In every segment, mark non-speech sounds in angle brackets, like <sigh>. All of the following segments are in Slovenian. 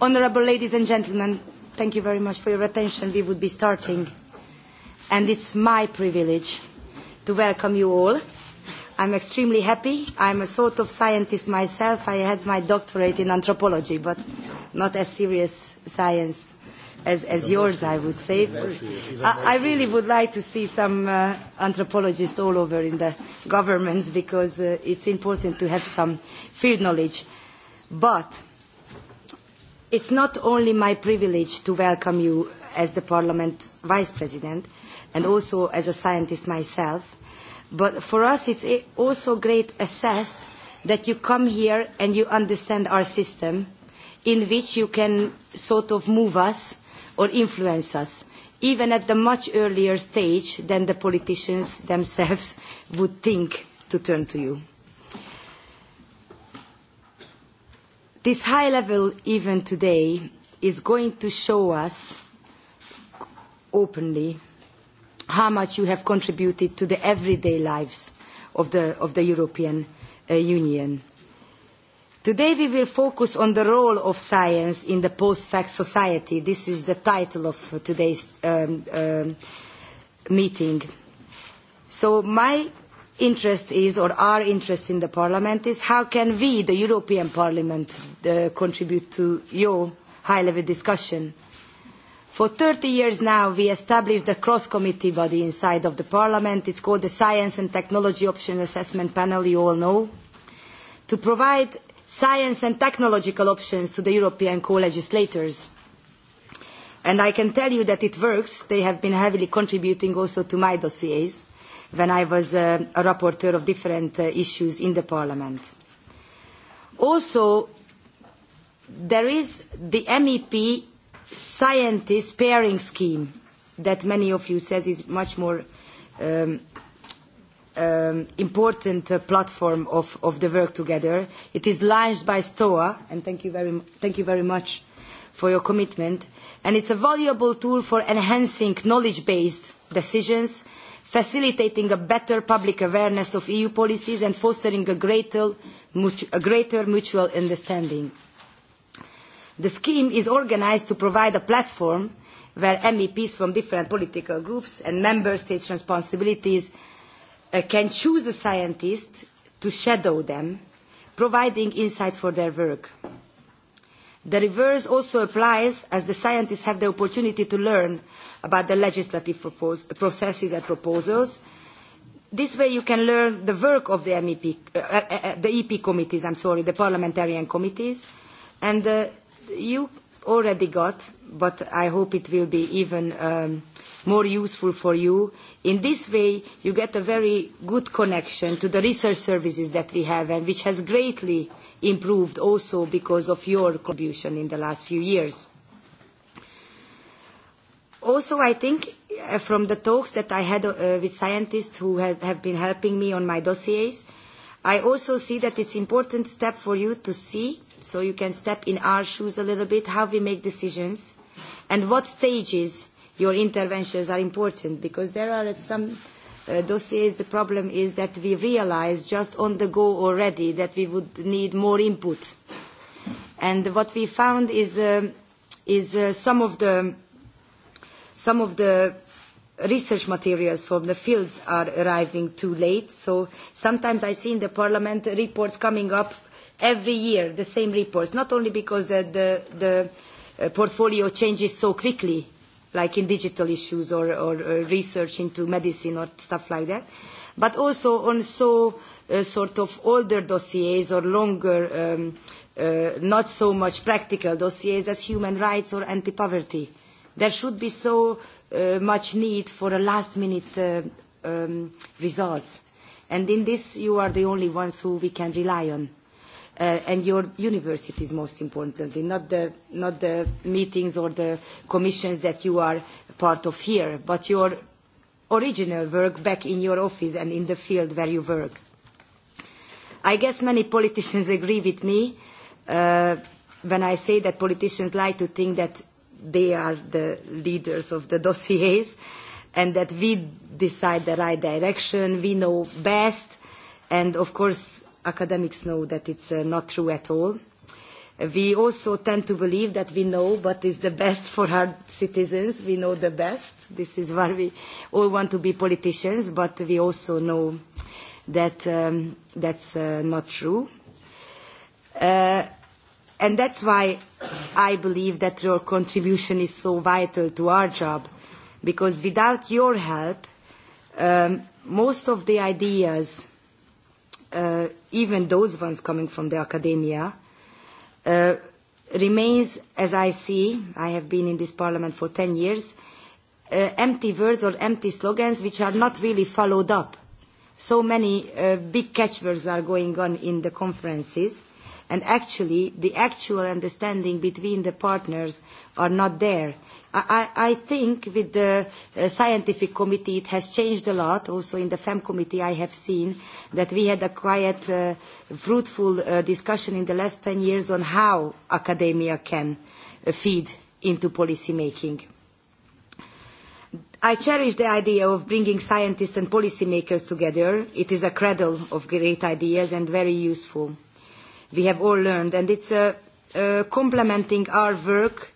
Honorable ladies and gentlemen, thank you very much for your attention. We would be starting. And it's my privilege to welcome you all. I'm extremely happy. I'm a sort of scientist myself. I had my doctorate in anthropology, but not as serious science as, as yours, I would say. I, I really would like to see some uh, anthropologists all over in the governments because uh, it's important to have some field knowledge. But it's not only my privilege to welcome you as the Parliament's Vice President and also as a scientist myself, but for us it's also great assess that you come here and you understand our system in which you can sort of move us or influence us, even at the much earlier stage than the politicians themselves would think to turn to you. This high level event today is going to show us openly how much you have contributed to the everyday lives of the, of the European uh, Union. Today we will focus on the role of science in the post-fact society. This is the title of today's um, um, meeting. So my interest is, or our interest in the Parliament, is how can we, the European Parliament, uh, contribute to your high level discussion? For 30 years now, we established a cross committee body inside of the Parliament. It's called the Science and Technology Option Assessment Panel, you all know, to provide science and technological options to the European co legislators. And I can tell you that it works. They have been heavily contributing also to my dossiers when I was a rapporteur of different uh, issues in the parliament. Also, there is the MEP scientist pairing scheme that many of you says is much more um, um, important uh, platform of, of the work together. It is launched by STOA, and thank you very, thank you very much for your commitment. And it's a valuable tool for enhancing knowledge-based decisions facilitating a better public awareness of EU policies and fostering a greater, a greater mutual understanding. The scheme is organized to provide a platform where MEPs from different political groups and member states' responsibilities uh, can choose a scientist to shadow them, providing insight for their work. The reverse also applies as the scientists have the opportunity to learn about the legislative propose, processes and proposals. This way you can learn the work of the, MEP, uh, uh, uh, the EP committees, I'm sorry, the parliamentarian committees. And uh, you already got, but I hope it will be even um, more useful for you. In this way, you get a very good connection to the research services that we have, and which has greatly improved also because of your contribution in the last few years. Also, I think uh, from the talks that I had uh, with scientists who have, have been helping me on my dossiers, I also see that it's important step for you to see, so you can step in our shoes a little bit, how we make decisions and what stages your interventions are important because there are some uh, dossiers. The problem is that we realize just on the go already that we would need more input. And what we found is, uh, is uh, some of the some of the research materials from the fields are arriving too late. So sometimes I see in the parliament reports coming up every year, the same reports, not only because the, the, the uh, portfolio changes so quickly like in digital issues or, or, or research into medicine or stuff like that, but also on so uh, sort of older dossiers or longer, um, uh, not so much practical dossiers as human rights or anti-poverty. There should be so uh, much need for a last-minute uh, um, results. And in this, you are the only ones who we can rely on uh, and your universities most importantly, not the, not the meetings or the commissions that you are part of here, but your original work back in your office and in the field where you work. I guess many politicians agree with me uh, when I say that politicians like to think that they are the leaders of the <laughs> dossiers and that we decide the right direction, we know best, and of course academics know that it's uh, not true at all. We also tend to believe that we know what is the best for our citizens. We know the best. This is why we all want to be politicians, but we also know that um, that's uh, not true. Uh, and that's why I believe that your contribution is so vital to our job, because without your help, um, most of the ideas uh, even those ones coming from the academia, uh, remains, as I see, I have been in this parliament for 10 years, uh, empty words or empty slogans which are not really followed up. So many uh, big catchwords are going on in the conferences, and actually, the actual understanding between the partners are not there. I, I think with the uh, scientific committee, it has changed a lot. Also in the FEM committee, I have seen that we had a quiet, uh, fruitful uh, discussion in the last 10 years on how academia can uh, feed into policy making. I cherish the idea of bringing scientists and policymakers together. It is a cradle of great ideas and very useful. We have all learned, and it's uh, uh, complementing our work uh,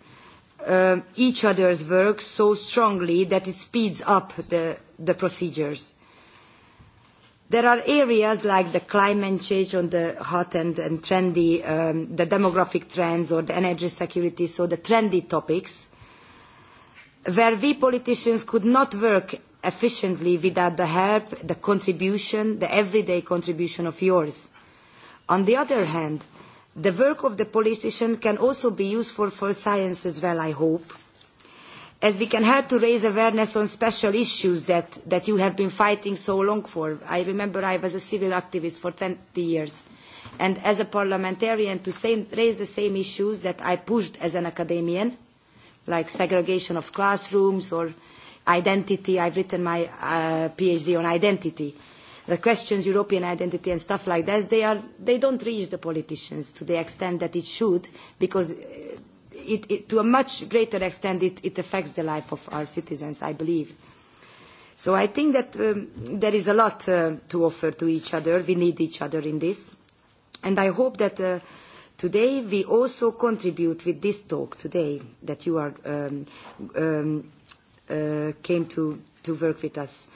uh, each other's work so strongly that it speeds up the, the procedures. There are areas like the climate change on the hot and, and trendy, um, the demographic trends or the energy security, so the trendy topics, where we politicians could not work efficiently without the help, the contribution, the everyday contribution of yours. On the other hand, the work of the politician can also be useful for science as well, I hope, as we can help to raise awareness on special issues that, that you have been fighting so long for. I remember I was a civil activist for 20 years. And as a parliamentarian, to same, raise the same issues that I pushed as an academician, like segregation of classrooms or identity. I've written my uh, PhD on identity. Uh, the questions European identity and stuff like that, they, are, they don't reach the politicians to the extent that it should, because uh, it, it, to a much greater extent it, it affects the life of our citizens, I believe. So I think that um, there is a lot uh, to offer to each other. We need each other in this. And I hope that uh, today we also contribute with this talk today that you are, um, um, uh, came to, to work with us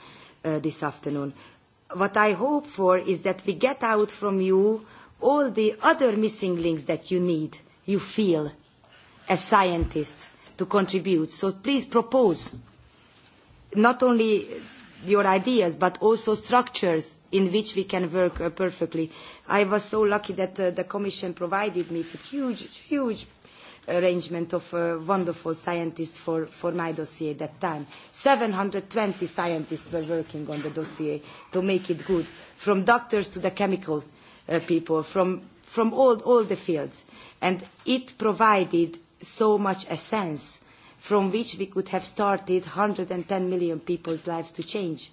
uh, this afternoon what I hope for is that we get out from you all the other missing links that you need, you feel, as scientists, to contribute. So please propose not only your ideas, but also structures in which we can work uh, perfectly. I was so lucky that uh, the Commission provided me with huge, huge arrangement of a wonderful scientist for, for my dossier at that time. 720 scientists were working on the dossier to make it good, from doctors to the chemical uh, people, from, from all, all the fields. And it provided so much essence from which we could have started 110 million people's lives to change.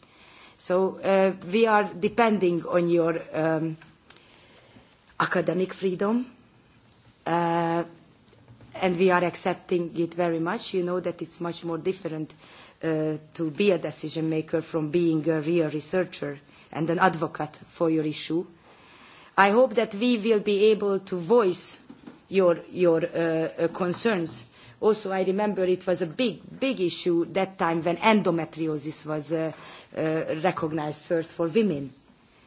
So uh, we are depending on your um, academic freedom, uh, and we are accepting it very much. You know that it's much more different uh, to be a decision maker from being a real researcher and an advocate for your issue. I hope that we will be able to voice your, your uh, uh, concerns. Also, I remember it was a big, big issue that time when endometriosis was uh, uh, recognized first for women.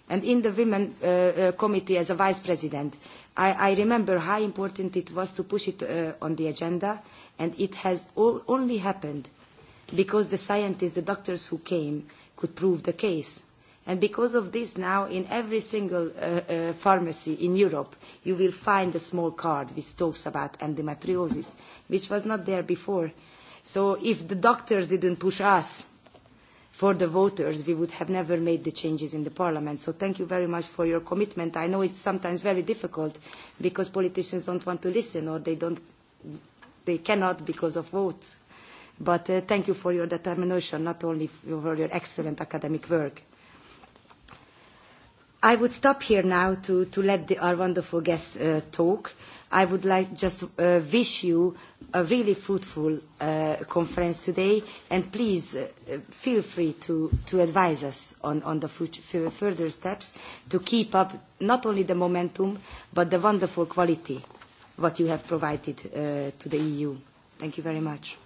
And in the Women uh, uh, Committee as a Vice President, I, I remember how important it was to push it uh, on the agenda, and it has all, only happened because the scientists, the doctors who came, could prove the case. And because of this, now in every single uh, uh, pharmacy in Europe, you will find a small card which talks about endometriosis, which was not there before. So if the doctors didn't push us, for the voters, we would have never made the changes in the parliament. So thank you very much for your commitment. I know it's sometimes very difficult because politicians don't want to listen or they, don't, they cannot because of votes. But uh, thank you for your determination, not only for your excellent academic work. I would stop here now to, to let the, our wonderful guests uh, talk. I would like just uh, wish you a really fruitful uh, conference today, and please uh, feel free to, to advise us on, on the future, further steps to keep up not only the momentum, but the wonderful quality what you have provided uh, to the EU. Thank you very much.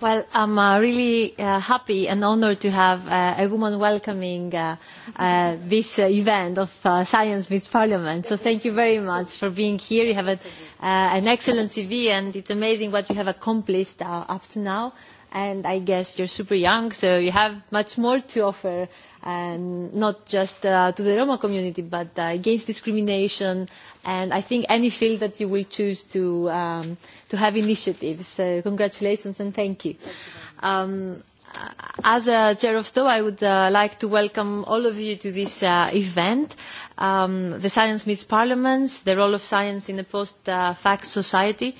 Well, I'm uh, really uh, happy and honored to have uh, a woman welcoming uh, uh, this uh, event of uh, Science Meets Parliament. So thank you very much for being here. You have a, uh, an excellent CV and it's amazing what you have accomplished uh, up to now and I guess you're super young, so you have much more to offer, um, not just uh, to the Roma community, but uh, against discrimination, and I think any field that you will choose to, um, to have initiatives. So congratulations and thank you. Um, as a chair of STO, I would uh, like to welcome all of you to this uh, event. Um, the Science Meets Parliaments, the role of science in a post-fact uh, society. Uh,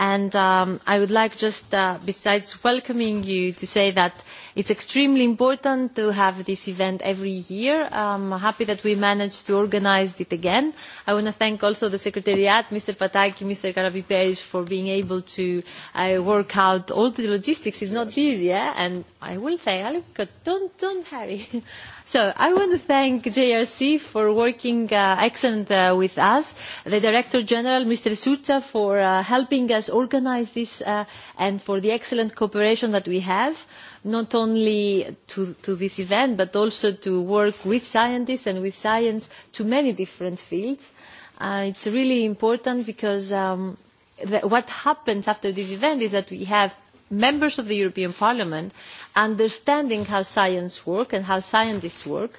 And um, I would like just, uh, besides welcoming you, to say that it's extremely important to have this event every year. I'm happy that we managed to organize it again. I want to thank also the Secretariat, Mr. Pataki, Mr. Karabiperis, for being able to uh, work out all the logistics. It's not easy, yeah? And I will say, don't, don't hurry. <laughs> So I want to thank JRC for working uh, excellent uh, with us, the Director General, Mr. Suta, for uh, helping us organize this uh, and for the excellent cooperation that we have, not only to, to this event, but also to work with scientists and with science to many different fields. Uh, it's really important because um, the, what happens after this event is that we have members of the European Parliament understanding how science works and how scientists work,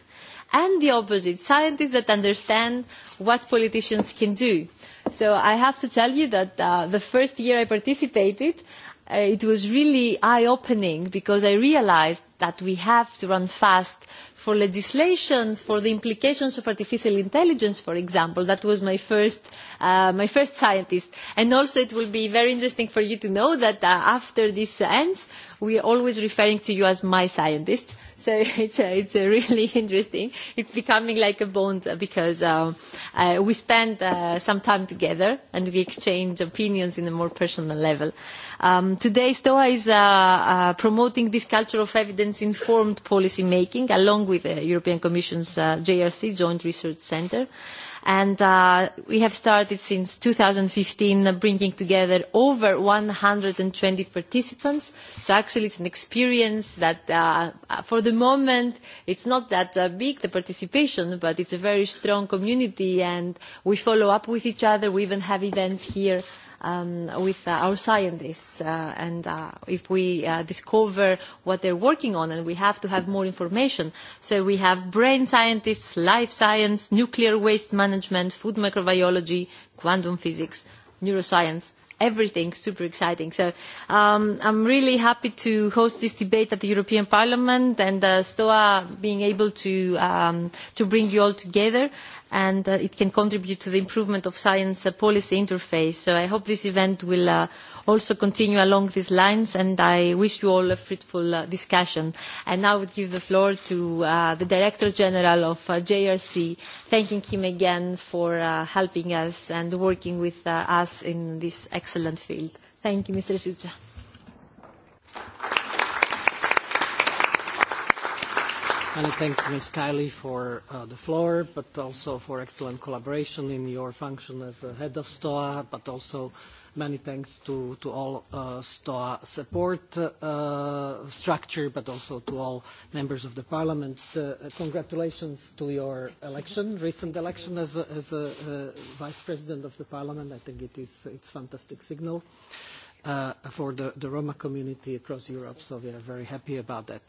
and the opposite, scientists that understand what politicians can do. So I have to tell you that uh, the first year I participated, uh, it was really eye-opening because I realized that we have to run fast for legislation for the implications of artificial intelligence, for example. That was my first, uh, my first scientist. And also, it will be very interesting for you to know that uh, after this ends, we are always referring to you as my scientist so <laughs> it's uh, it's uh, really <laughs> interesting. It's becoming like a bond because um, uh, we spend uh, some time together and we exchange opinions in a more personal level. Um, today, STOA is uh, uh, promoting this culture of evidence-informed policy making along with the uh, European Commission's uh, JRC, Joint Research Centre and uh, we have started since 2015 uh, bringing together over 120 participants. So actually it's an experience that uh, uh, for the moment it's not that uh, big, the participation, but it's a very strong community and we follow up with each other. We even have events here um, with uh, our scientists. Uh, and uh, if we uh, discover what they're working on, and we have to have more information. So we have brain scientists, life science, nuclear waste management, food microbiology, quantum physics, neuroscience. Everything super exciting. So um, I'm really happy to host this debate at the European Parliament and uh, STOA being able to, um, to bring you all together and uh, it can contribute to the improvement of science uh, policy interface. So I hope this event will uh, also continue along these lines, and I wish you all a fruitful uh, discussion. And now I would give the floor to uh, the Director General of uh, JRC, thanking him again for uh, helping us and working with uh, us in this excellent field. Thank you, Mr. Suja. Thank you. Many thanks, Ms. Kiley, for uh, the floor, but also for excellent collaboration in your function as the head of STOA, but also many thanks to, to all uh, STOA support uh, structure, but also to all members of the parliament. Uh, congratulations to your election, recent election as a, as a uh, vice president of the parliament. I think it is it's fantastic signal. Uh, Uh, for the Roma community across Europe, so we are very happy about that.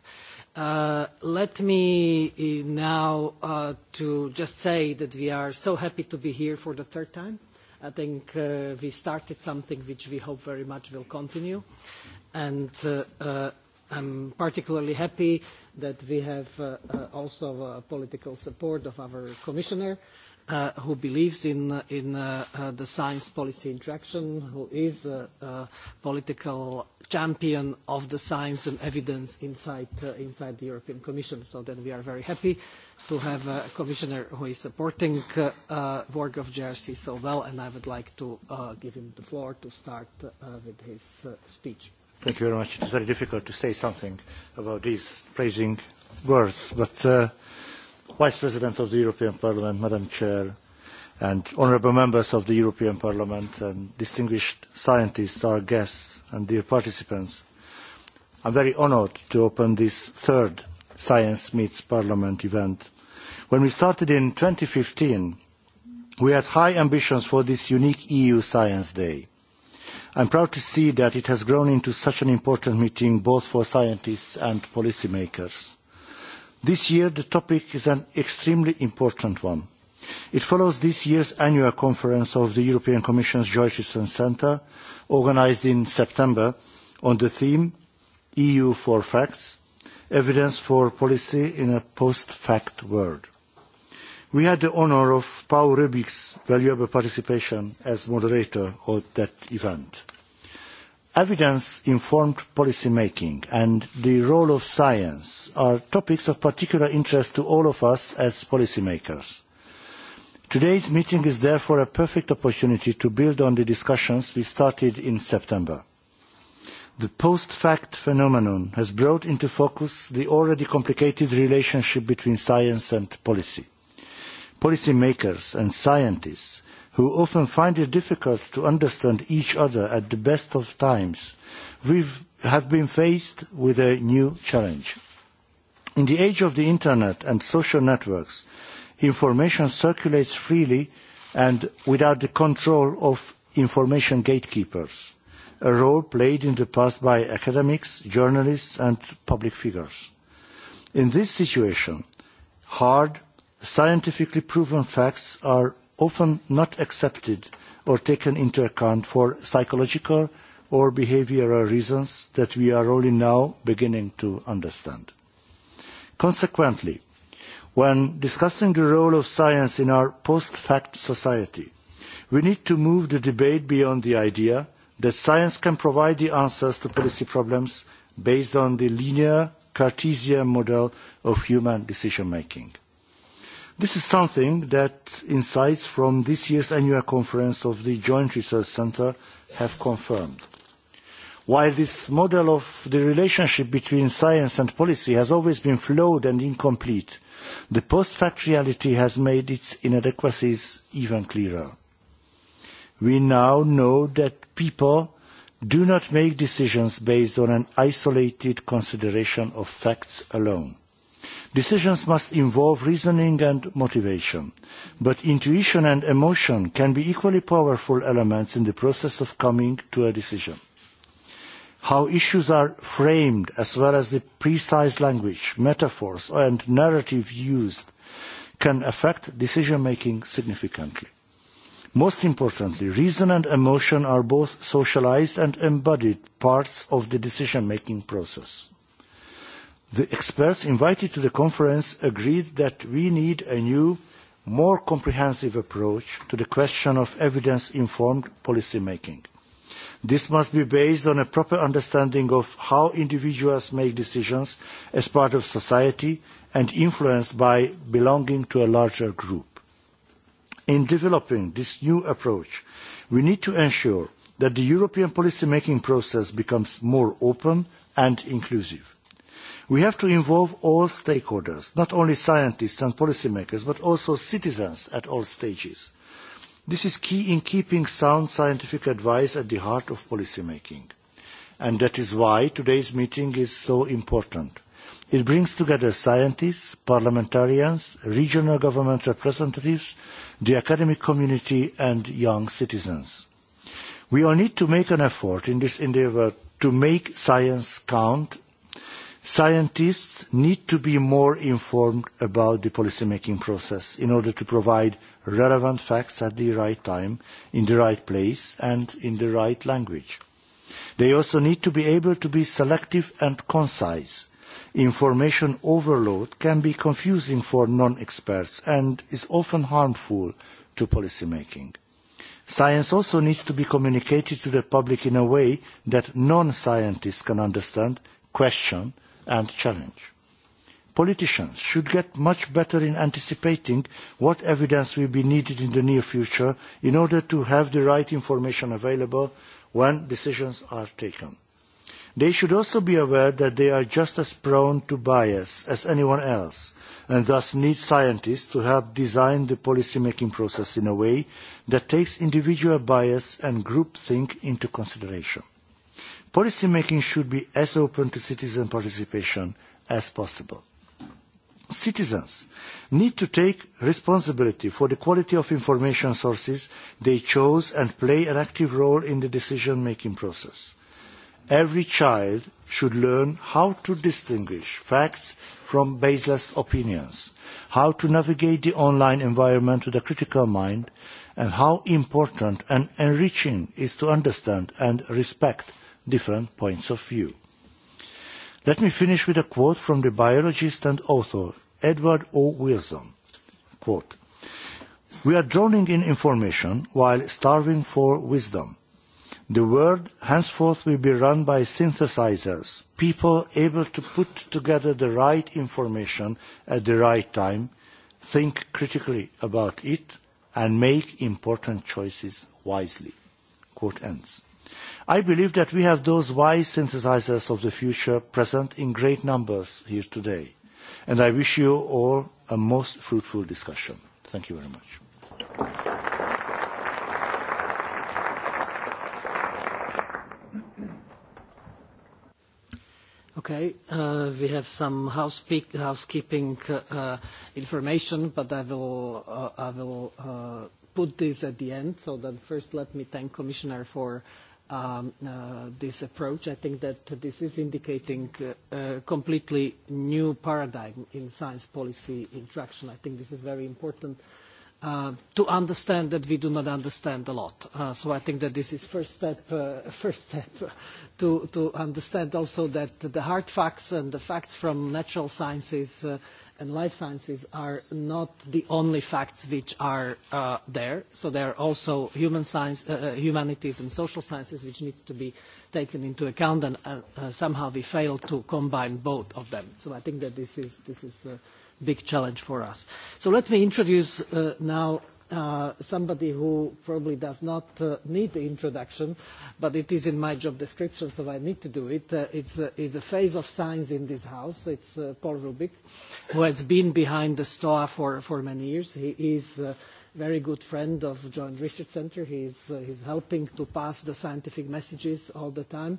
Uh, let me now uh, to just say that we are so happy to be here for the third time. I think we started something which we hope very much will continue, and I'm particularly happy that we have also political support of our commissioner, Uh, who believes in uh, in uh, uh, the science policy interaction, who is a, a political champion of the science and evidence inside uh, inside the European Commission. So then we are very happy to have a commissioner who is supporting uh, uh, work of GRC so well, and I would like to uh, give him the floor to start uh, with his uh, speech. Thank you very much. It's very difficult to say something about these praising words, but. Uh, Vice President of the European Parliament, Madam Chair, and honourable members of the European Parliament, and distinguished scientists, our guests, and dear participants, I'm very honoured to open this third Science Meets Parliament event. When we started in 2015, we had high ambitions for this unique EU Science Day. I'm proud to see that it has grown into such an important meeting both for scientists and policymakers. makers this year the topic is an extremely important one. it follows this year's annual conference of the european commission's joycean centre organised in september on the theme eu for facts evidence for policy in a post fact world. we had the honour of paul rubig's valuable participation as moderator at that event. Evidence informed policy making and the role of science are topics of particular interest to all of us as policymakers. Today's meeting is therefore a perfect opportunity to build on the discussions we started in September. The post fact phenomenon has brought into focus the already complicated relationship between science and policy. Policymakers and scientists who often find it difficult to understand each other at the best of times, we have been faced with a new challenge. In the age of the internet and social networks, information circulates freely and without the control of information gatekeepers, a role played in the past by academics, journalists and public figures. In this situation, hard, scientifically proven facts are often not accepted or taken into account for psychological or behavioral reasons that we are only now beginning to understand. Consequently, when discussing the role of science in our post-fact society, we need to move the debate beyond the idea that science can provide the answers to policy problems based on the linear Cartesian model of human decision-making. This is something that insights from this year's annual conference of the Joint Research Centre have confirmed. While this model of the relationship between science and policy has always been flawed and incomplete, the post-fact reality has made its inadequacies even clearer. We now know that people do not make decisions based on an isolated consideration of facts alone. Decisions must involve reasoning and motivation, but intuition and emotion can be equally powerful elements in the process of coming to a decision. How issues are framed, as well as the precise language, metaphors, and narrative used, can affect decision making significantly. Most importantly, reason and emotion are both socialized and embodied parts of the decision making process the experts invited to the conference agreed that we need a new more comprehensive approach to the question of evidence informed policy making. This must be based on a proper understanding of how individuals make decisions as part of society and influenced by belonging to a larger group. In developing this new approach, we need to ensure that the European policy making process becomes more open and inclusive. We have to involve all stakeholders, not only scientists and policymakers, but also citizens at all stages. This is key in keeping sound scientific advice at the heart of policymaking. And that is why today's meeting is so important. It brings together scientists, parliamentarians, regional government representatives, the academic community and young citizens. We all need to make an effort in this endeavour to make science count Scientists need to be more informed about the policymaking process in order to provide relevant facts at the right time, in the right place and in the right language. They also need to be able to be selective and concise. Information overload can be confusing for non-experts and is often harmful to policymaking. Science also needs to be communicated to the public in a way that non-scientists can understand, question, and challenge. Politicians should get much better in anticipating what evidence will be needed in the near future in order to have the right information available when decisions are taken. They should also be aware that they are just as prone to bias as anyone else and thus need scientists to help design the policy-making process in a way that takes individual bias and groupthink into consideration policy making should be as open to citizen participation as possible. Citizens need to take responsibility for the quality of information sources they chose and play an active role in the decision making process. Every child should learn how to distinguish facts from baseless opinions, how to navigate the online environment with a critical mind, and how important and enriching it is to understand and respect different points of view. Let me finish with a quote from the biologist and author Edward O. Wilson. Quote, we are drowning in information while starving for wisdom. The world henceforth will be run by synthesizers, people able to put together the right information at the right time, think critically about it, and make important choices wisely. Quote ends. I believe that we have those wise synthesizers of the future present in great numbers here today. And I wish you all a most fruitful discussion. Thank you very much. Okay, uh, we have some housepeak, housekeeping uh, information, but I will, uh, I will uh, put this at the end. So then first let me thank Commissioner for uh, um, uh, this approach. I think that this is indicating uh, a completely new paradigm in science policy interaction. I think this is very important uh, to understand that we do not understand a lot. Uh, so I think that this is first step, uh, <laughs> first step to, to understand also that the hard facts and the facts from natural sciences uh, and life sciences are not the only facts which are uh, there. So there are also human science, uh, uh, humanities and social sciences which needs to be taken into account, and uh, uh, somehow we fail to combine both of them. So I think that this is, this is a big challenge for us. So let me introduce uh, now Uh, somebody who probably does not uh, need the introduction, but it is in my job description, so I need to do it. Uh, it's, uh, it's a phase of science in this house. It's uh, Paul Rubik, who has been behind the STOA for, for many years. He is a uh, very good friend of Joint Research Center. He's, uh, he's helping to pass the scientific messages all the time.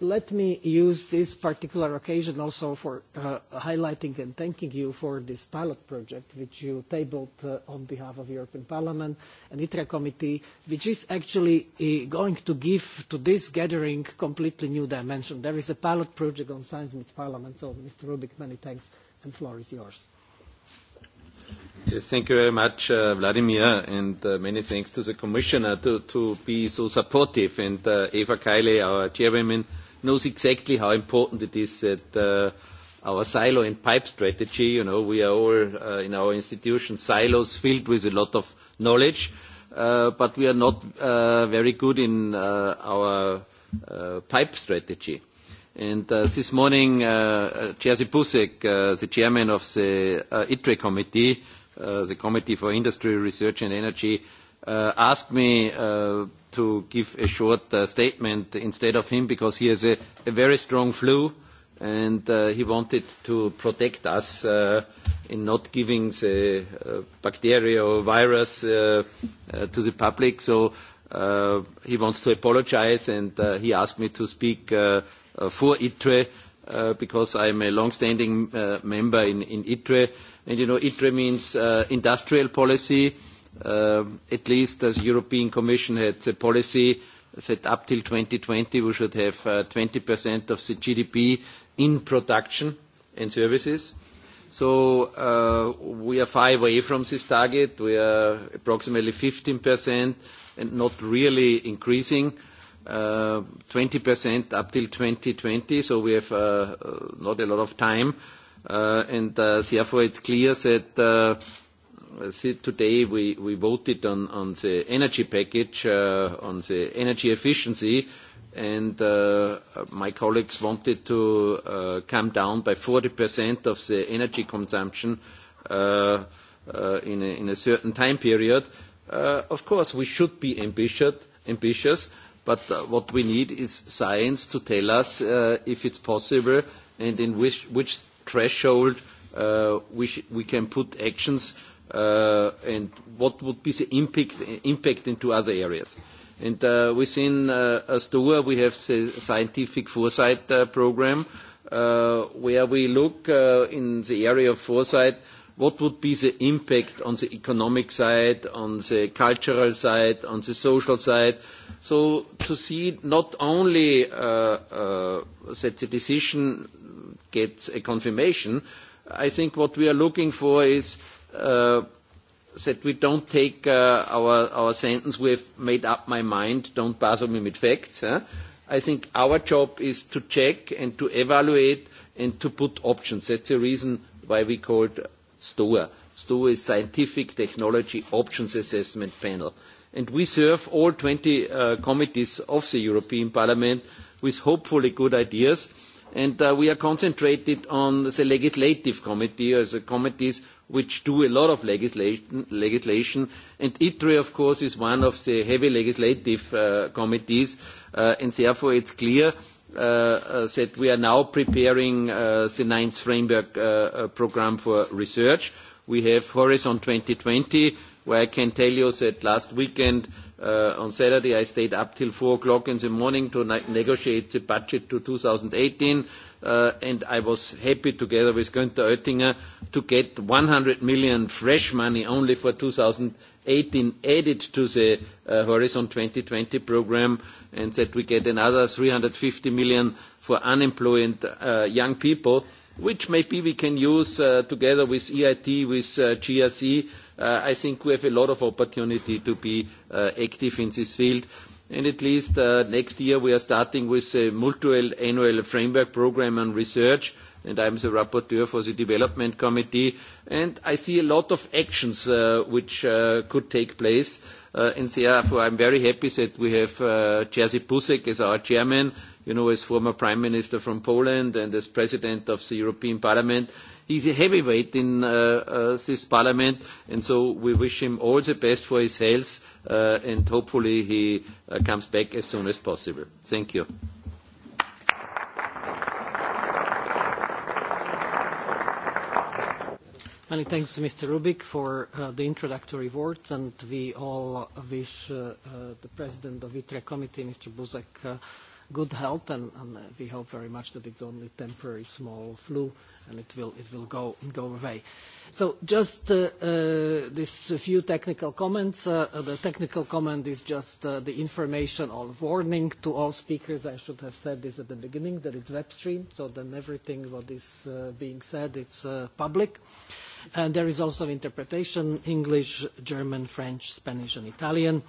Let me use this particular occasion also for uh, highlighting and thanking you for this pilot project, which you tabled uh, on behalf of European Parliament and ITRE Committee, which is actually uh, going to give to this gathering completely new dimension. There is a pilot project on science meets parliament. Mr. Rubik, many thanks, and floor is yours. Yes, thank you very much, uh, Vladimir, and uh, many thanks to the Commissioner to, to be so supportive. And uh, Eva Kiley, our chairwoman, knows exactly how important it is that uh, our silo and pipe strategy, you know, we are all uh, in our institution silos filled with a lot of knowledge, uh, but we are not uh, very good in uh, our uh, pipe strategy. And uh, this morning, uh, Jerzy Busek, uh, the chairman of the uh, ITRE committee, uh, Uh, the Committee for Industry, Research and Energy, uh, asked me uh, to give a short uh, statement instead of him because he has a, a very strong flu and uh, he wanted to protect us uh, in not giving the uh, bacteria or virus uh, uh, to the public. So uh, he wants to apologize and uh, he asked me to speak uh, uh, for ITRE. Uh, uh, because I'm a long-standing uh, member in, in ITRE. And, you know, ITRE means uh, industrial policy. Uh, at least the European Commission had a policy that up till 2020 we should have uh, 20% of the GDP in production and services. So uh, we are far away from this target. We are approximately 15% and not really increasing. Uh, 20% uh, up till 2020, so we have uh, uh, not a lot of time. And therefore, it's clear that today we voted on the energy package, on the energy efficiency, and my colleagues wanted to come down by 40% of the energy consumption in a certain time period. Of course, we should be ambitious, But uh, what we need is science to tell us uh, if it's possible and in which, which threshold uh, we, sh we can put actions uh, and what would be the impact, impact into other areas. And uh, within uh, ASTOA we have the scientific foresight uh, program uh, where we look uh, in the area of foresight uh, what would be the impact on the economic side, on the cultural side, on the social side. So to see not only uh, uh, that the decision gets a confirmation, I think what we are looking for is uh, that we don't take uh, our, our sentence, we have made up my mind, don't bother me with facts. Huh? I think our job is to check and to evaluate and to put options. That's the reason why we called STOA. STOA is Scientific Technology Options Assessment Panel. And we serve all 20 uh, committees of the European Parliament with hopefully good ideas. And uh, we are concentrated on the legislative committee, or uh, the committees which do a lot of legislation. legislation. And ITRE, of course, is one of the heavy legislative uh, committees. Uh, and therefore, it's clear uh, Uh, uh, said we are now preparing uh, the ninth framework program for research. We have Horizon 2020, where I can tell you that last weekend, on Saturday, I stayed up till 4:00 A.M. to negotiate the budget to 2018. I was happy, together with Günther Oettinger, to get 100 million fresh money only for 2018 2018 added to the uh, Horizon 2020 program, and that we get another 350 million for unemployed uh, young people, which maybe we can use uh, together with EIT, with GRC. I think we have a lot of opportunity to be active in this field. At least next year, we are starting with a multi-annual framework program on research, and I'm the rapporteur for the development committee. And I see a lot of actions uh, which uh, could take place. Uh, and therefore, I'm very happy that we have uh, Jerzy Busek as our chairman, you know, as former prime minister from Poland and as president of the European Parliament. He's a heavyweight in uh, uh, this parliament, and so we wish him all the best for his health, uh, and hopefully he uh, comes back as soon as possible. Thank you. Many thanks, Mr. Rubik, for uh, the introductory words, and we all wish uh, uh, the president of ITRE committee, Mr. Buzek, uh, good health, and, and uh, we hope very much that it's only temporary small flu, and it will, it will go, go away. So just uh, uh, this few technical comments. Uh, uh, the technical comment is just uh, the information or warning to all speakers. I should have said this at the beginning, that it's web stream, so then everything what is uh, being said, it's uh, public. And uh, there is also interpretation, English, German, French, Spanish, and Italian.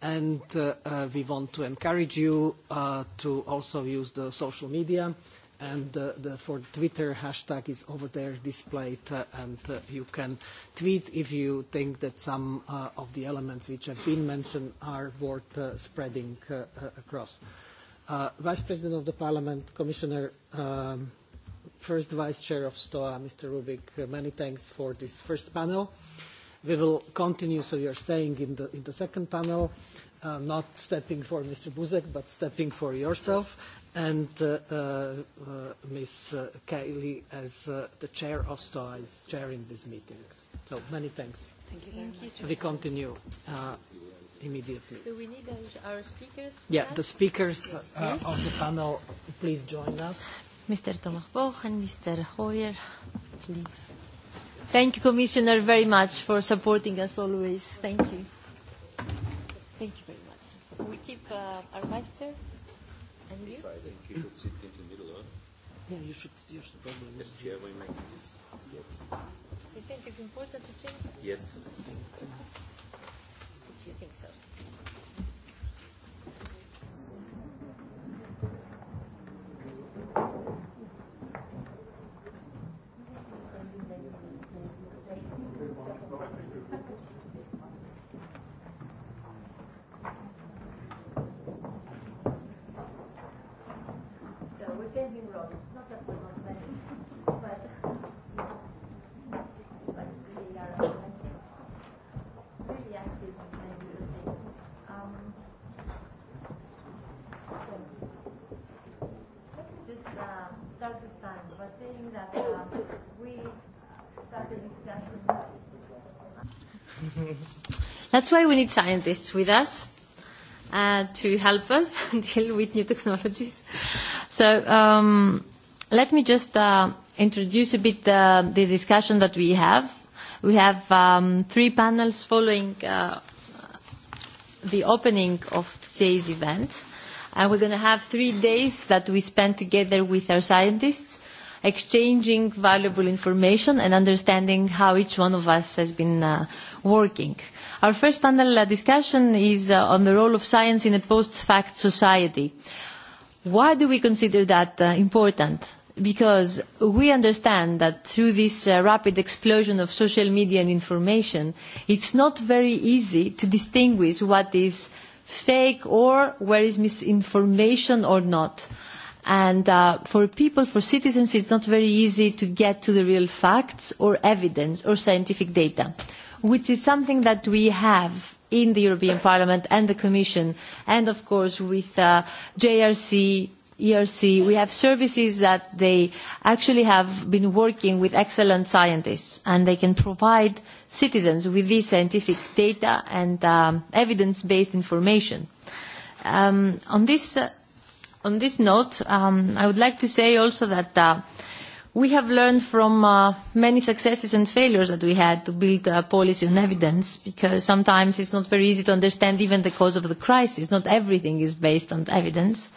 And uh, uh, we want to encourage you uh, to also use the social media. And uh, the, for Twitter, hashtag is over there displayed. Uh, and uh, you can tweet if you think that some uh, of the elements which have been mentioned are worth uh, spreading uh, uh, across. Uh, Vice President of the Parliament, Commissioner. Um, First Vice Chair of STOA, Mr. Rubik, uh, many thanks for this first panel. We will continue, so you're staying in the, in the second panel, uh, not stepping for Mr. Buzek, but stepping for yourself, yes. and uh, uh, uh, Ms. Uh, Kaili as uh, the Chair of STOA is chairing this meeting. So many thanks. Thank you very Thank much. You, we continue uh, immediately. So we need uh, our speakers. Yeah, us? the speakers yes. Uh, yes. of the panel, please join us. Mr. Thomas Boch and Mr. Hoyer, please. Thank you, Commissioner, very much for supporting us always. Thank you. Thank you very much. Can we keep uh, our vice chair? And you? If I think you should sit in the middle, huh? Yeah, you should. You should probably. Mr. Chair, we make this. Yes. You think it's important to change? Yes. If you think so. That's why we need scientists with us uh, to help us <laughs> deal with new technologies. So um, let me just uh, introduce a bit the, the discussion that we have. We have um, three panels following uh, the opening of today's event. And we're going to have three days that we spend together with our scientists exchanging valuable information and understanding how each one of us has been uh, working. Uh, Our first panel uh, discussion is uh, on the role of science in a post-fact society. Why do we consider that uh, important? Because we understand that through this uh, rapid explosion of social media and information, it's not very easy to distinguish what is fake or where is misinformation or not. And uh, for people, for citizens, it's not very easy to get to the real facts or evidence or scientific data which is something that we have in the European Parliament and the Commission, and of course with uh, JRC, ERC, we have services that they actually have been working with excellent scientists, and they can provide citizens with this scientific data and um, evidence-based information. Um, on, this, uh, on this note, um, I would like to say also that uh, We have learned from uh, many successes and failures that we had to build a policy on evidence because sometimes it's not very easy to understand even the cause of the crisis. Not everything is based on evidence.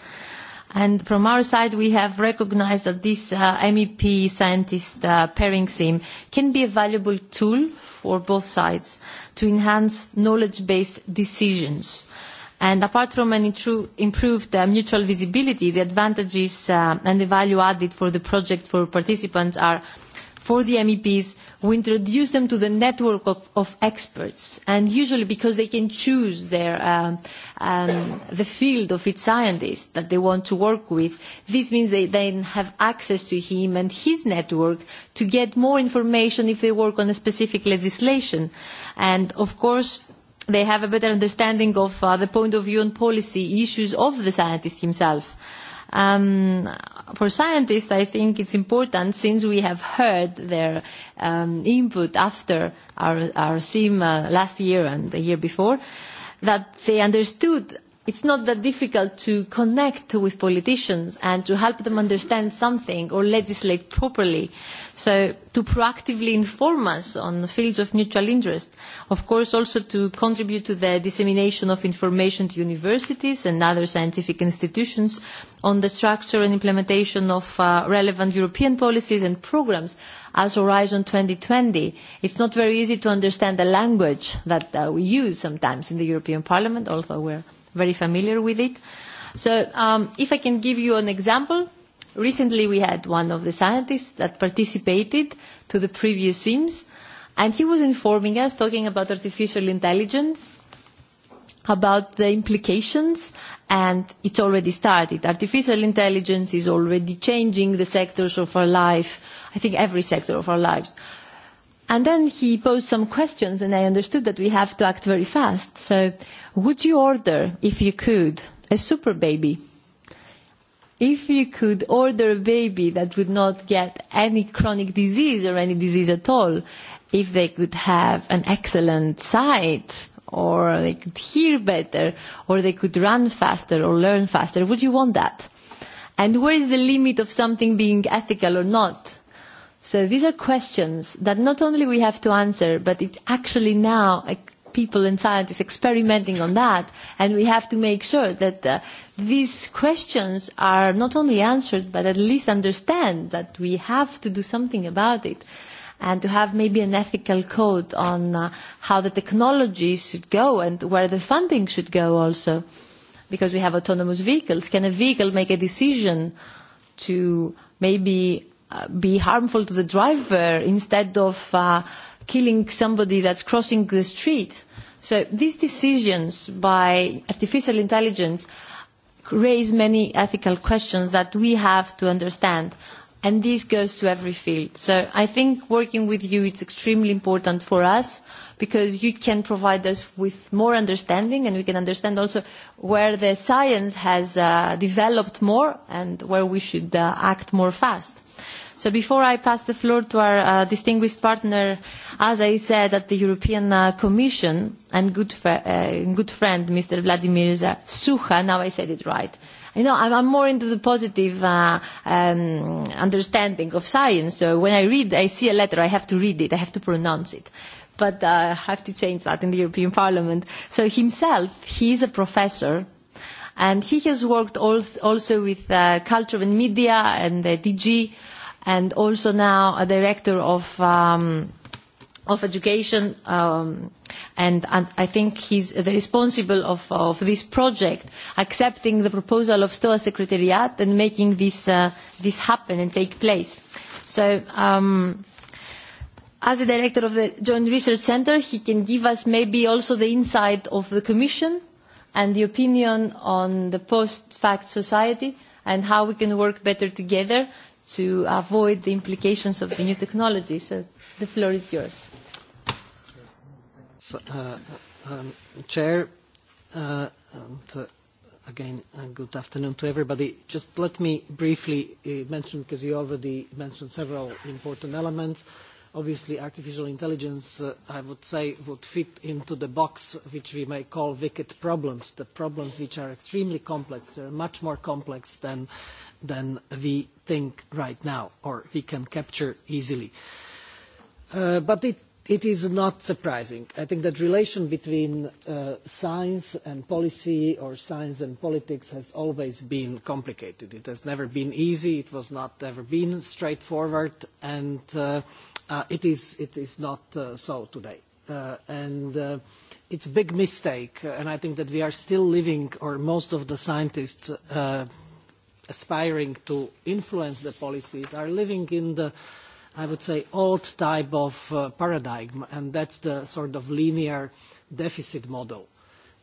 And from our side, we have recognized that this uh, MEP scientist uh, pairing sim can be a valuable tool for both sides to enhance knowledge-based decisions. Uh, And apart from an improved uh, mutual visibility, the advantages uh, and the value added for the project for participants are for the MEPs, we introduce them to the network of, of experts. And usually because they can choose their, um, um, the field of its scientist that they want to work with, this means they then have access to him and his network to get more information if they work on a specific legislation. And of course, they have a better understanding of uh, the point of view and policy issues of the scientist himself. Um, for scientists, I think it's important since we have heard their um, input after our, our SIM uh, last year and the year before that they understood it's not that difficult to connect with politicians and to help them understand something or legislate properly. So to proactively inform us on the fields of mutual interest, of course also to contribute to the dissemination of information to universities and other scientific institutions on the structure and implementation of uh, relevant European policies and programs as Horizon 2020. It's not very easy to understand the language that uh, we use sometimes in the European Parliament, although we're very familiar with it. So um, if I can give you an example, recently we had one of the scientists that participated to the previous SIMS, and he was informing us, talking about artificial intelligence, about the implications, and it's already started. Artificial intelligence is already changing the sectors of our life, I think every sector of our lives. And then he posed some questions, and I understood that we have to act very fast. So would you order, if you could, a super baby? If you could order a baby that would not get any chronic disease or any disease at all, if they could have an excellent sight, or they could hear better, or they could run faster or learn faster, would you want that? And where is the limit of something being ethical or not? So these are questions that not only we have to answer, but it's actually now a people and scientists experimenting on that, and we have to make sure that uh, these questions are not only answered, but at least understand that we have to do something about it, and to have maybe an ethical code on uh, how the technology should go and where the funding should go also, because we have autonomous vehicles. Can a vehicle make a decision to maybe uh, be harmful to the driver instead of uh, killing somebody that's crossing the street. So these decisions by artificial intelligence raise many ethical questions that we have to understand. And this goes to every field. So I think working with you is extremely important for us because you can provide us with more understanding and we can understand also where the science has uh, developed more and where we should uh, act more fast. So before I pass the floor to our uh, distinguished partner, as I said, at the European uh, Commission and good, fr- uh, good friend, Mr. Vladimir Sucha, now I said it right. You know, I'm, I'm more into the positive uh, um, understanding of science. So when I read, I see a letter, I have to read it, I have to pronounce it. But uh, I have to change that in the European Parliament. So himself, he is a professor. And he has worked also with uh, culture and media and the DG. Uh, and also now a director of um, of education, um, and, and I think he's the responsible of, of this project, accepting the proposal of STOA Secretariat and making this uh, this happen and take place. So. Um, as the director of the Joint Research Center, he can give us maybe also the insight of the Commission and the opinion on the post-fact society and how we can work better together to avoid the implications of the new technology. So the floor is yours. So, uh, uh um, Chair, uh, and uh, again, and uh, good afternoon to everybody. Just let me briefly uh, mention, because you already mentioned several important elements. Obviously, artificial intelligence, uh, I would say, would fit into the box which we may call wicked problems, the problems which are extremely complex. They're much more complex than than we think right now or we can capture easily. Uh, it is not surprising. I think that relation between uh, science and policy or science and politics has always been complicated. It has never been easy. It was not ever been straightforward, and uh, it is not so today. It's a big mistake, and I think that we are still living, or most of the scientists aspiring to influence the policies are living in the, I would say, old type of uh, paradigm, and that's the sort of linear deficit model.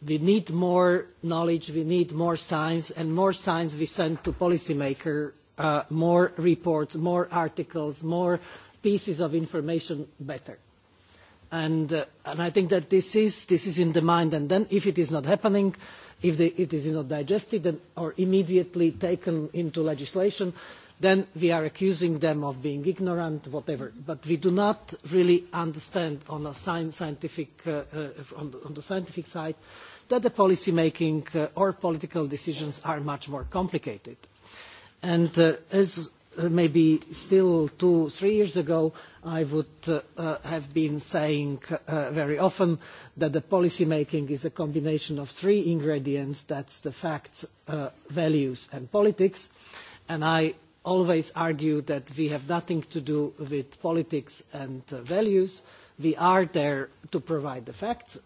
We need more knowledge, we need more science, and more science we send to policymaker, uh, more reports, more articles, more pieces of information, better. And, uh, and I think that this is, this is in the mind, and then if it is not happening, uh, if, they, if this is not digested and, or immediately taken into legislation, then we are accusing them of being ignorant, whatever. But we do not really understand on, a scientific, uh, uh, on, the, on the scientific side that the policy making uh, or political decisions are much more complicated. And uh, as uh, maybe still two, three years ago, I would uh, uh, have been saying uh, very often that the policy making is a combination of three ingredients, that's the facts, uh, values and politics. And I always argue that we have nothing to do with politics and uh, values. We are there to provide the facts.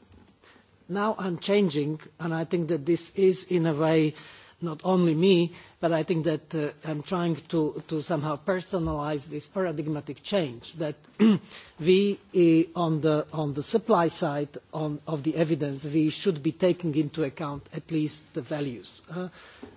Now I'm changing, and I think that this is in a way uh, not only me, but I think that uh, I'm trying to, to somehow personalize this paradigmatic change that <clears throat> we, uh, on the, on the supply side on, of the evidence, we should be taking into account at least the values. Uh,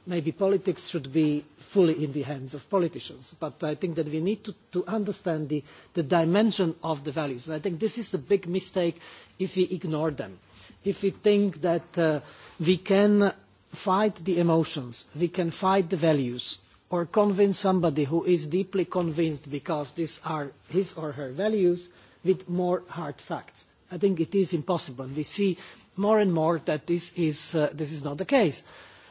maybe politics should be fully in the hands of politicians, but I think that we need to, to understand the, the dimension of the values. And I think this is the big mistake if we ignore them. If we think that uh, we can fight the emotions, we can fight the values, or convince somebody who is deeply convinced because these are his or her values with more hard facts. I think it is impossible. We see more and more that this is, uh, this is not the case.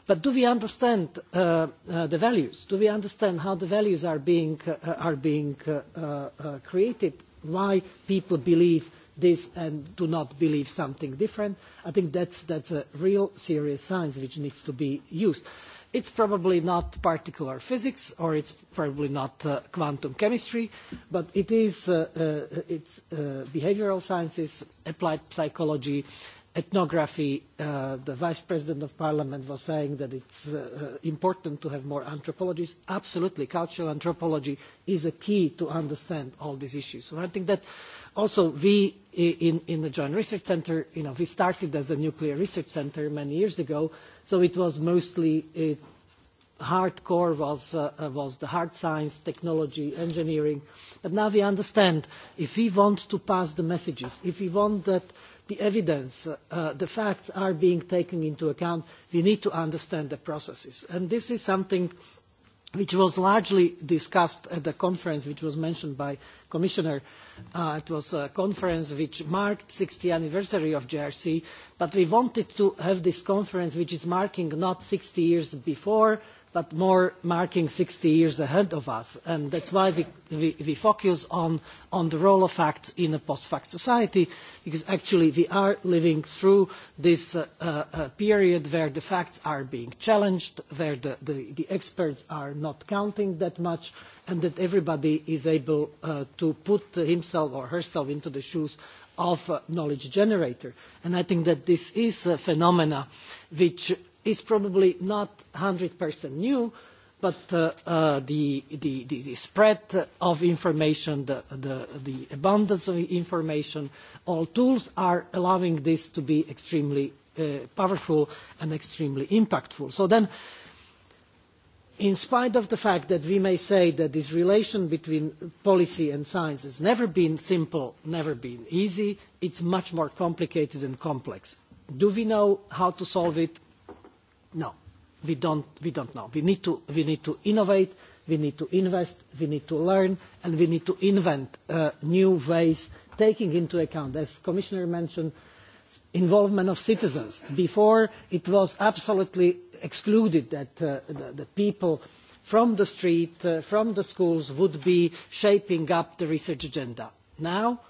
But do we understand uh, uh, the values? Do we understand how the values are being, uh, are being uh, uh, uh created? Why people believe this and do not believe something different, I think that's, that's a real serious science which needs to be used. It's probably not particular physics or it's probably not uh, quantum chemistry, but it is uh, uh, it's, uh, behavioral sciences, applied psychology, ethnography. Uh, the vice president of parliament was saying that it's uh, uh important to have more anthropologists. Absolutely, cultural anthropology is a key to understand all these issues. So I think that also we in, in the joint research center, you know, we started as a nuclear research center many years ago, so it was mostly it, uh, hardcore was, uh, uh, was the hard science, technology, engineering. but now we understand if we want to pass the messages, if we want that the evidence, uh, the facts are being taken into account, we need to understand the processes. and this is something which was largely discussed at the conference, which was mentioned by Commissioner. Uh, it was a conference which marked 60th anniversary of GRC, but we wanted to have this conference which is marking not 60 years before, but more marking 60 years ahead of us. And that's why we, we, we focus on, on the role of facts in a post-fact society, because actually we are living through this uh, uh, period where the facts are being challenged, where the, the, the experts are not counting that much, and that everybody is able uh, to put himself or herself into the shoes of a knowledge generator. And I think that this is a phenomena which is probably not 100% new, but uh, uh, the spread of information, the abundance of information, all tools are allowing this to be extremely uh, powerful and extremely impactful. So then, in spite of the fact that we may say that this relation between policy and science has never been simple, never been easy, it's much more complicated and complex. Do we know how to solve it? No, we don't, we don't know. We need, to, we need to innovate, we need to invest, we need to learn, and we need to invent uh, new ways, taking into account, as Commissioner mentioned, involvement of citizens. Before, it was absolutely excluded that uh, the, the people from the street, uh, from the schools, would be shaping up the research agenda. Now,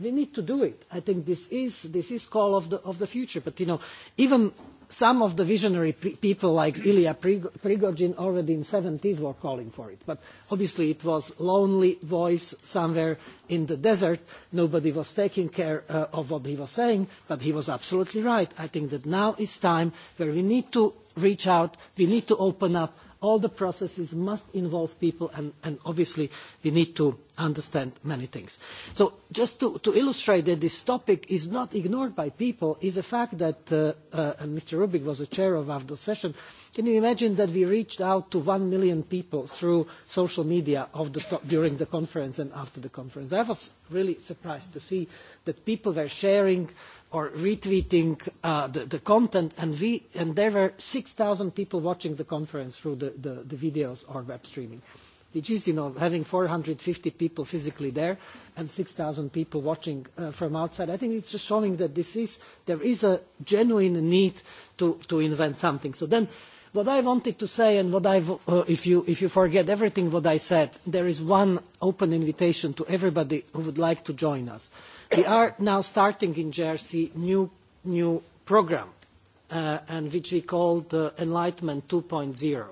we need to do it. I think this is, this is call of the, of the future. But, you know, even some of the visionary pre- people like Ilya Prigogine already in the 70s were calling for it. But obviously it was lonely voice somewhere in the desert. Nobody was taking care uh, of what he was saying, but he was absolutely right. I think that now is time where we need to reach out, we need to open up, all the processes must involve people and, and obviously we need to understand many things. So just to, to illustrate that this topic is not ignored by people is a fact that uh, uh, and Mr. Rubik was a chair of AFDO session. Can you imagine that we reached out to one million people through social media of the, during the conference and after the conference? I was really surprised to see that people were sharing or retweeting uh, the, the content, and, we, and there were 6,000 people watching the conference through the, the, the videos or web streaming, which is, you know, having 450 people physically there and 6,000 people watching uh, from outside. I think it's just showing that this is, there is a genuine need to, to invent something. So then what I wanted to say, and what I've, uh, if, you, if you forget everything what I said, there is one open invitation to everybody who would like to join us. Uh, we are now starting in GRC new new program uh, and which we call the enlightenment 2.0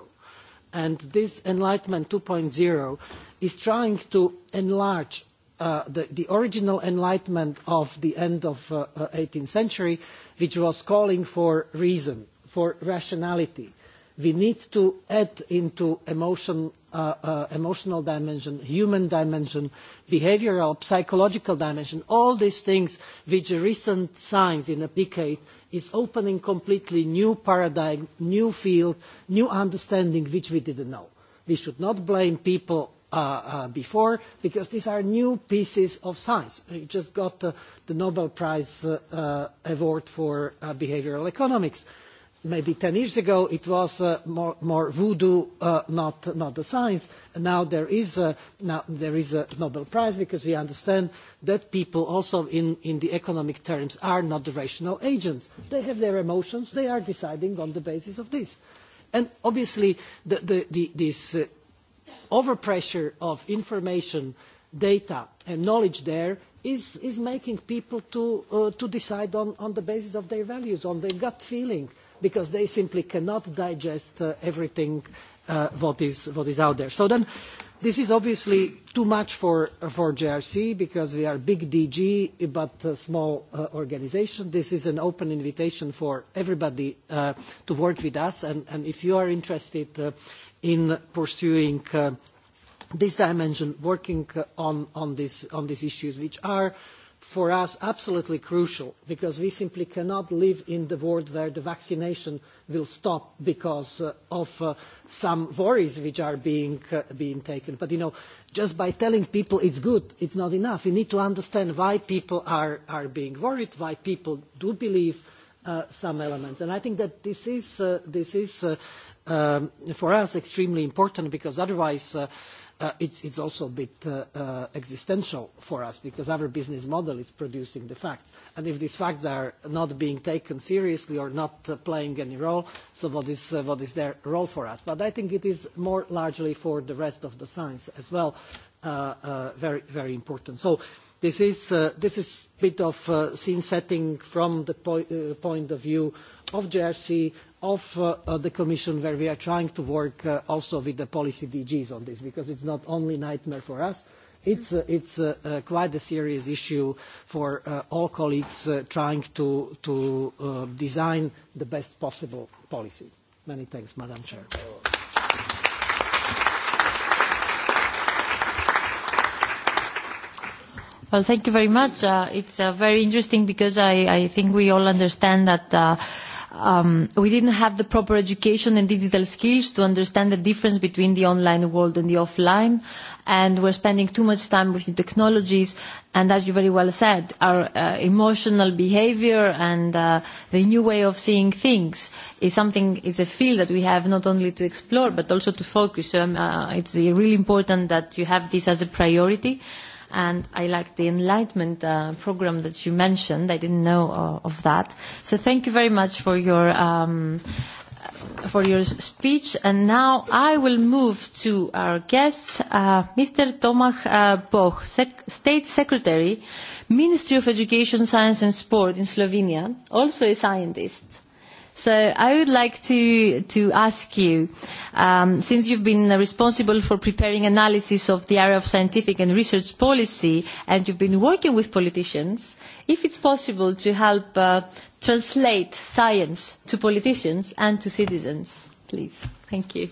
and this enlightenment 2.0 is trying to enlarge uh, the, the original enlightenment of the end of uh, 18th uh, century, which was calling for reason, for rationality, we need to add into emotion, uh, uh, emotional dimension, human dimension, behavioral, psychological dimension, all these things which recent signs in a decade is opening completely new paradigm, new field, new understanding which we didn't know. We should not blame people uh, uh, before because these are new pieces of science. We just got uh, the Nobel Prize uh, uh, award for uh, behavioral economics. Uh, maybe 10 years ago it was uh, more, more voodoo, uh, not, not the science. Now there, is a, now there is a Nobel Prize because we understand that people also in, in the economic terms are not the rational agents. They have their emotions, they are deciding on the basis of this. And obviously the, the, the, this uh, overpressure of information, data and knowledge there is, is making people to, uh, to decide on, on the basis of their values, on their gut feeling because they simply cannot digest uh, everything uh, what, is, what is out there. So then this is obviously too much for, uh, for JRC because we are big DG but a small uh, organization. This is an open invitation for everybody uh, to work with us. And, and if you are interested uh, in pursuing uh, this dimension, working uh, on, on, this, on these issues, which are uh, for us absolutely crucial because we simply cannot live in the world where the vaccination will stop because uh, of uh, some worries which are being, uh, being taken. But, you know, just by telling people it's good, it's not enough. We need to understand why people are, are being worried, why people do believe uh, some elements. And I think that this is, uh, this is uh, um, for us, extremely important because otherwise... Uh, Uh, it's also a bit uh, uh, existential for us because our business model is producing the facts. And if these facts are not being taken seriously or not playing any role, so what is their role for us? But I think it is more largely for the rest of the science as well, very, very important. So this is this is a bit of scene setting from the point of view of JRC, of uh, uh, the Commission where we are trying to work uh, also with the policy DGs on this because it's not only a nightmare for us. It's quite a serious issue for all colleagues trying to design the best possible policy. Many thanks, Madam Chair. Well, thank you very much. It's very interesting because I think we all understand that um, we didn't have the proper education and digital skills to understand the difference between the online world and the offline, and we're spending too much time with new technologies. And as you very well said, our uh, emotional behavior and uh, the new way of seeing things is something, it's a field that we have not only to explore but also to focus. So um, uh, it's really important that you have this as a priority. Uh, and I like the enlightenment uh, program that you mentioned. I didn't know uh, of that. So thank you very much for your um, uh, for your speech. And now I will move to our guests, uh, Mr. Tomach uh, Boch, Sec- State Secretary, Ministry of Education, Science and Sport in Slovenia, also a scientist. So I would like to, to ask you, um, since you've been responsible for preparing analysis of the area of scientific and research policy, and you've been working with politicians, if it's possible to help uh, translate science to politicians and to citizens, please. Thank you.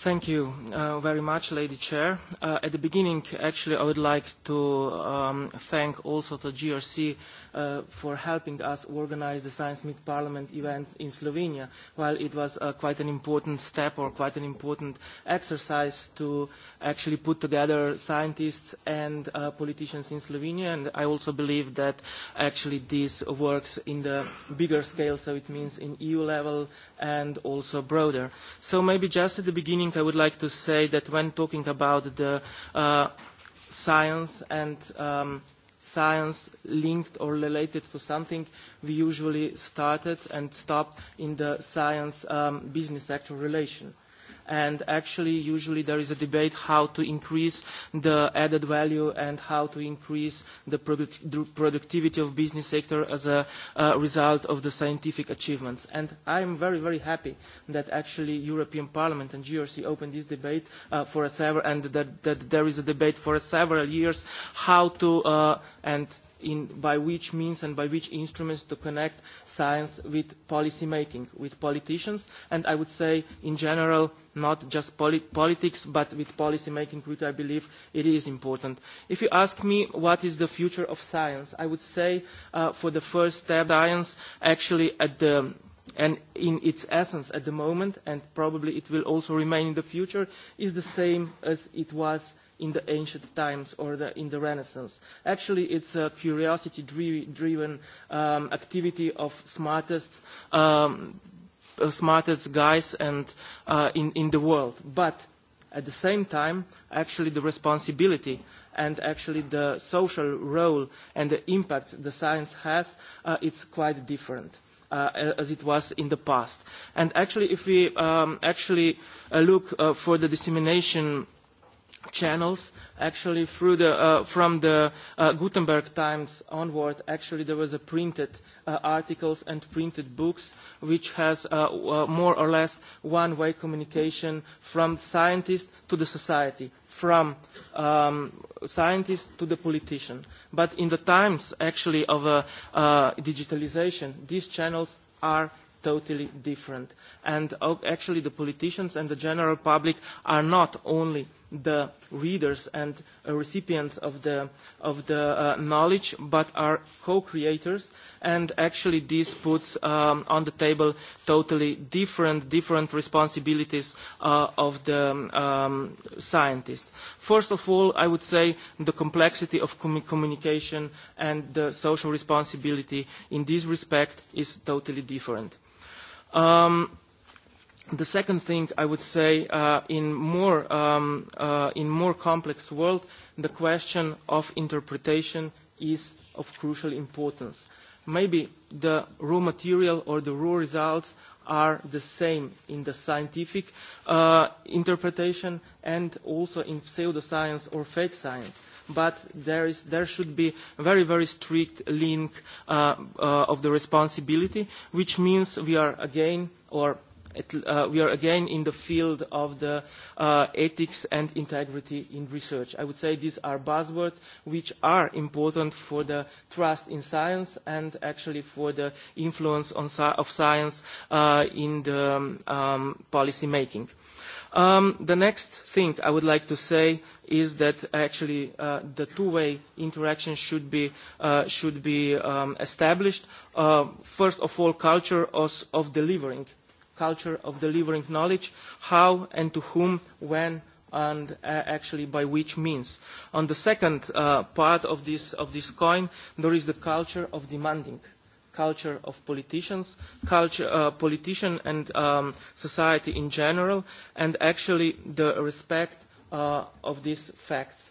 Thank you uh, very much, Lady Chair. Uh, at the beginning, actually, I would like to um, thank also the GRC uh, for helping us organize the Science Meet Parliament events in Slovenia. While it was uh, quite an important step or quite an important exercise to actually put together scientists and uh, politicians in Slovenia, and I also believe that actually this works in the bigger scale, so it means in EU level and also broader. So maybe just at the beginning I would like to say that when talking about the uh, science and um, science linked or related to something, we usually started and stopped in the science um, business sector relation and actually usually there is a debate how to increase the added value and how to increase the, product, the productivity of business sector as a uh, result of the scientific achievements. And I'm very, very happy that actually European Parliament and GRC opened this debate uh, for a several, and that, that there is a debate for a several years how to, uh, and in by which means and by which instruments to connect science with policy making, with politicians, and I would say in general, not just poli politics, but with policy making, which I believe it is important. If you ask me what is the future of science, I would say uh, for the first step, science actually at the and in its essence at the moment, and probably it will also remain in the future, is the same as it was in the ancient times or the, in the Renaissance. Actually, it's a curiosity driven um, activity of smartest. Um, uh, smartest guys and uh, in, in the world but at the same time actually the responsibility and actually the social role and the impact the science has uh, it's quite different uh, as it was in the past and actually if we um, actually uh, look uh, for the dissemination channels actually through the uh, from the uh, Gutenberg times onward actually there was a printed uh, articles and printed books which has uh, uh, more or less one way communication from scientist to the society from um, scientist to the politician but in the times actually of uh, uh, digitalization these channels are totally different and actually the politicians and the general public are not only the readers and uh, recipients of the, of the uh, knowledge, but are co-creators. And actually this puts um, on the table totally different, different responsibilities uh, of the um, scientists. First of all, I would say the complexity of com communication and the social responsibility in this respect is totally different. Um, the second thing I would say uh, in, more, um, uh, in more complex world, the question of interpretation is of crucial importance. Maybe the raw material or the raw results are the same in the scientific uh, interpretation and also in pseudoscience or fake science. But there, is, there should be a very, very strict link uh, uh, of the responsibility, which means we are again, or at, uh, we are again in the field of the uh, ethics and integrity in research. I would say these are buzzwords which are important for the trust in science and actually for the influence on si- of science uh, in the um, um, policy making. Um, the next thing I would like to say is that actually uh, the two-way interaction should be, uh, should be um, established. Uh, first of all, culture of, of delivering culture of delivering knowledge, how and to whom, when, and uh, actually by which means. On the second uh, part of this, of this coin, there is the culture of demanding, culture of politicians, culture, uh, politician and um, society in general, and actually the respect uh, of these facts.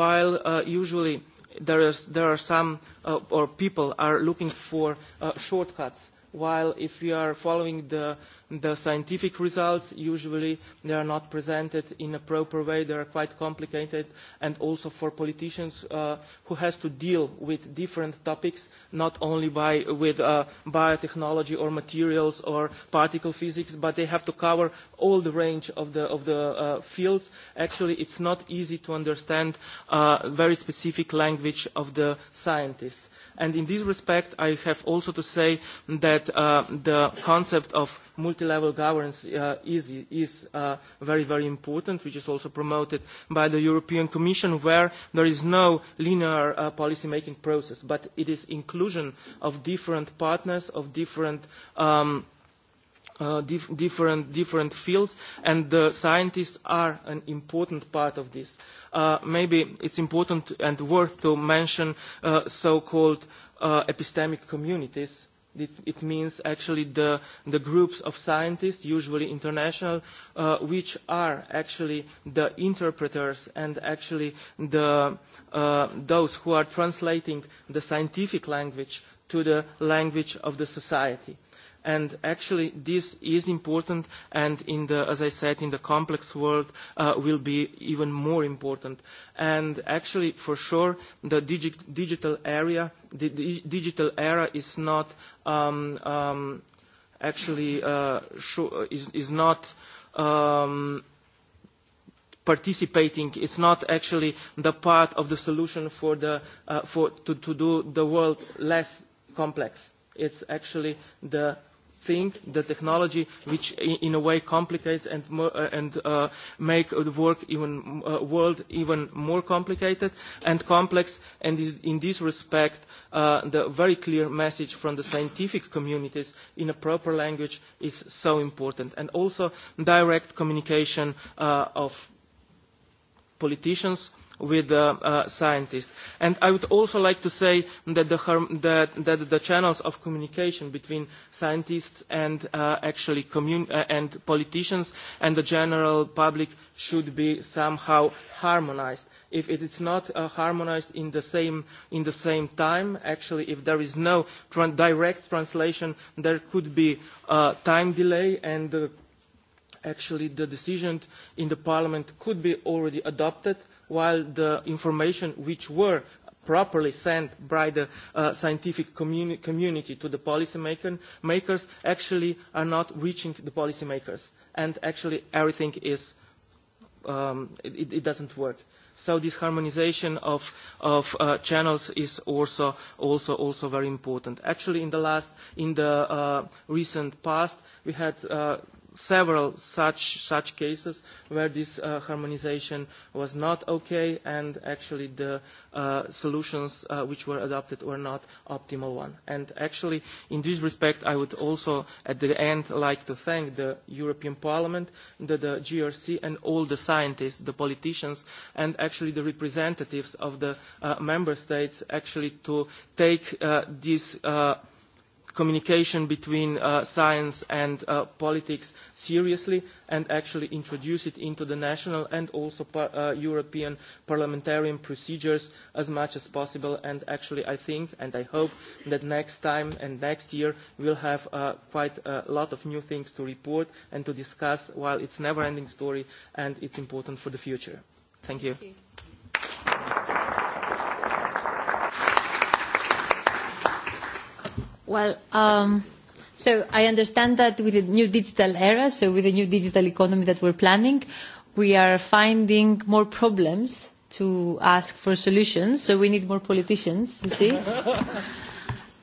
While uh, usually there, is, there are some, uh, or people are looking for uh, shortcuts, while if we are following the, the scientific results, usually they are not presented in a proper way. They are quite complicated. And also for politicians uh, who has to deal with different topics, not only by, with uh, biotechnology or materials or particle physics, but they have to cover all the range of the, of the uh, fields. Actually, it's not easy to understand uh, very specific language of the scientists. And in this respect, I have also to say that uh, the concept of multi-level governance uh, is, is uh, very, very important, which is also promoted by the European Commission, where there is no linear uh, policy-making process, but it is inclusion of different partners, of different um, uh, Uh, dif different, different fields, and the scientists are an important part of this. Uh, maybe it's important and worth to mention uh, so-called uh, epistemic communities. It, it means actually the, the groups of scientists, usually international, uh, which are actually the interpreters and actually the, uh, those who are translating the scientific language to the language of the society and actually this is important and in the as i said in the complex world uh, will be even more important and actually for sure the digi- digital area the di- digital era is not um, um, actually uh, sh- is, is not um, participating it 's not actually the part of the solution for the uh, for to, to do the world less complex it 's actually the think the technology which in, in a way complicates and, uh, and uh, make the work even, uh, world even more complicated and complex and is in this respect uh, the very clear message from the scientific communities in a proper language is so important and also direct communication uh, of politicians with the uh, scientists. And I would also like to say that the, her- that, that the channels of communication between scientists and uh, actually commun- uh, and politicians and the general public should be somehow harmonized. If it is not uh, harmonized in the, same, in the same time, actually, if there is no tra- direct translation, there could be a uh, time delay and uh, actually the decision in the parliament could be already adopted while the information which were properly sent by the uh, scientific communi community to the policymakers actually are not reaching the policymakers. And actually everything is, um, it, it doesn't work. So this harmonization of, of uh, channels is also, also, also very important. Actually, in the last, in the uh, recent past, we had uh, several such, such cases where this uh, harmonization was not okay and actually the uh, solutions uh, which were adopted were not optimal one. And actually in this respect I would also at the end like to thank the European Parliament, the, the GRC and all the scientists, the politicians and actually the representatives of the uh, member states actually to take uh, this uh, communication between uh, science and uh, politics seriously and actually introduce it into the national and also par- uh, European parliamentarian procedures as much as possible. And actually, I think and I hope that next time and next year we'll have uh, quite a lot of new things to report and to discuss while it's never-ending story and it's important for the future. Thank you. Thank you. Well, um, so I understand that with the new digital era, so with the new digital economy that we're planning, we are finding more problems to ask for solutions. So we need more politicians, you see? <laughs>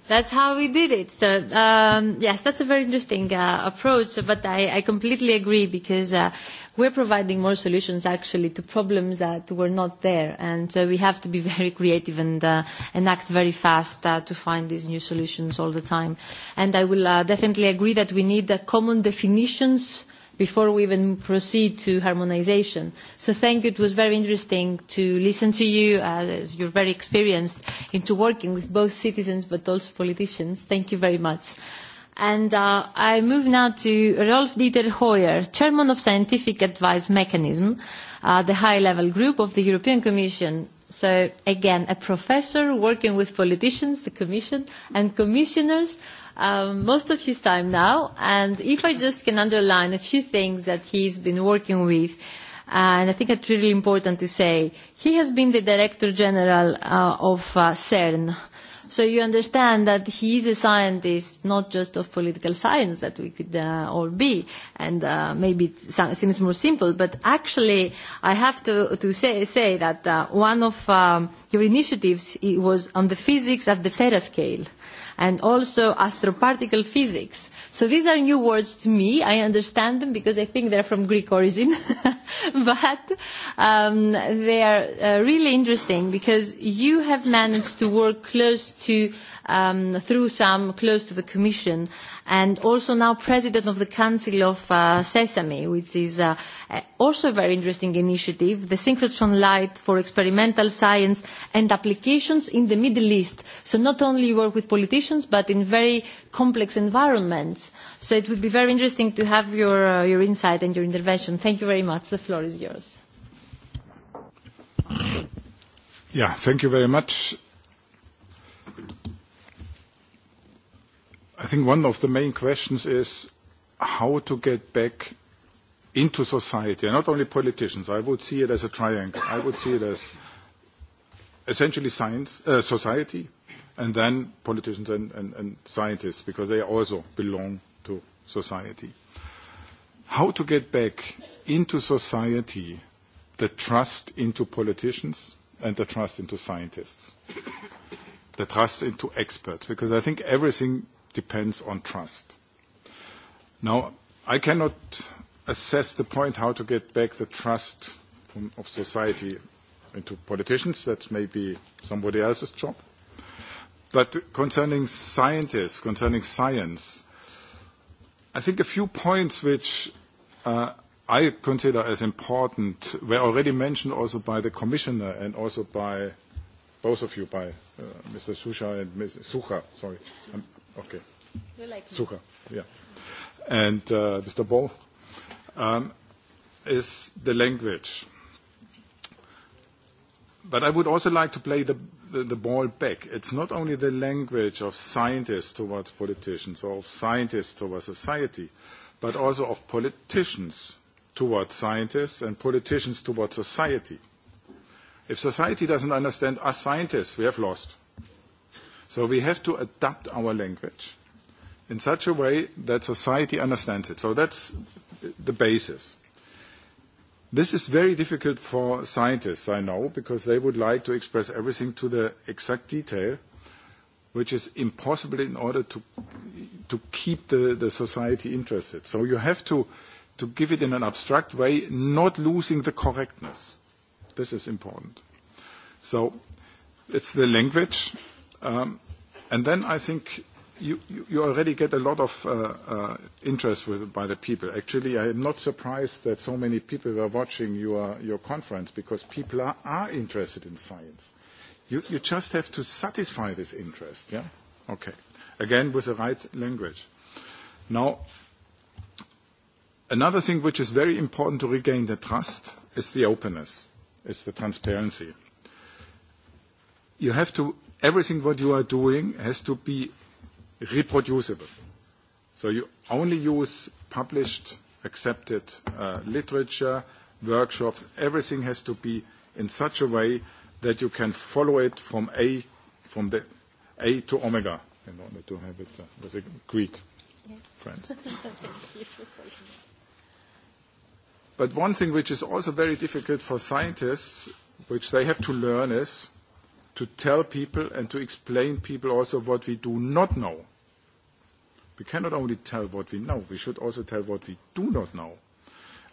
That's how we did it. So um, yes, that's a very interesting uh, approach. But I, I completely agree because uh, we're providing more solutions actually to problems that were not there, and so we have to be <laughs> very creative and uh, and act very fast uh, to find these new solutions all the time. And I will uh, definitely agree that we need uh, common definitions. Uh, before we even proceed to harmonization. So thank you. It was very interesting to listen to you uh, as you're very experienced into working with both citizens but also politicians. Thank you very much. And uh, I move now to Rolf Dieter Hoyer, Chairman of Scientific Advice Mechanism, uh, the high-level group of the European Commission. So again, a professor working with politicians, the Commission, and commissioners um, most of his time now. And if I just can underline a few things that he's been working with, uh, and I think it's really important to say, he has been the Director General uh, of uh, CERN. So you understand that he's a scientist, not just of political science that we could uh, all be, and uh, maybe it seems more simple, but actually I have to, to say, say that uh, one of um, your initiatives it was on the physics at the terascale. scale and also astroparticle physics. So these are new words to me. I understand them because I think they're from Greek origin. <laughs> but um, they are uh, really interesting because you have managed to work close to um, through some close to the Commission, and also now President of the Council of uh, Sesame, which is uh, also a very interesting initiative, the Synchrotron Light for Experimental Science and Applications in the Middle East. So not only you work with politicians, but in very complex environments. So it would be very interesting to have your, uh, your insight and your intervention. Thank you very much. The floor is yours. Yeah, thank you very much. I think one of the main questions is how to get back into society, not only politicians. I would see it as a triangle. I would see it as essentially science, uh, society, and then politicians and, and, and scientists, because they also belong to society. How to get back into society the trust into politicians and the trust into scientists, the trust into experts, because I think everything depends on trust. Now, I cannot assess the point how to get back the trust from, of society into politicians. That's maybe somebody else's job. But concerning scientists, concerning science, I think a few points which uh, I consider as important were already mentioned also by the commissioner and also by both of you, by uh, Mr. Susha and Ms. Sucha. Sorry, I'm Okay. You like me. Super. Yeah. And uh, Mr. Ball, um, is the language. But I would also like to play the, the, the ball back. It's not only the language of scientists towards politicians or of scientists towards society, but also of politicians towards scientists and politicians towards society. If society doesn't understand us scientists, we have lost. So we have to adapt our language in such a way that society understands it. So that's the basis. This is very difficult for scientists, I know, because they would like to express everything to the exact detail, which is impossible in order to, to keep the, the society interested. So you have to, to give it in an abstract way, not losing the correctness. This is important. So it's the language Um, and then I think you, you already get a lot of uh, uh, interest with, by the people. Actually, I'm not surprised that so many people were watching your, your conference because people are, are interested in science. You, you just have to satisfy this interest, yeah? Okay. Again, with the right language. Now, another thing which is very important to regain the trust is the openness, is the transparency. You have to everything what you are doing has to be reproducible. So you only use published, accepted uh, literature, workshops, everything has to be in such a way that you can follow it from A, from the A to Omega, in order to have it uh, with a Greek yes. friend. <laughs> but one thing which is also very difficult for scientists, which they have to learn is, to tell people and to explain people also what we do not know. We cannot only tell what we know, we should also tell what we do not know.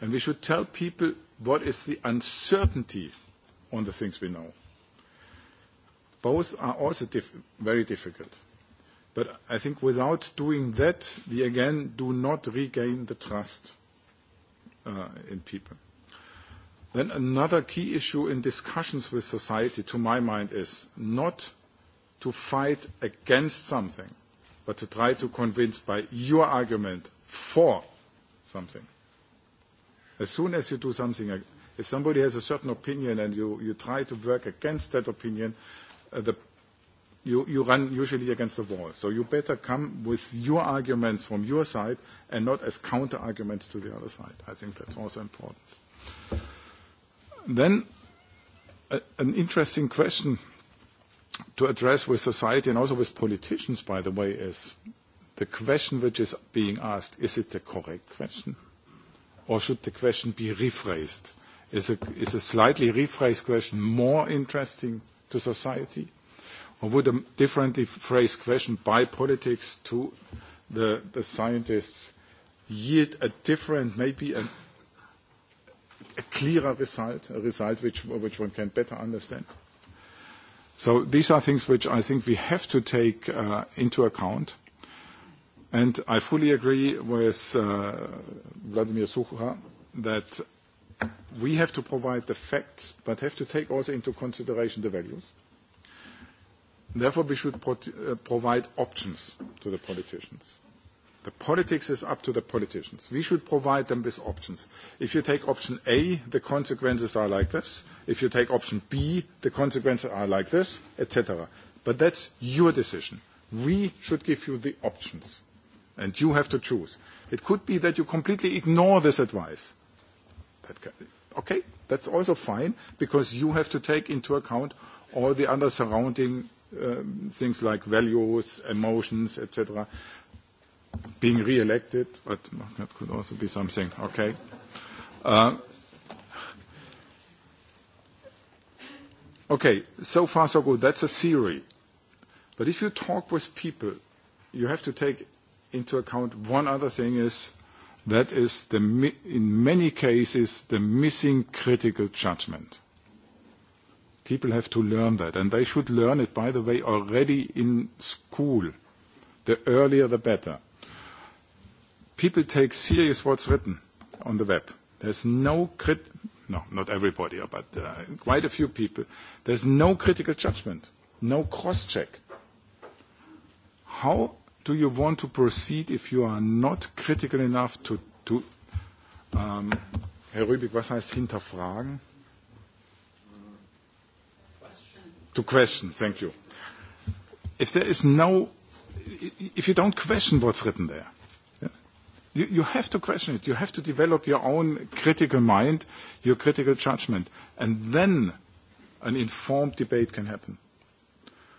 And we should tell people what is the uncertainty on the things we know. Both are also diff- very difficult. But I think without doing that, we again do not regain the trust uh, in people. Another key issue in discussions with society, to my mind, is not to fight against something, but to try to convince by your argument for something. As soon as you do something, uh, if somebody has a certain opinion and you, you try to work against that opinion, uh, the, you, you run usually against the wall. So you better come with your arguments from your side and not as counter arguments to the other side. I think that's also important. Thank you. Then an interesting question to address with society and also with politicians, by the way, is the question which is being asked, is it the correct question? Or should the question be rephrased? Is a, is a slightly rephrased question more interesting to society? Or would a differently phrased question by politics to the, the scientists yield a different, maybe a, clearer result, a result which, which one can better understand. So these are things which I think we have to take uh, into account. And I fully agree with uh, Vladimir Sucha that we have to provide the facts, but have to take also into consideration the values. Therefore, we should pro- uh, provide options to the politicians. The politics is up to the politicians. We should provide them with options. If you take option A, the consequences are like this. If you take option B, the consequences are like this, etc. But that's your decision. We should give you the options. And you have to choose. It could be that you completely ignore this advice. That can, okay, that's also fine, because you have to take into account all the other surrounding um, things like values, emotions, etc being re-elected, but no, that could also be something. Okay. Uh, okay. So far, so good. That's a theory. But if you talk with people, you have to take into account one other thing: is that is the in many cases the missing critical judgment. People have to learn that, and they should learn it, by the way, already in school. The earlier, the better people take serious what's written on the web. There's no crit no, not everybody, but uh, quite a few people. There's no critical judgment, no cross check. How do you want to proceed if you are not critical enough to, to um, Herr Rübig, was heißt hinterfragen? Question. To question, thank you. If there is no, if you don't question what's written there, you, you have to question it. You have to develop your own critical mind, your critical judgment. And then an informed debate can happen.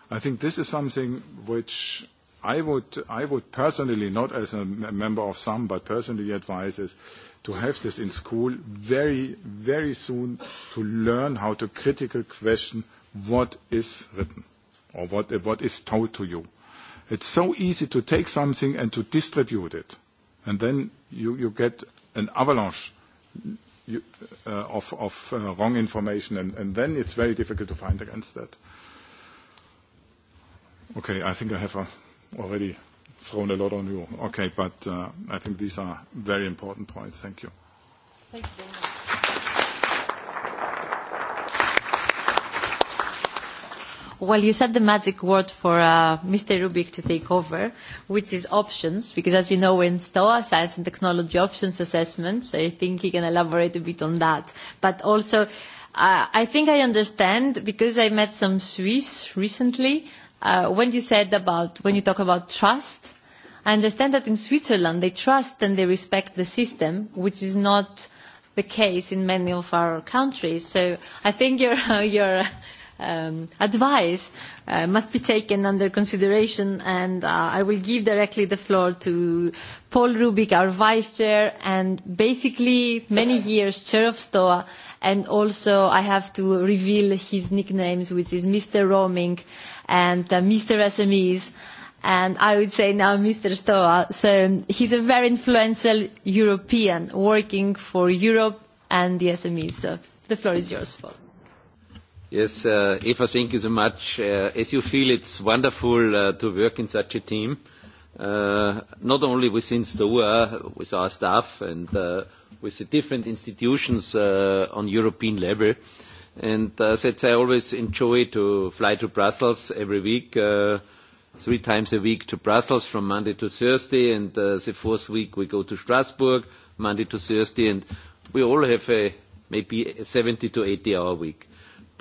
I think this is something which I would, I would personally, not as a member of some, but personally advise is to have this in school very, very soon to learn how to critical question what is written or what, what is told to you. It's so easy to take something and to distribute it and then you, you get an avalanche you, uh, of, of uh, wrong information, and, and then it's very difficult to find against that. Okay, I think I have uh, already thrown a lot on you. Okay, but uh, I think these are very important points. Thank you. Thank you very much. Well, you said the magic word for uh, Mr. Rubik to take over, which is options, because as you know, we're in STOA, Science and Technology Options Assessment, so I think he can elaborate a bit on that. But also, uh, I think I understand, because I met some Swiss recently, uh, when you said about, when you talk about trust, I understand that in Switzerland, they trust and they respect the system, which is not the case in many of our countries. So I think you're, uh, <laughs> you're, uh, um, advice uh, must be taken under consideration, and uh, I will give directly the floor to Paul Rubik, our vice chair, and basically many years chair of STOA, and also I have to reveal his nicknames, which is Mr. Roaming and uh, Mr. SMEs, and I would say now Mr. STOA. So he's a very influential European working for Europe and the SMEs. So the floor is yours, Paul. Yes, uh, Eva, thank you so much. Uh, as you feel, it's wonderful uh, to work in such a team, uh, not only within STOA, with our staff and uh, with the different institutions uh, on European level. And uh, that I always enjoy to fly to Brussels every week, uh, three times a week to Brussels from Monday to Thursday, and uh, the fourth week we go to Strasbourg, Monday to Thursday, and we all have a, maybe a 70 to 80 hour week.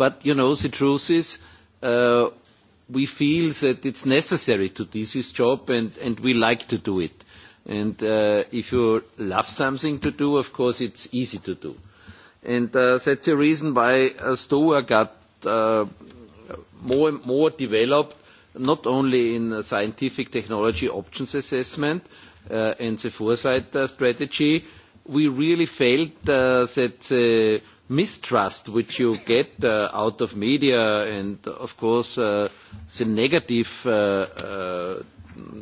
But you know, the truth is, uh, we feel that it's necessary to do this job, and, and we like to do it. And uh, if you love something to do, of course, it's easy to do. And uh, that's the reason why uh, Stoa got uh, more and more developed, not only in uh, scientific technology options assessment uh, and the foresight uh, strategy. We really felt uh, that. Uh, mistrust which you get uh, out of media and of course uh, the negative uh, uh,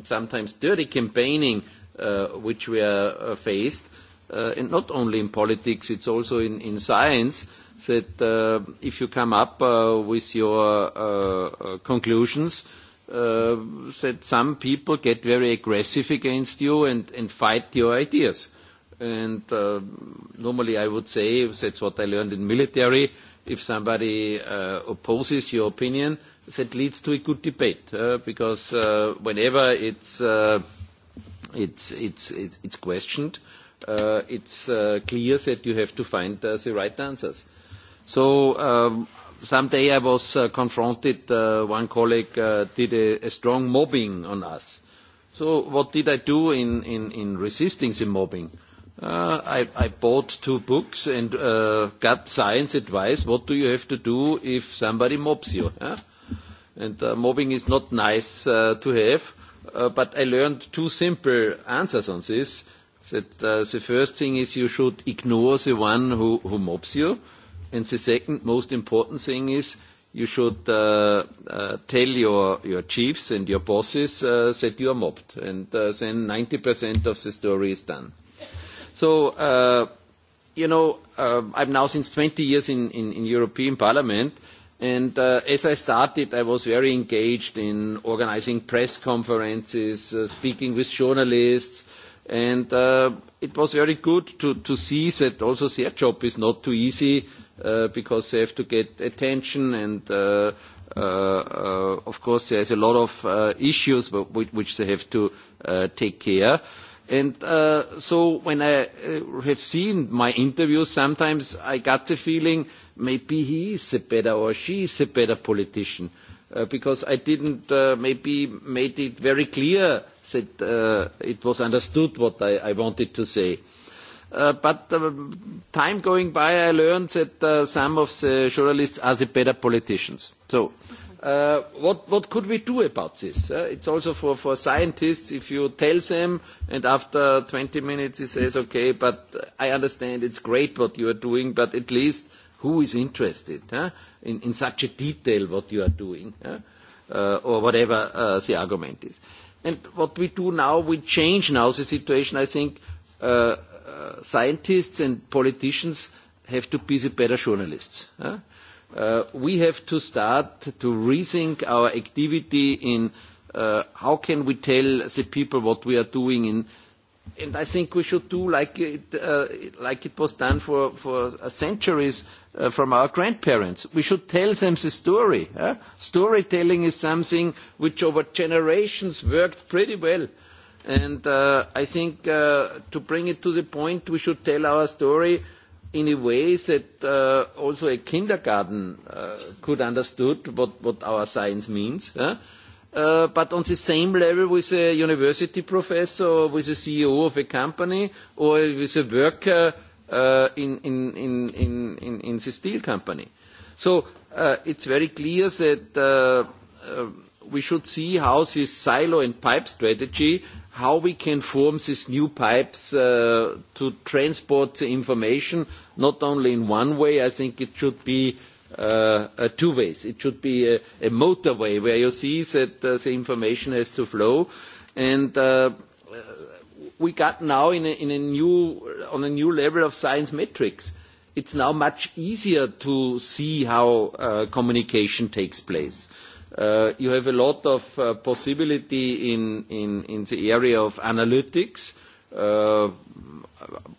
sometimes dirty campaigning uh, which we are uh, faced uh, and not only in politics it's also in, in science that uh, if you come up uh, with your uh, uh, conclusions uh, that some people get very aggressive against you and, and fight your ideas and uh, normally I would say that's what I learned in military. If somebody uh, opposes your opinion, that leads to a good debate uh, because uh, whenever it's uh, it's it's it's questioned, uh, it's uh, clear that you have to find uh, the right answers. So. Um, Someday I was uh, confronted, uh, one colleague uh, did a, a strong mobbing on us. So what did I do in, in, in resisting the mobbing? Uh, Uh, I, I bought two books and uh, got science advice. What do you have to do if somebody mobs you? Huh? And uh, mobbing is not nice uh, to have, uh, but I learned two simple answers on this. That uh, the first thing is you should ignore the one who, who mobs you. And the second most important thing is you should uh, uh, tell your, your chiefs and your bosses uh, that you are mobbed. And uh, then 90% of the story is done. So, uh, you know, uh, I'm now since 20 years in, in, in European Parliament, and uh, as I started, I was very engaged in organizing press conferences, uh, speaking with journalists, and uh, it was very good to, to see that also their job is not too easy uh, because they have to get attention and uh, uh, uh, of course, there's a lot of uh, issues which, which they have to uh, take care. Uh, And uh, so when I uh, have seen my interviews, sometimes I got the feeling maybe he is a better or she is a better politician uh, because I didn't uh, maybe made it very clear that uh, it was understood what I, I wanted to say. Uh, but uh, time going by, I learned that uh, some of the journalists are the better politicians. So. Uh, uh, what, what could we do about this? Uh, it's also for, for scientists, if you tell them, and after 20 minutes he says, okay, but I understand it's great what you are doing, but at least who is interested uh, in, in such a detail what you are doing, uh, uh, or whatever uh, the argument is. And what we do now, we change now the situation. I think uh, uh, scientists and politicians have to be the better journalists. Uh? Uh, we have to start to rethink our activity in uh, how can we tell the people what we are doing in and I think we should do like it, uh, like it was done for, for centuries uh, from our grandparents. We should tell them the story. Huh? Storytelling is something which over generations worked pretty well. And uh, I think uh, to bring it to the point, we should tell our story uh, in a way that uh, also a kindergarten uh, could understand what, what our science means. Huh? Uh, but on the same level with a university professor or with a CEO of a company or with a worker uh, in, in, in, in, in, in the steel company. So uh, it's very clear that uh, uh, we should see how this silo and pipe strategy, how we can form these new pipes uh, to transport the information, not only in one way, I think it should be uh, uh, two ways. It should be a, a motorway where you see that uh, the information has to flow. And uh, we got now in a, in a new, on a new level of science metrics. It's now much easier to see how uh, communication takes place. Uh, Uh, you have a lot of uh, possibility in, in, in the area of analytics. Uh,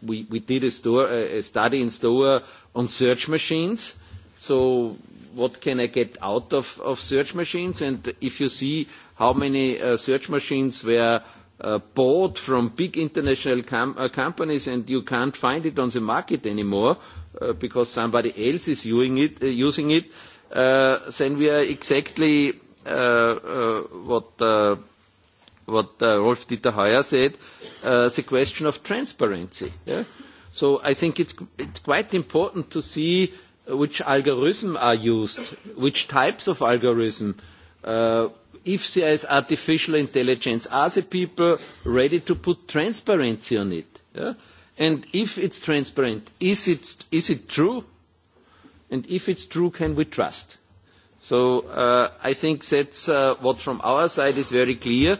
we, we did a, store, a study in Stoa on search machines. So what can I get out of, of search machines? And if you see how many uh, search machines were uh, bought from big international com- uh, companies and you can't find it on the market anymore uh, because somebody else is using it, uh, using it uh, Then uh, we are exactly uh, uh, what Rolf-Dieter Heier said, the question of transparency. Yeah. I think it's quite important to see which algorithm are used, which types of algorithm. If there is artificial intelligence, are the people ready to put transparency on it? Yeah. If it's transparent, is it true? and if it's true, can we trust? So uh, I think that's uh, what from our side is very clear,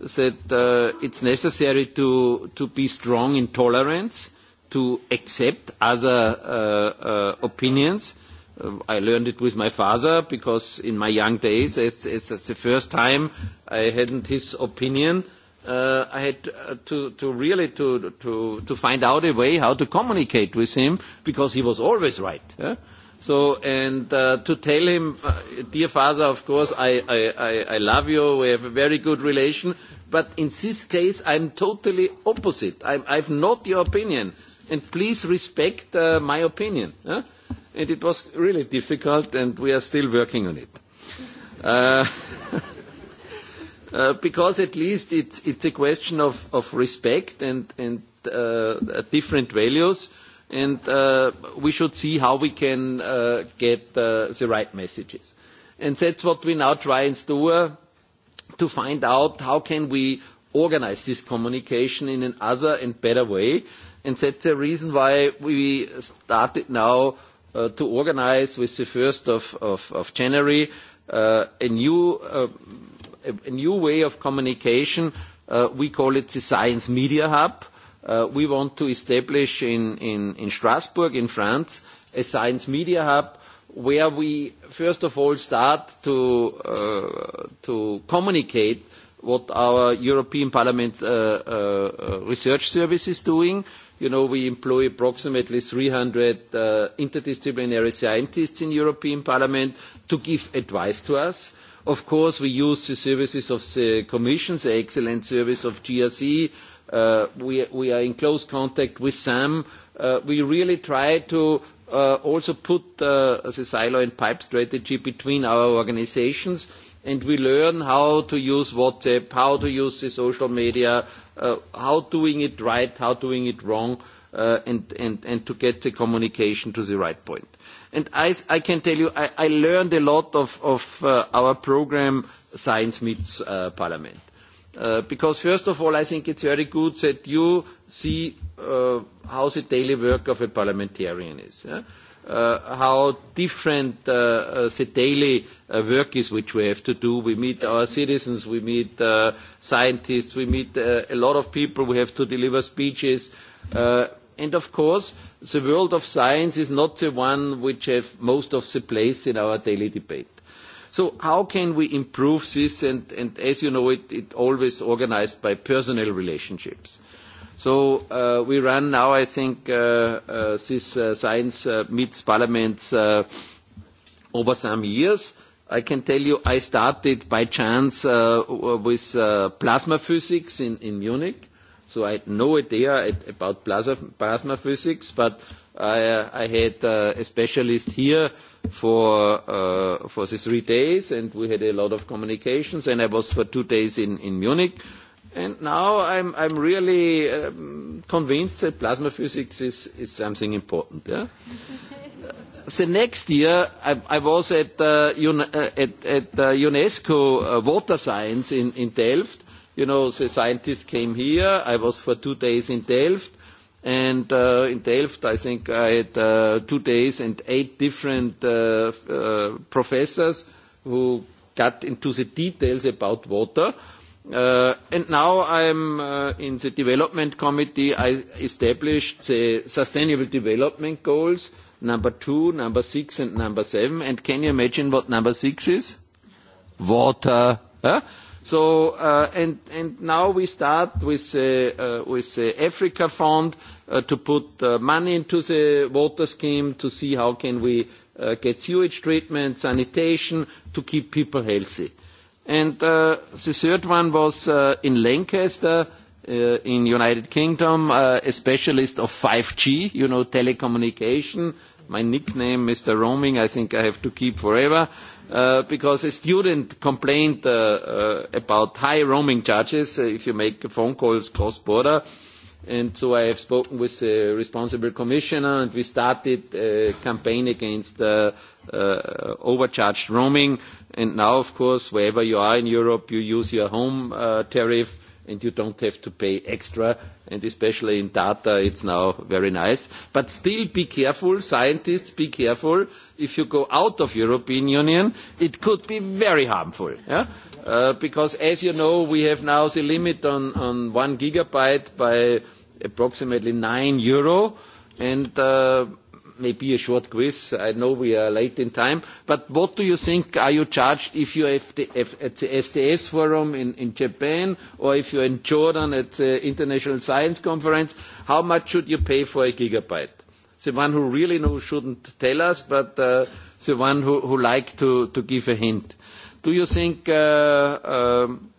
that uh, it's necessary to, to be strong in tolerance, to accept other uh, uh, opinions. Uh, I learned it with my father because in my young days, it's, it's the first time I hadn't his opinion. Uh, I had uh, to, to really to, to, to find out a way how to communicate with him because he was always right. Yeah? So, and uh, to tell him, uh, dear father, of course, I, I, I love you, we have a very good relation, but in this case, I'm totally opposite. I'm, I've not your opinion, and please respect uh, my opinion. Huh? And it was really difficult, and we are still working on it. Uh, <laughs> Uh, because at least it's, it's a question of, of respect and, and uh, different values. Uh, and uh, we should see how we can uh, get uh, the right messages. And that's what we now try and do uh, to find out how can we organize this communication in an other and better way. And that's the reason why we started now uh, to organize with the 1st of, of, of January uh, a new uh, a new way of communication, uh, we call it the Science Media Hub, uh, Uh, we want to establish in, in, in Strasbourg, in France, a science media hub where we first of all start to, uh, to communicate what our European Parliament uh, uh, research service is doing. You know, we employ approximately 300 uh, interdisciplinary scientists in European Parliament to give advice to us. Of course, we use the services of the Commission, the excellent service of GRC, uh, uh, we, we are in close contact with SAM. Uh, we really try to uh, also put uh, the silo and pipe strategy between our organizations and we learn how to use WhatsApp, how to use the social media, uh, how doing it right, how doing it wrong, uh, and, and, and to get the communication to the right point. And I, I can tell you, I, I learned a lot of, of uh, our program Science Meets uh, Parliament. Uh, because first of all, I think it's very good that you see uh, how the daily work of a parliamentarian is, yeah? uh, how different uh, uh, the daily uh, work is which we have to do. We meet our citizens, we meet uh, scientists, we meet uh, a lot of people, we have to deliver speeches. Uh, and of course, the world of science is not the one which has most of the place in our daily debate. How can we improve this? As you know, it always organized by personal relationships. Uh, we run now, I think, uh, uh, this Science Meets Parliament over some years. I can tell you, I started by chance with plasma physics in Munich, so I had no idea about plasma physics, but I had a specialist here, for uh, for the three days, and we had a lot of communications. And I was for two days in, in Munich, and now I'm I'm really um, convinced that plasma physics is is something important. Yeah. <laughs> the next year, I, I was at uh, Un- uh, at at uh, UNESCO uh, Water Science in in Delft. You know, the scientists came here. I was for two days in Delft and uh, in Delft, I think I had uh, two days and eight different uh, uh, professors who got into the details about water. Uh, and now I'm uh, in the development committee. I established the sustainable development goals number two, number six, and number seven. And can you imagine what number six is? Water. Huh? So, uh, and, and now we start with, uh, uh, with the Africa Fund. Uh, to put uh, money into the water scheme to see how can we uh, get sewage treatment, sanitation to keep people healthy. And uh, the third one was uh, in Lancaster uh, in United Kingdom, uh, a specialist of 5G, you know, telecommunication. My nickname, Mr. Roaming, I think I have to keep forever uh, because a student complained uh, uh, about high roaming charges uh, if you make phone calls cross-border. Uh, So I have spoken with the uh, responsible commissioner, and we started a campaign against uh, uh, overcharged roaming. Now, of course, wherever you are in Europe, you use your home tariff, and you don't have to pay extra. Especially in data, it's now very nice. Still be careful, scientists, be careful. If you go out of European Union, it could be very harmful. Because as you know, we have now the limit on 1 gigabyte approximately 9 euro. And uh, maybe a short quiz. I know we are late in time, but what do you think are you charged if you're at the STS Forum in Japan, or if you're in Jordan at the International Science Conference? How much should you pay for a gigabyte? The one who really knows shouldn't tell us, but uh, the one who like to give a hint. Do you think uh, um,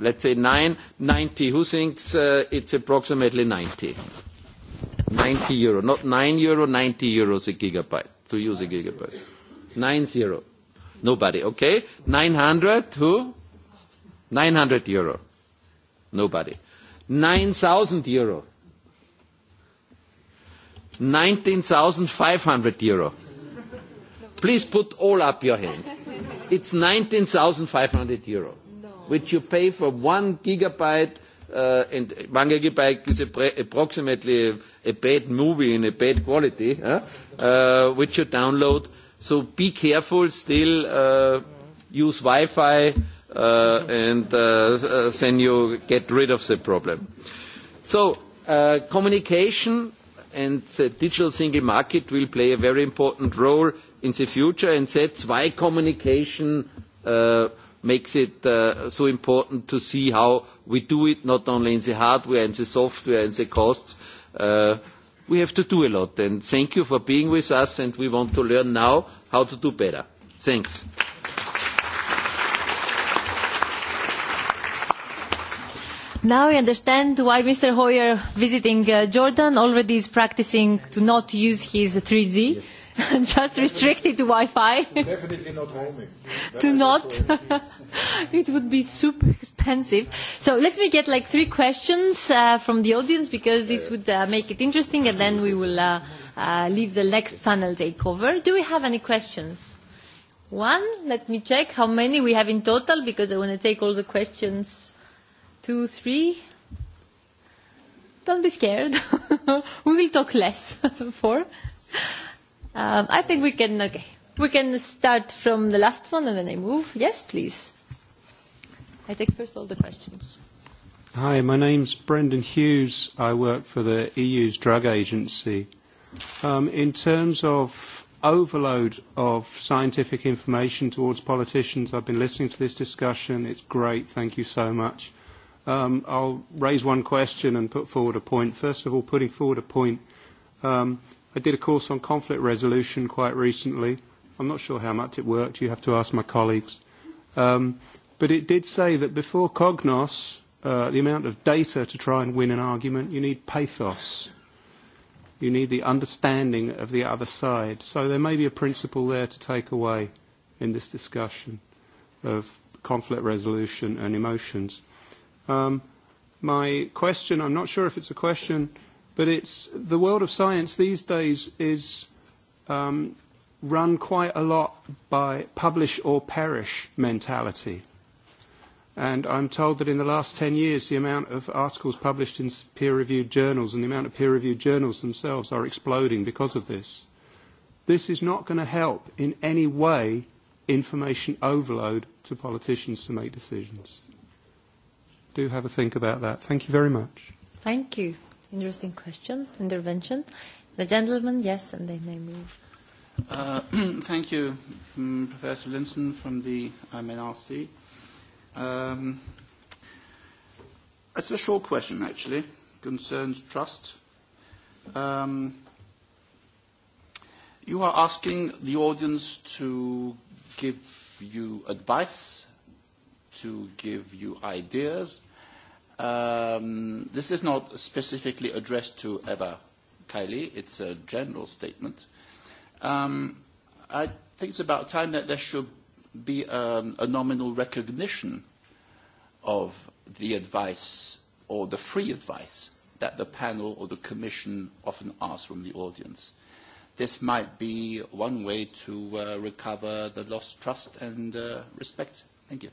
let's say nine, 90. Who thinks uh, it's approximately 90? 90 euro, not 9 euro, 90 euros a gigabyte to use nine a gigabyte. Zero. 9 zero. Nobody, okay? 900, who? 900 euro. Nobody. 9,000 euro. 19,500 euro. Please put all up your hands. It's 19,500 euro which you pay for one gigabyte, uh, and one gigabyte is a pre- approximately a, a bad movie in a bad quality, uh, uh, which you download. So be careful still, uh, use Wi Fi, uh, and uh, uh, then you get rid of the problem. So, uh, communication and the digital single market will play a very important role in the future, and that's why communication. Uh, makes it uh, so important to see how we do it, not only in the hardware and the software and the costs. Uh, we have to do a lot. Thank you for being with us, and we want to learn now how to do better. Thanks. Now we understand why Mr. Hoyer visiting uh, Jordan already is practicing to not use his 3G. Yes. <laughs> just restricted to Wi-Fi. Definitely not roaming. Do <laughs> not. <laughs> it would be super expensive. So let me get like three questions uh, from the audience because this would uh, make it interesting, and then we will uh, uh, leave the next panel takeover. Do we have any questions? One. Let me check how many we have in total because I want to take all the questions. Two, three. Don't be scared. we will talk less. Four. Um, I think we can, okay. We can start from the last one and then I move. Yes, please. I take first all the questions. Hi, my name's Brendan Hughes. I work for the EU's drug agency. Um, in terms of overload of scientific information towards politicians, I've been listening to this discussion. It's great. Thank you so much. Um, I'll raise one question and put forward a point. First of all, putting forward a point, um, I did a course on conflict resolution quite recently. I'm not sure how much it worked. You have to ask my colleagues. Um, but it did say that before Cognos, uh, the amount of data to try and win an argument, you need pathos. You need the understanding of the other side. So there may be a principle there to take away in this discussion of conflict resolution and emotions. Um, my question, I'm not sure if it's a question but it's the world of science these days is um, run quite a lot by publish or perish mentality. And I'm told that in the last 10 years, the amount of articles published in peer reviewed journals and the amount of peer reviewed journals themselves are exploding because of this. This is not going to help in any way information overload to politicians to make decisions. Do have a think about that. Thank you very much. Thank you. Interesting question, intervention. The gentleman, yes, and they may move. Uh, <clears throat> thank you, um, Professor Linson from the MNRC. Um, it's a short question, actually, concerns trust. Um, you are asking the audience to give you advice, to give you ideas, Um, this is not specifically addressed to Eva Kylie. It's a general statement. Um, I think it's about time that there should be um, a nominal recognition of the advice or the free advice that the panel or the commission often asks from the audience. This might be one way to uh, recover the lost trust and uh, respect. Thank you.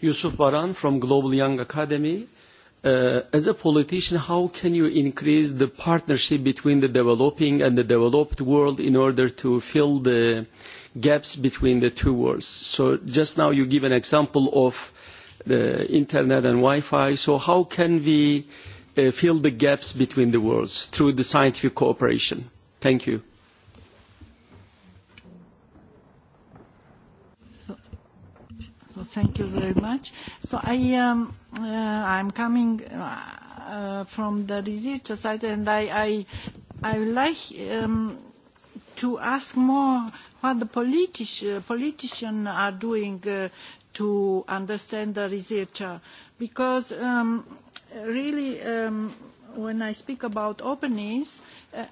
Yusuf Baran from Global Young Academy. Uh, as a politician, how can you increase the partnership between the developing and the developed world in order to fill the gaps between the two worlds? So just now you give an example of the internet and Wi-Fi. So how can we uh, fill the gaps between the worlds through the scientific cooperation? Thank you. Thank you very much. So um, uh, I'm coming uh, uh, from the research side, and I would like um, to ask more what the politicians are doing to understand the research. Because um, really, when I speak about openness,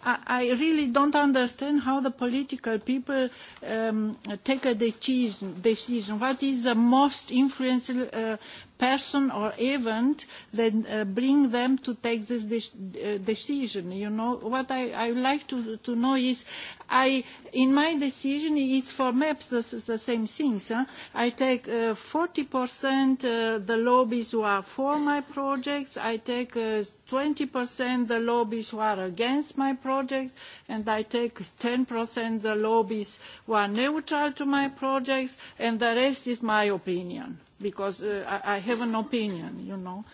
Uh, I really don't understand how the political people um, take a decision, decision. What is the most influential uh, person or event that uh, bring them to take this de- uh, decision? You know, what I, I like to, to know is, I, in my decision, it's for maps the, the same things. Huh? I take uh, 40% uh, the lobbies who are for my projects. I take uh, 20% the lobbies who are against my my project and I take 10% the lobbies who are neutral to my projects and the rest is my opinion because uh, I, I have an opinion, you know.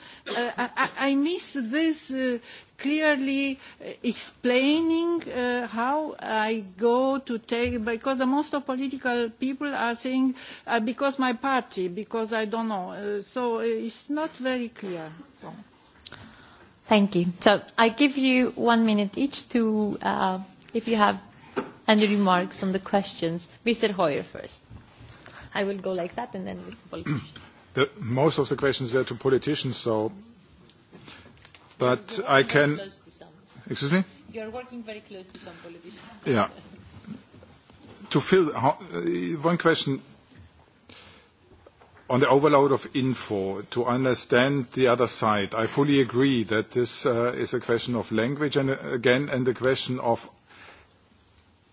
Uh, I, I miss this uh, clearly uh, explaining uh, how I go to take, because the most of political people are saying, uh, because my party, because I don't know. Uh, so uh, it's not very clear. So. Thank you. So I give you one minute each to, uh, if you have any remarks on the questions. Mr. Hoyer first. I will go like that and then with the politicians. <clears throat> the, most of the questions were to politicians, so. But You're I can. Very close to some. Excuse me? You're working very close to some politicians. Yeah. to fill, uh, one question On the overload of info, to understand the other side, I fully agree that this uh, is a question of language and uh, again, and the question of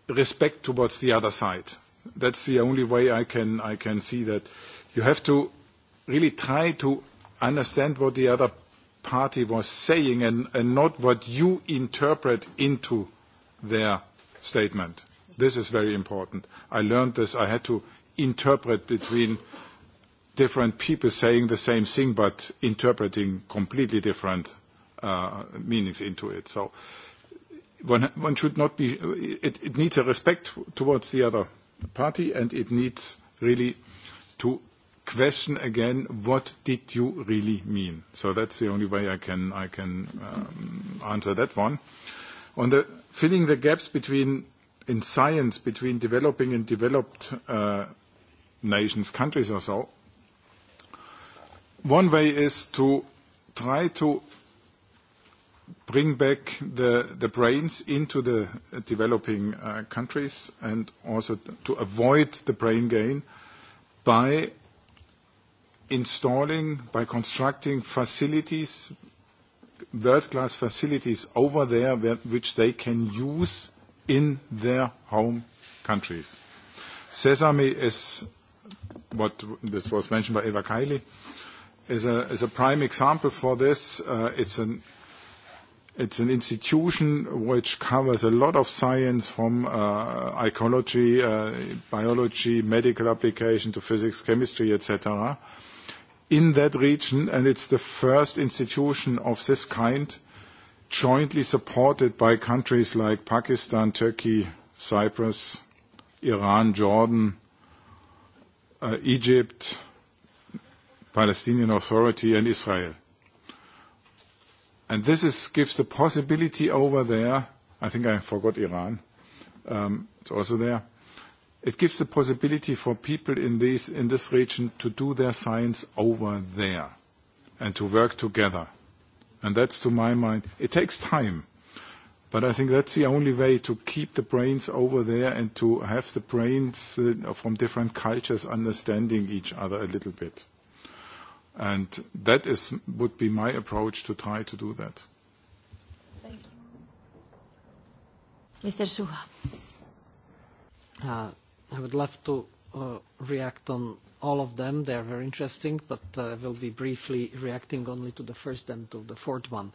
respect towards the other side. That's the only way I can, I can see that. You have to really try to understand what the other party was saying and, and not what you interpret into their statement. This is very important. I learned this. I had to interpret between different people saying the same thing but interpreting completely different uh, meanings into it. So one, one should not be, it, it needs a respect towards the other party and it needs really to question again what did you really mean. So that's the only way I can, I can um, answer that one. On the filling the gaps between, in science, between developing and developed uh, nations, countries or so, uh, One way is to try to bring back the, the brains into the uh, developing uh, countries and also to avoid the brain gain by installing, by constructing facilities, world-class facilities over there where, which they can use in their home countries. Sesame is what this was mentioned by Eva Kiley is a is a prime example for this. Uh, it's an it's an institution which covers a lot of science from uh, ecology, uh, biology, medical application to physics, chemistry, etc. in that region, and it's the first institution of this kind jointly supported by countries like pakistan, turkey, cyprus, iran, jordan, uh, egypt, Palestinian Authority and Israel. And this is, gives the possibility over there, I think I forgot Iran, um, it's also there. It gives the possibility for people in, these, in this region to do their science over there and to work together. And that's to my mind, it takes time. But I think that's the only way to keep the brains over there and to have the brains uh, from different cultures understanding each other a little bit. That would be my approach to try to do that. Thank you. Mr. Šuha. Uh, I would love to uh, react on all of them. They are very interesting, but uh, will be briefly reacting only to the first and to the fourth one.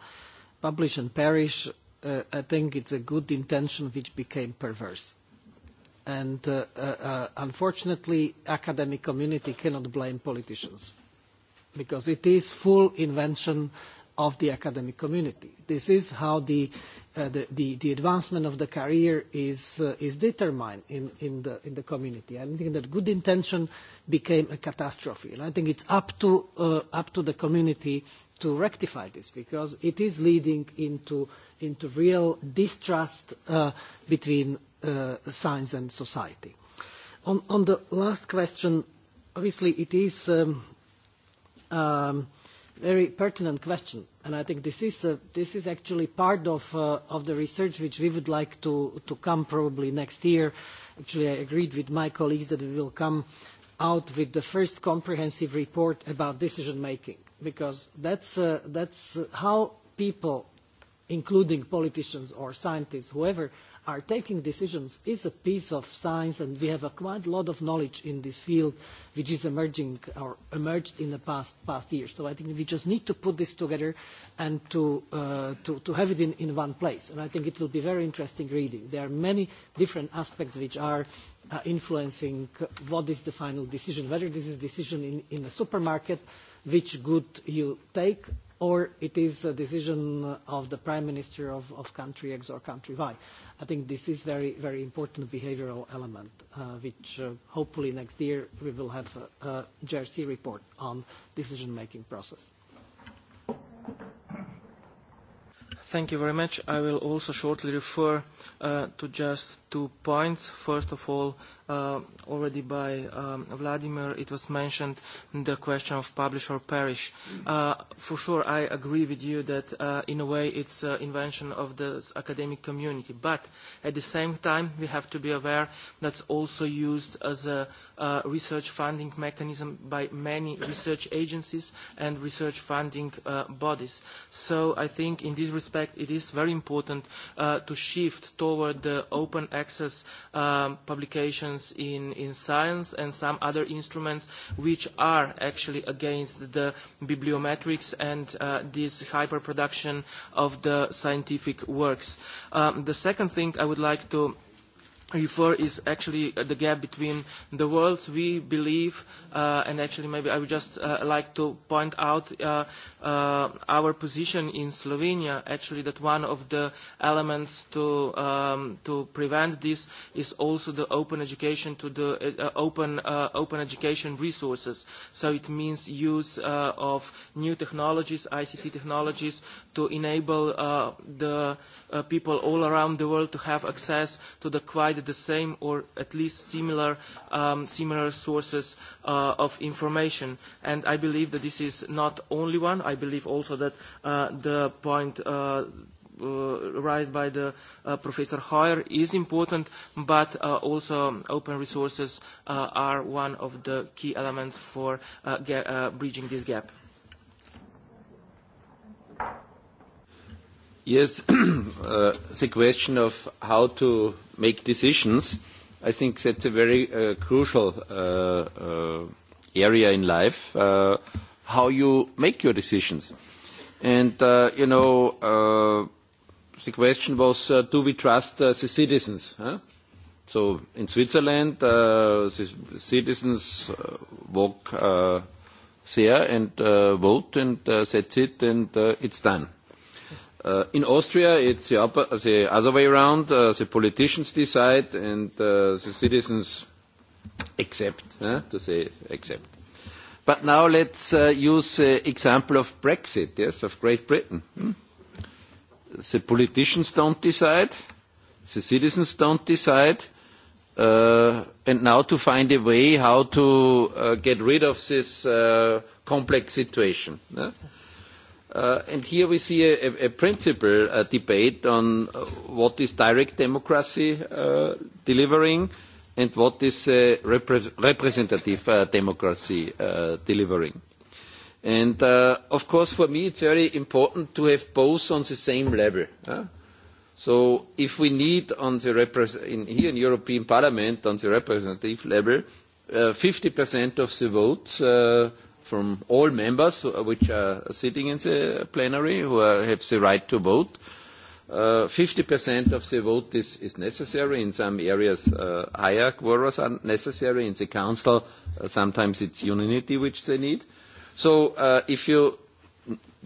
Publish and perish, I think it's a good intention which became perverse. Unfortunately, academic community cannot blame politicians because it is full invention of the academic community. This is how the uh, the, the, the advancement of the career is uh, is determined in, in the in the community. I think that good intention became a catastrophe, and I think it's up to uh, up to the community to rectify this because it is leading into into real distrust uh, between uh, science and society. On on the last question, obviously it is. Um, um, very pertinent question, and I think this is, a, this is actually part of, uh, of the research which we would like to, to come probably next year. Actually, I agreed with my colleagues that we will come out with the first comprehensive report about decision-making, because that's, uh, that's how people, including politicians or scientists, whoever, are taking decisions is a piece of science, and we have a quite a lot of knowledge in this field, which is emerging or emerged in the past past years. So I think we just need to put this together and to uh, to, to have it in, in one place. And I think it will be very interesting reading. There are many different aspects which are uh, influencing what is the final decision, whether this is decision in, in the supermarket, which good you take, or it is a decision of the prime minister of, of country X or country Y. I think this is very, very important behavioral element, uh, which uh, hopefully next year we will have a JRC report on decision-making process. Thank you very much. I will also shortly refer uh, to just two points. First of all, uh, already by um, Vladimir, it was mentioned the question of publish or perish. Uh, for sure, I agree with you that uh, in a way it's an uh, invention of the academic community. But at the same time, we have to be aware that's also used as a uh, research funding mechanism by many research agencies and research funding uh, bodies. So I think in this respect, it is very important uh, to shift toward the open access um, publications instruments in, in science and some other instruments which are actually against the bibliometrics and uh, this hyperproduction of the scientific works. Um, the second thing I would like to refer is actually uh, the gap between the worlds we believe uh, and actually maybe I would just uh, like to point out uh, uh, our position in Slovenia actually that one of the elements to, um, to prevent this is also the open education to the uh, uh open, uh, open education resources so it means use uh, of new technologies, ICT technologies to enable uh, the uh, people all around the world to have access to the quite provided the same or at least similar, um, similar sources uh, of information. And I believe that this is not only one. I believe also that uh, the point uh, uh, right by the uh, Professor Hoyer is important, but uh, also open resources uh, are one of the key elements for uh, ga- uh, bridging this gap. Yes, the <clears throat> uh, question of how to make decisions, I think that's a very uh, crucial uh, uh, area in life, uh, how you make your decisions. And, uh, you know, uh, the question was, uh, do we trust uh, the citizens? Huh? So in Switzerland, uh, the citizens uh, walk uh, there and uh, vote, and uh, that's it, and uh, it's done. Uh, in austria it's the, upper, the other way around uh, the politicians decide and uh, the citizens accept eh, to say accept but now let's uh, use the example of brexit yes of great britain hmm? the politicians don't decide the citizens don't decide uh, and now to find a way how to uh, get rid of this uh, complex situation eh? Uh, and here we see a, a principal uh, debate on uh, what is direct democracy uh, delivering and what is uh, repre representative uh, democracy uh, delivering. And uh, of course for me it's very important to have both on the same level. Uh? So if we need on the in, here in European Parliament on the representative level 50% uh, of the votes uh, from all members uh, which are sitting in the plenary who have the right to vote. Uh, 50% of the vote is, is necessary. In some areas, uh, higher quorums are necessary. In the council, uh, sometimes it's unanimity which they need. So uh, if you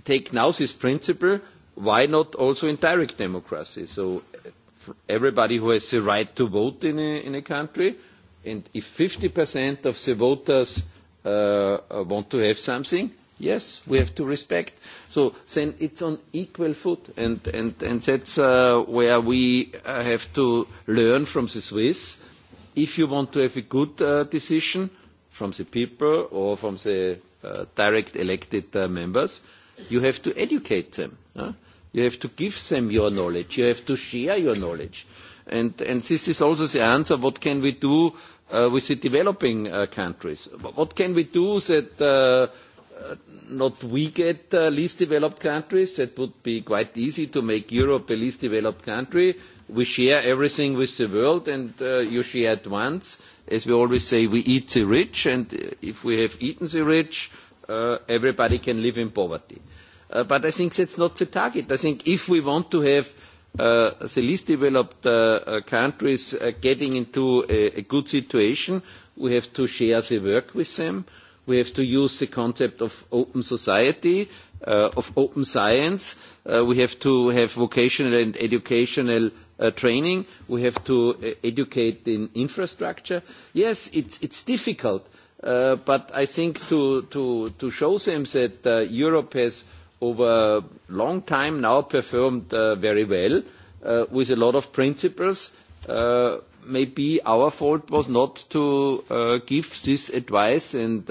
take now this principle, why not also in direct democracy? So uh, everybody who has the right to vote in a, in a country, and if 50% of the voters uh, Uh, uh, want to have something, yes, we have to respect. So then it's on equal foot, and, and, and that's uh, where we uh, have to learn from the Swiss. If you want to have a good uh, decision from the people or from the uh, direct elected uh, members, you have to educate them. Huh? You have to give them your knowledge. You have to share your knowledge. Uh, And, and this is also the answer, what can we do uh, with the developing uh, countries? What can we do that uh, uh, not we get uh, least developed countries? That would be quite easy to make Europe a least developed country. We share everything with the world and uh, you share at once. As we always say, we eat the rich and uh, if we have eaten the rich, uh, everybody can live in poverty. Uh, but I think that's not the target. I think if we want to have Uh, the least developed uh, uh, countries uh, getting into a, a good situation. We have to share the work with them. We have to use the concept of open society, uh, of open science. Uh, we have to have vocational and educational uh, training. We have to uh, educate in infrastructure. Yes, it's, it's difficult, uh, but I think to, to, to show them that uh, Europe has over a long time now performed uh, very well uh, with a lot of principles. Uh, maybe our fault was not to give this advice and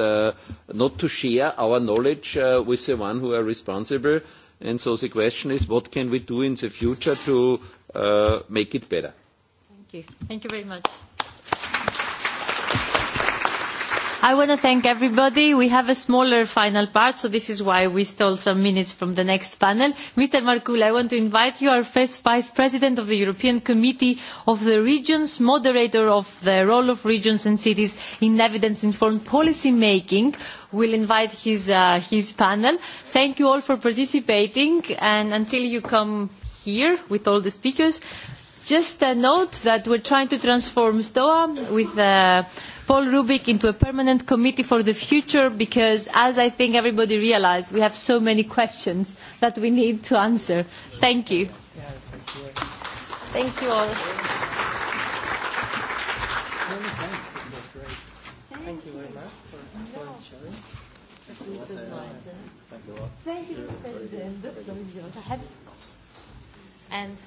not to share our knowledge with the one who are responsible. The question is, what can we do in the future to make it better? Thank you. Thank you very much. I want to thank everybody. We have a smaller final part, so this is why we stole some minutes from the next panel. Mr. Markula, I want to invite you, our first Vice President of the European Committee of the Regions, moderator of the role of regions and cities in evidence-informed policy making, will invite his, uh, his panel. Thank you all for participating, and until you come here with all the speakers, Just a note that we're trying to transform STOA with uh, Paul Rubik into a permanent committee for the future because, as I think everybody realized, we have so many questions that we need to answer. Thank you. Thank you all. Thank you very much for, for sharing. Thank you, Mr. President. The floor is yours. I have. And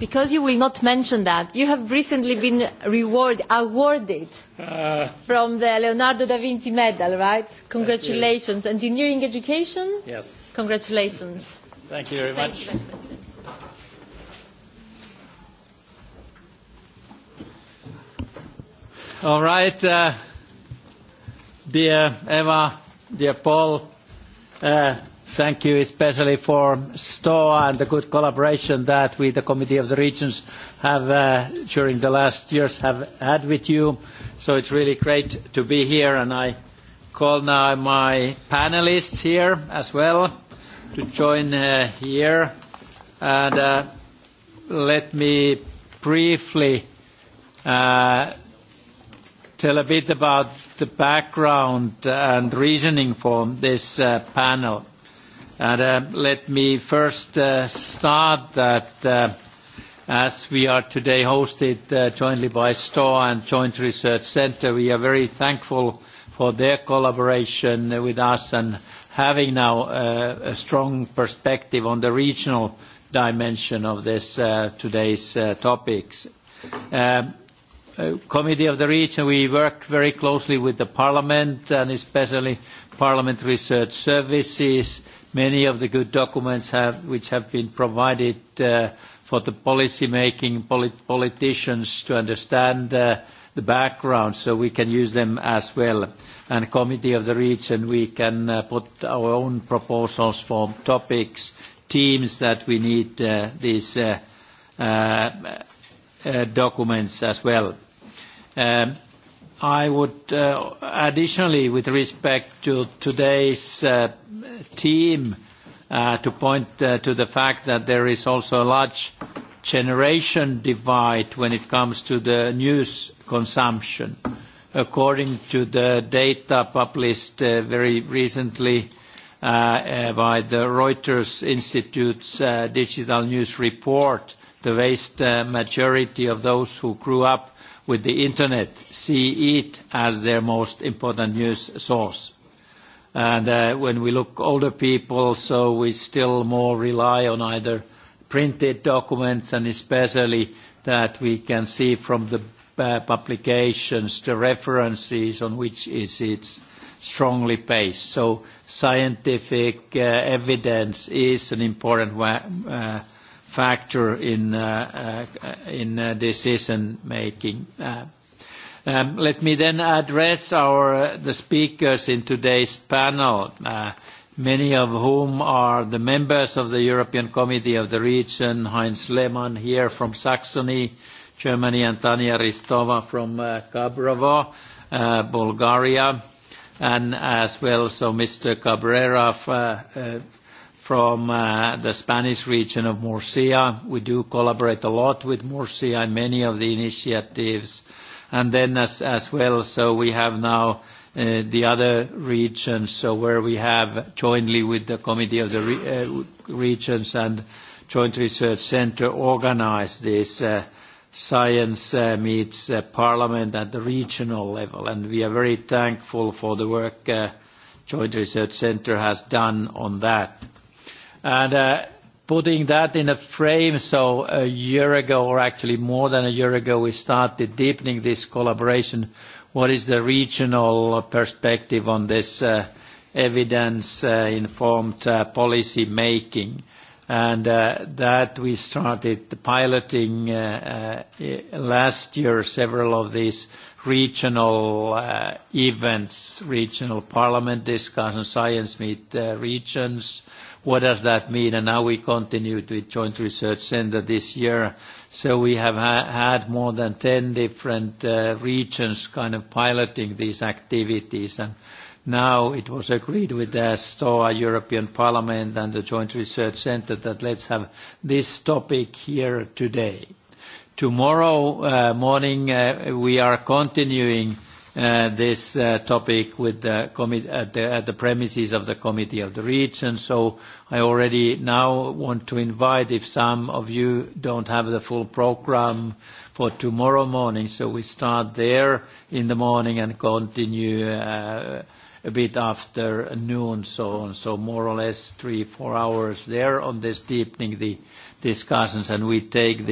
because you will not mention that, you have recently been reward, awarded uh, from the Leonardo da Vinci Medal, right? Congratulations. Engineering education? Yes. Congratulations. Thank you very much. You. All right. Uh, dear Eva, dear Paul, uh, thank you especially for STORE and the good collaboration that we, the Committee of the Regions, have uh, during the last years have had with you. So it's really great to be here, and I call now my panelists here as well to join uh, here. And uh, let me briefly tell a bit about the background and reasoning for this panel. Uh, let me first uh, start that uh, as we are today hosted jointly by STAR and Joint Research Centre, we are very thankful for their collaboration with us and having now a strong perspective on the regional dimension of this today's topics. Um, Committee of the Region, we work very closely with the Parliament and especially Parliament Research Services, many of the good documents have, which have been provided uh, for the policymaking politicians to understand uh, the background, so we can use them as well. Committee of the Region, we can uh, put our own proposals for topics, themes that we need these documents as well. Um, I would uh, additionally, with respect to today's uh, team, uh, to point to the fact that there is also a large generation divide when it comes to the news consumption. According to the data published very recently by the Reuters Institute's digital news report, the vast majority of those who grew up with the internet see it as their most important news source. And uh, when we look older people, so we still more rely on either printed documents and especially that we can see from the uh, publications the references on which is it's strongly based. So scientific uh, evidence is an important uh, factor in uh, uh, uh, decision-making. Um, let me then address our the speakers in today's panel, many of whom are the members of the European Committee of the Region, Heinz Lehmann here from Saxony, Germany, and Tanya Ristova from Gabrovo, Bulgaria, and as well, so Mr. Cabrera from uh, the Spanish region of Murcia. We do collaborate a lot with Murcia in many of the initiatives. As well, so we have now uh, the other regions, so where we have jointly with the Committee of the uh, Regions and Joint Research Center organized this science meets parliament at the regional level. We are very thankful for the work Joint Research Center has done on that. Uh, putting that in a frame, a year ago, or actually more than a year ago, we started deepening this collaboration. What is the regional perspective on this uh, evidence-informed uh, policy making? That we started piloting e, last year, several of these regional events, regional parliament discussions, science meet regions, What does that mean? Now we continue to joint research center this year. We have had more than 10 different uh, regions kind of piloting these activities. Now it was agreed with the STOA European Parliament and the joint research center that let's have this topic here today. Tomorrow uh, morning, uh, we are continuing Uh, this uh, topic with the premises of the Committee of the Regions. I already now want to invite, if some of you don't have the full program for tomorrow morning, so we start there in the morning and continue uh, a bit after noon, so more or less three, four hours there on this deepening the discussions. We take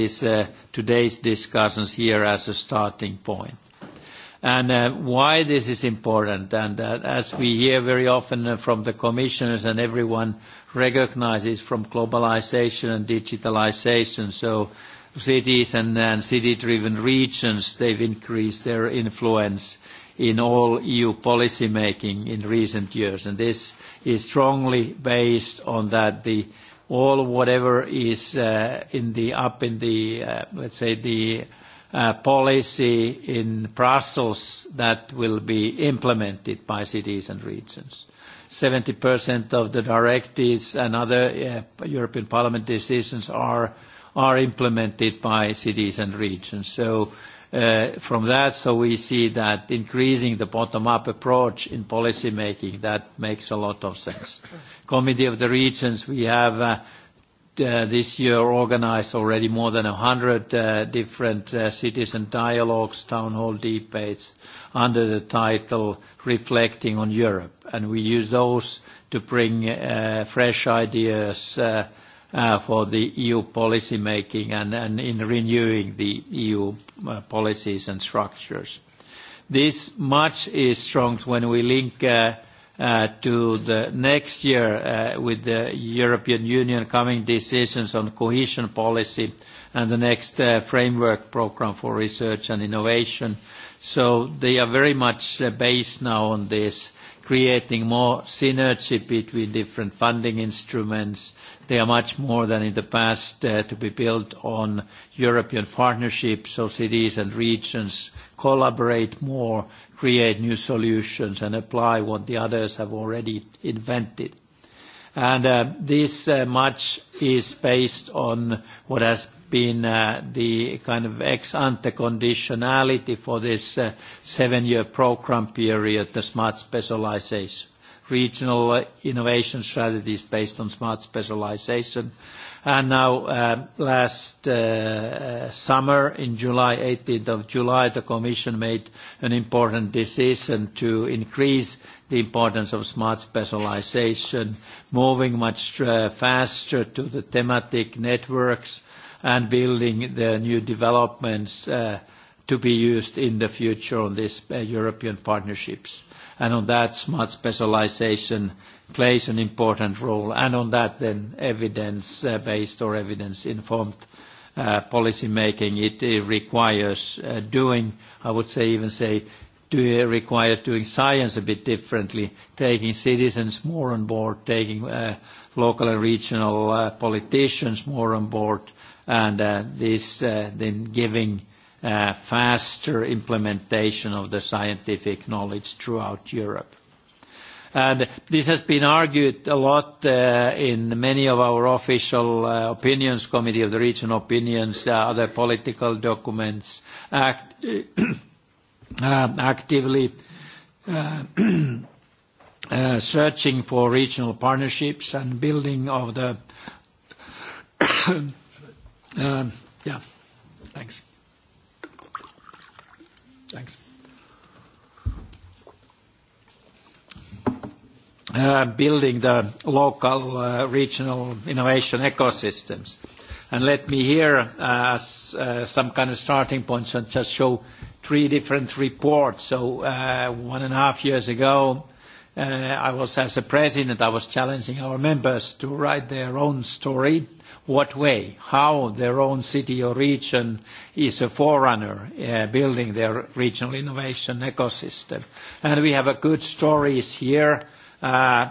today's discussions here as a starting point. Uh, why this is important, and uh, as we hear very often uh, from the commissioners and everyone recognizes from globalization and digitalization, so cities and city-driven regions, they've increased their influence in all EU policymaking in recent years. This is strongly based on that the all whatever is up in the, let's say, the Uh, policy in Brussels that will be implemented by cities and regions. 70% of the directives and other uh, European Parliament decisions are, are implemented by cities and regions. So uh, from that, so we see that increasing the bottom-up approach in policy making, that makes a lot of sense. Committee of the Regions, we have uh, Uh, this year organized already more than 100 uh, different uh, citizen dialogues, town hall debates under the title Reflecting on Europe. We use those to bring fresh ideas for the EU policymaking and in renewing the EU policies and structures. This much is strong when we link Uh, the next year uh, with the European Union coming decisions on cohesion policy and the next uh, framework program for research and innovation. They are very much based now on this, creating more synergy between different funding instruments. They are much more than in the past to be built on European partnerships, so cities and regions collaborate more create new solutions and apply what the others have already invented. Uh, this uh, much is based on what has been uh, the kind of ex-ante conditionality for this seven-year program period, the smart specialization. Regional innovation strategy is based on smart specialization. And now, um, last uh, uh, summer, in July, 18th of July, the Commission made an important decision to increase the importance of smart specialization, moving much uh, faster to the thematic networks and building the new developments to be used in the future on this uh, European partnerships. On that, smart specialization plays an important role. On that then evidence-based uh, or evidence-informed uh, policymaking, it requires doing, I would say even say, requires doing science a bit differently, taking citizens more on board, taking local and regional politicians more on board, and this then giving faster implementation of the scientific knowledge throughout Europe. And this has been argued a lot uh, in many of our official uh, opinions, Committee of the Region Opinions, uh, other political documents, act, uh, <clears throat> uh actively uh, <clears throat> uh, searching for regional partnerships and building of the... <coughs> uh, yeah, thanks. Uh, building the local uh, regional innovation ecosystems. And let me here, uh, as uh, some kind of starting points, and just show three different reports. So uh, one and a half years ago, uh, I was as a president, I was challenging our members to write their own story. What way, how their own city or region is a forerunner uh, building their regional innovation ecosystem. And we have a good stories here. Uh,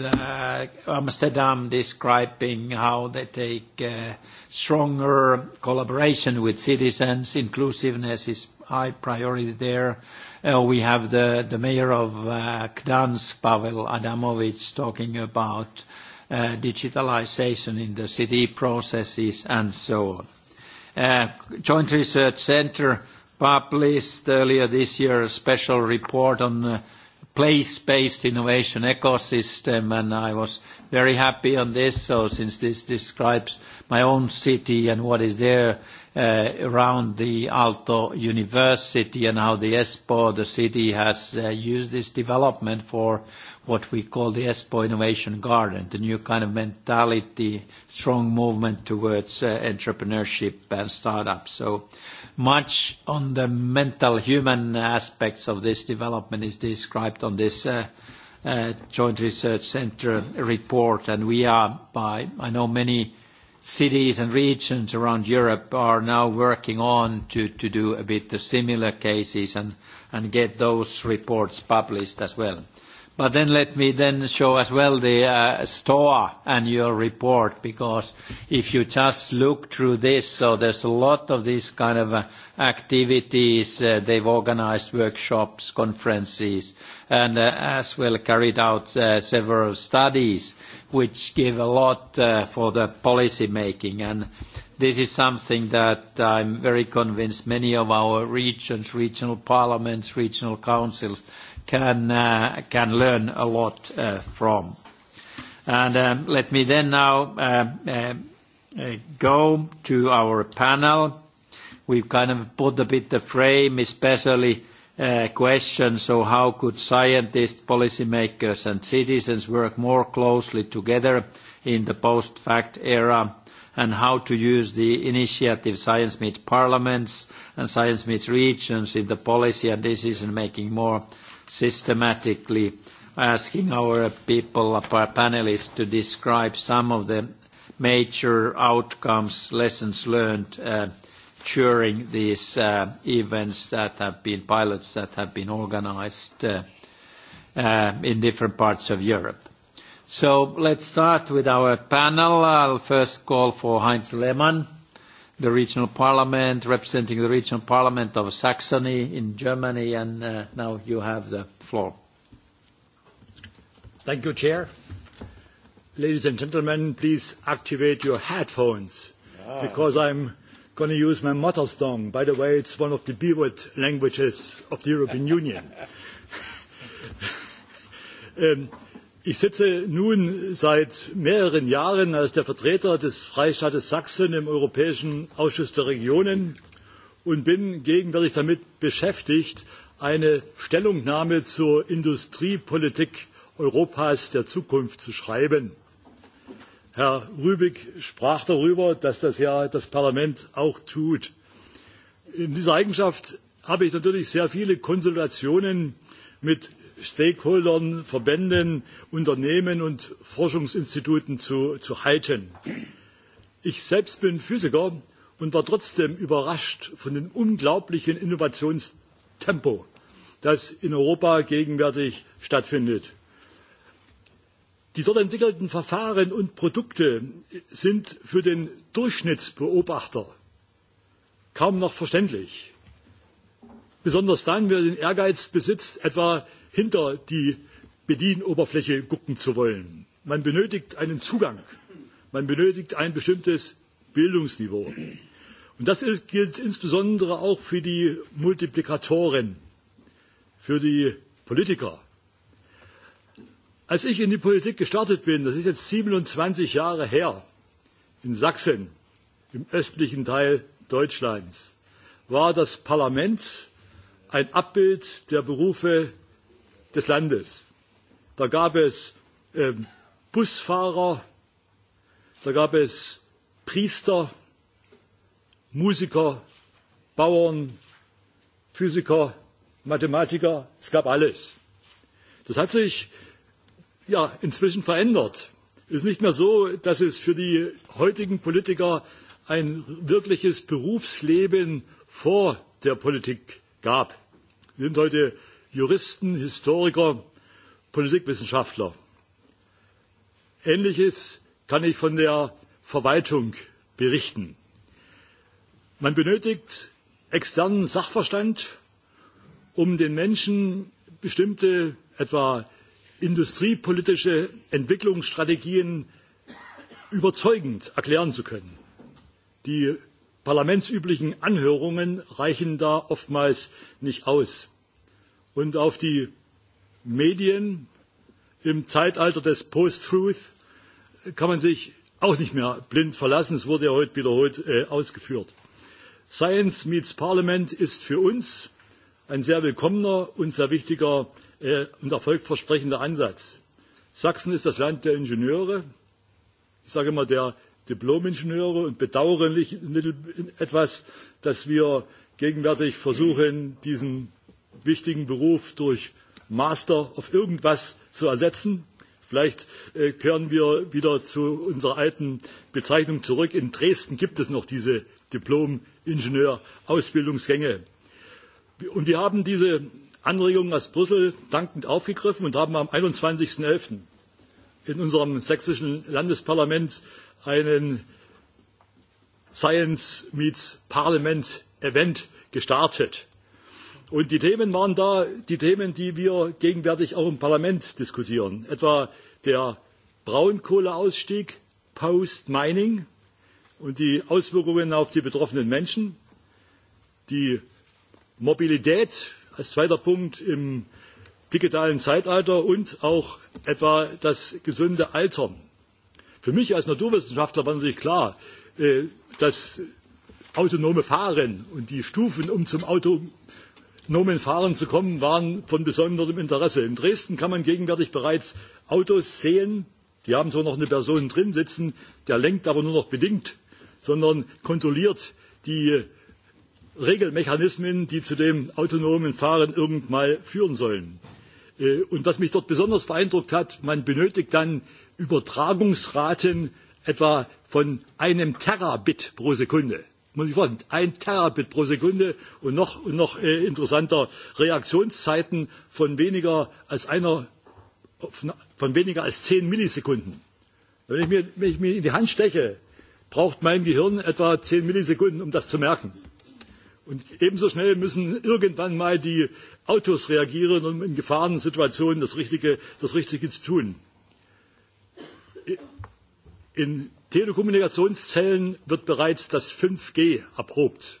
uh, Amsterdam describing how they take uh, stronger collaboration with citizens. Inclusiveness is high priority there. We have the mayor of Gdansk, Pavel Adamovich, talking about digitalization in the city processes and so on. Joint Research Center published earlier this year a special report on the place-based innovation ecosystem, and I was very happy on this. So since this describes my own city and what is there uh, around the Alto University and how the ESPO, the city, has uh, used this development for what we call the ESPO Innovation Garden, the new kind of mentality, strong movement towards uh, entrepreneurship and startups. So much on the mental human aspects of this development is described on this uh, uh, joint research center report and we are by i know many cities and regions around europe are now working on to, to do a bit the similar cases and, and get those reports published as well But then let me then show as well the uh, Stoa annual report, because if you just look through this, so there's a lot of these kind of uh, activities. Uh, they've organized workshops, conferences, and as well carried out several studies, which give a lot for the policy making. And this is something that I'm very convinced many of our regions, regional parliaments, regional councils, Uh, can learn a lot uh, from. Um, let me then now uh, go to our panel. We've kind of put a bit the frame, especially questions, so how could scientists, policymakers, and citizens work more closely together in the post-fact era, and how to use the initiative Science Meets Parliaments and Science Meets Regions in the policy and decision-making more systematically asking our people, our panelists, to describe some of the major outcomes, lessons learned uh, during these uh, events that have been pilots that have been organized uh, in different parts of Europe. Let's start with our panel. I'll first call for Heinz Lehmann, the regional parliament, representing the regional parliament of Saxony in Germany, and uh, now you have the floor. Thank you, Chair. Ladies and gentlemen, please activate your headphones ah, because okay. I'm going to use my mother song. By the way, it's one of the B-word languages of the European Union. <laughs> um, Ich sitze nun seit mehreren Jahren als der Vertreter des Freistaates Sachsen im Europäischen Ausschuss der Regionen und bin gegenwärtig damit beschäftigt, eine Stellungnahme zur Industriepolitik Europas der Zukunft zu schreiben. Herr Rübig sprach darüber, dass das ja das Parlament auch tut. In dieser Eigenschaft habe ich natürlich sehr viele Konsultationen mit Stakeholdern, Verbänden, Unternehmen und Forschungsinstituten zu, zu halten. Ich selbst bin Physiker und war trotzdem überrascht von dem unglaublichen Innovationstempo, das in Europa gegenwärtig stattfindet. Die dort entwickelten Verfahren und Produkte sind für den Durchschnittsbeobachter kaum noch verständlich. Besonders dann, wenn er den Ehrgeiz besitzt, etwa hinter die Bedienoberfläche gucken zu wollen. Man benötigt einen Zugang. Man benötigt ein bestimmtes Bildungsniveau. Und das gilt insbesondere auch für die Multiplikatoren, für die Politiker. Als ich in die Politik gestartet bin, das ist jetzt 27 Jahre her, in Sachsen, im östlichen Teil Deutschlands, war das Parlament ein Abbild der Berufe des Landes. Da gab es äh, Busfahrer, da gab es Priester, Musiker, Bauern, Physiker, Mathematiker, es gab alles. Das hat sich ja, inzwischen verändert. Es ist nicht mehr so, dass es für die heutigen Politiker ein wirkliches Berufsleben vor der Politik gab. Sie sind heute Juristen, Historiker, Politikwissenschaftler. Ähnliches kann ich von der Verwaltung berichten. Man benötigt externen Sachverstand, um den Menschen bestimmte etwa industriepolitische Entwicklungsstrategien überzeugend erklären zu können. Die parlamentsüblichen Anhörungen reichen da oftmals nicht aus und auf die Medien im Zeitalter des Post-Truth kann man sich auch nicht mehr blind verlassen. Es wurde ja heute wiederholt äh, ausgeführt. Science meets Parliament ist für uns ein sehr willkommener und sehr wichtiger äh, und erfolgversprechender Ansatz. Sachsen ist das Land der Ingenieure, ich sage mal der Diplomingenieure und bedauerlich etwas, dass wir gegenwärtig versuchen, diesen wichtigen Beruf durch Master auf irgendwas zu ersetzen. Vielleicht äh, kehren wir wieder zu unserer alten Bezeichnung zurück. In Dresden gibt es noch diese Diplom-Ingenieur-Ausbildungsgänge. Und wir haben diese Anregung aus Brüssel dankend aufgegriffen und haben am 21.11. in unserem sächsischen Landesparlament einen Science Meets Parliament Event gestartet. Und die Themen waren da die Themen, die wir gegenwärtig auch im Parlament diskutieren. Etwa der Braunkohleausstieg post-Mining und die Auswirkungen auf die betroffenen Menschen. Die Mobilität als zweiter Punkt im digitalen Zeitalter und auch etwa das gesunde Altern. Für mich als Naturwissenschaftler war natürlich klar, äh, dass autonome Fahren und die Stufen, um zum Auto Nomen fahren zu kommen, waren von besonderem Interesse. In Dresden kann man gegenwärtig bereits Autos sehen, die haben zwar noch eine Person drin sitzen, der lenkt aber nur noch bedingt, sondern kontrolliert die Regelmechanismen, die zu dem autonomen Fahren irgendwann führen sollen. Äh, und was mich dort besonders beeindruckt hat, man benötigt dann Übertragungsraten etwa von einem Terabit pro Sekunde. Millivolt, ein Terabit pro Sekunde und noch, und noch äh, interessanter Reaktionszeiten von weniger als einer, von weniger als zehn Millisekunden. Wenn ich mir, wenn ich mir in die Hand steche, braucht mein Gehirn etwa zehn Millisekunden, um das zu merken. Und ebenso schnell müssen irgendwann mal die Autos reagieren, um in Gefahrensituationen das Richtige, das Richtige zu tun. In telekommunikationszellen wird bereits das fünf g erprobt.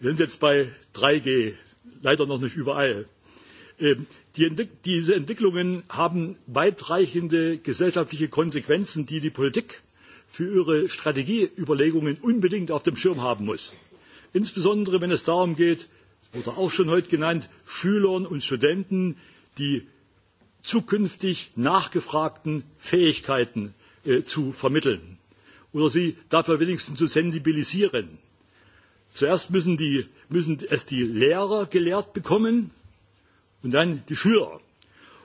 wir sind jetzt bei drei g leider noch nicht überall. Ähm, die Entwick diese entwicklungen haben weitreichende gesellschaftliche konsequenzen die die politik für ihre strategieüberlegungen unbedingt auf dem schirm haben muss insbesondere wenn es darum geht oder auch schon heute genannt schülern und studenten die zukünftig nachgefragten fähigkeiten Äh, zu vermitteln oder sie dafür wenigstens zu sensibilisieren. Zuerst müssen, die, müssen es die Lehrer gelehrt bekommen und dann die Schüler.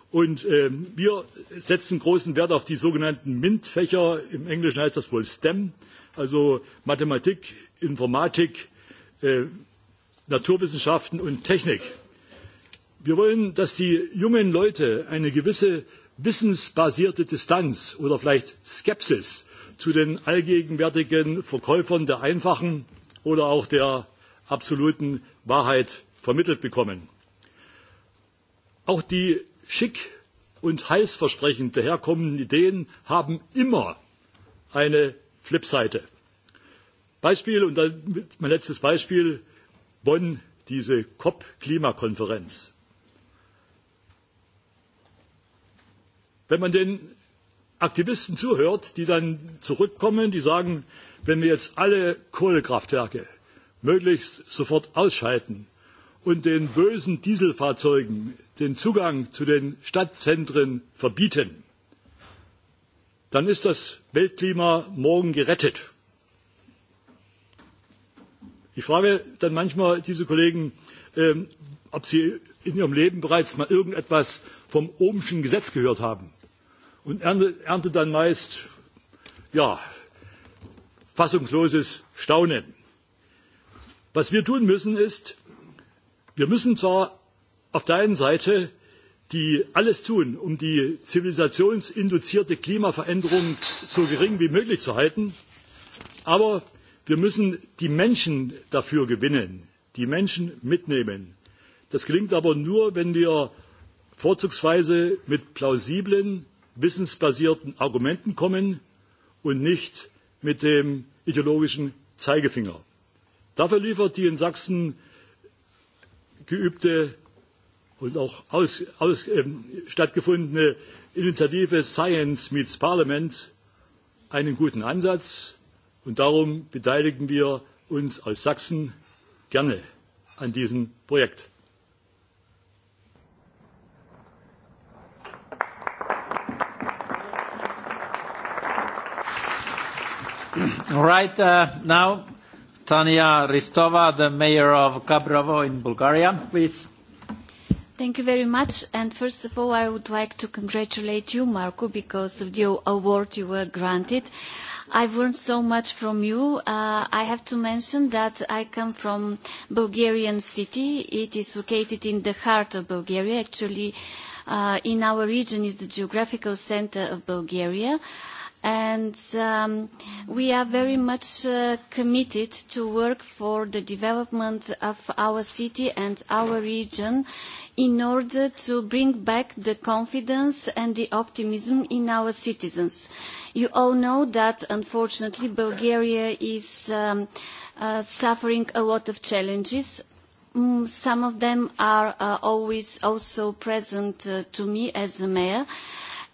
Und äh, wir setzen großen Wert auf die sogenannten MINT-Fächer. Im Englischen heißt das wohl STEM, also Mathematik, Informatik, äh, Naturwissenschaften und Technik. Wir wollen, dass die jungen Leute eine gewisse wissensbasierte Distanz oder vielleicht Skepsis zu den allgegenwärtigen Verkäufern der einfachen oder auch der absoluten Wahrheit vermittelt bekommen. Auch die schick und heißversprechend daherkommenden Ideen haben immer eine Flipseite. Beispiel und dann mein letztes Beispiel Bonn, diese COP-Klimakonferenz. Wenn man den Aktivisten zuhört, die dann zurückkommen, die sagen, wenn wir jetzt alle Kohlekraftwerke möglichst sofort ausschalten und den bösen Dieselfahrzeugen den Zugang zu den Stadtzentren verbieten, dann ist das Weltklima morgen gerettet. Ich frage dann manchmal diese Kollegen, ähm, ob sie in ihrem Leben bereits mal irgendetwas vom Ohmschen Gesetz gehört haben und erntet dann meist ja, fassungsloses Staunen. Was wir tun müssen ist, wir müssen zwar auf der einen Seite die alles tun, um die zivilisationsinduzierte Klimaveränderung so gering wie möglich zu halten, aber wir müssen die Menschen dafür gewinnen, die Menschen mitnehmen. Das gelingt aber nur, wenn wir vorzugsweise mit plausiblen, wissensbasierten Argumenten kommen und nicht mit dem ideologischen Zeigefinger. Dafür liefert die in Sachsen geübte und auch aus, aus, äh, stattgefundene Initiative Science Meets Parliament einen guten Ansatz. Und darum beteiligen wir uns aus Sachsen gerne an diesem Projekt. Right, uh, now, Tanya Ristova, the mayor of Kabrovo in Bulgaria, please. Thank you very much. And first of all, I would like to congratulate you, Marco, because of the award you were granted. I've learned so much from you. Uh, I have to mention that I come from Bulgarian city. It is located in the heart of Bulgaria. Actually, uh, in our region is the geographical center of Bulgaria. Uh, and um, we are very much uh, committed to work for the development of our city and our region in order to bring back the confidence and the optimism in our citizens. You all know that, unfortunately, Bulgaria is um, uh, suffering a lot of challenges. Mm, some of them are uh, always also present uh, to me as a mayor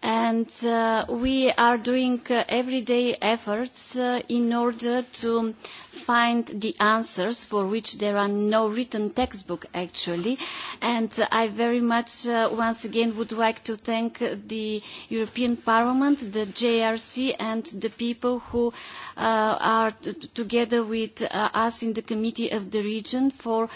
and uh, we are doing uh, everyday efforts uh, in order to find the answers for which there are no written textbook actually and uh, I very much uh, once again would like to thank the European Parliament, the JRC and the people who uh, are together with uh, us in the Committee of the Region for uh,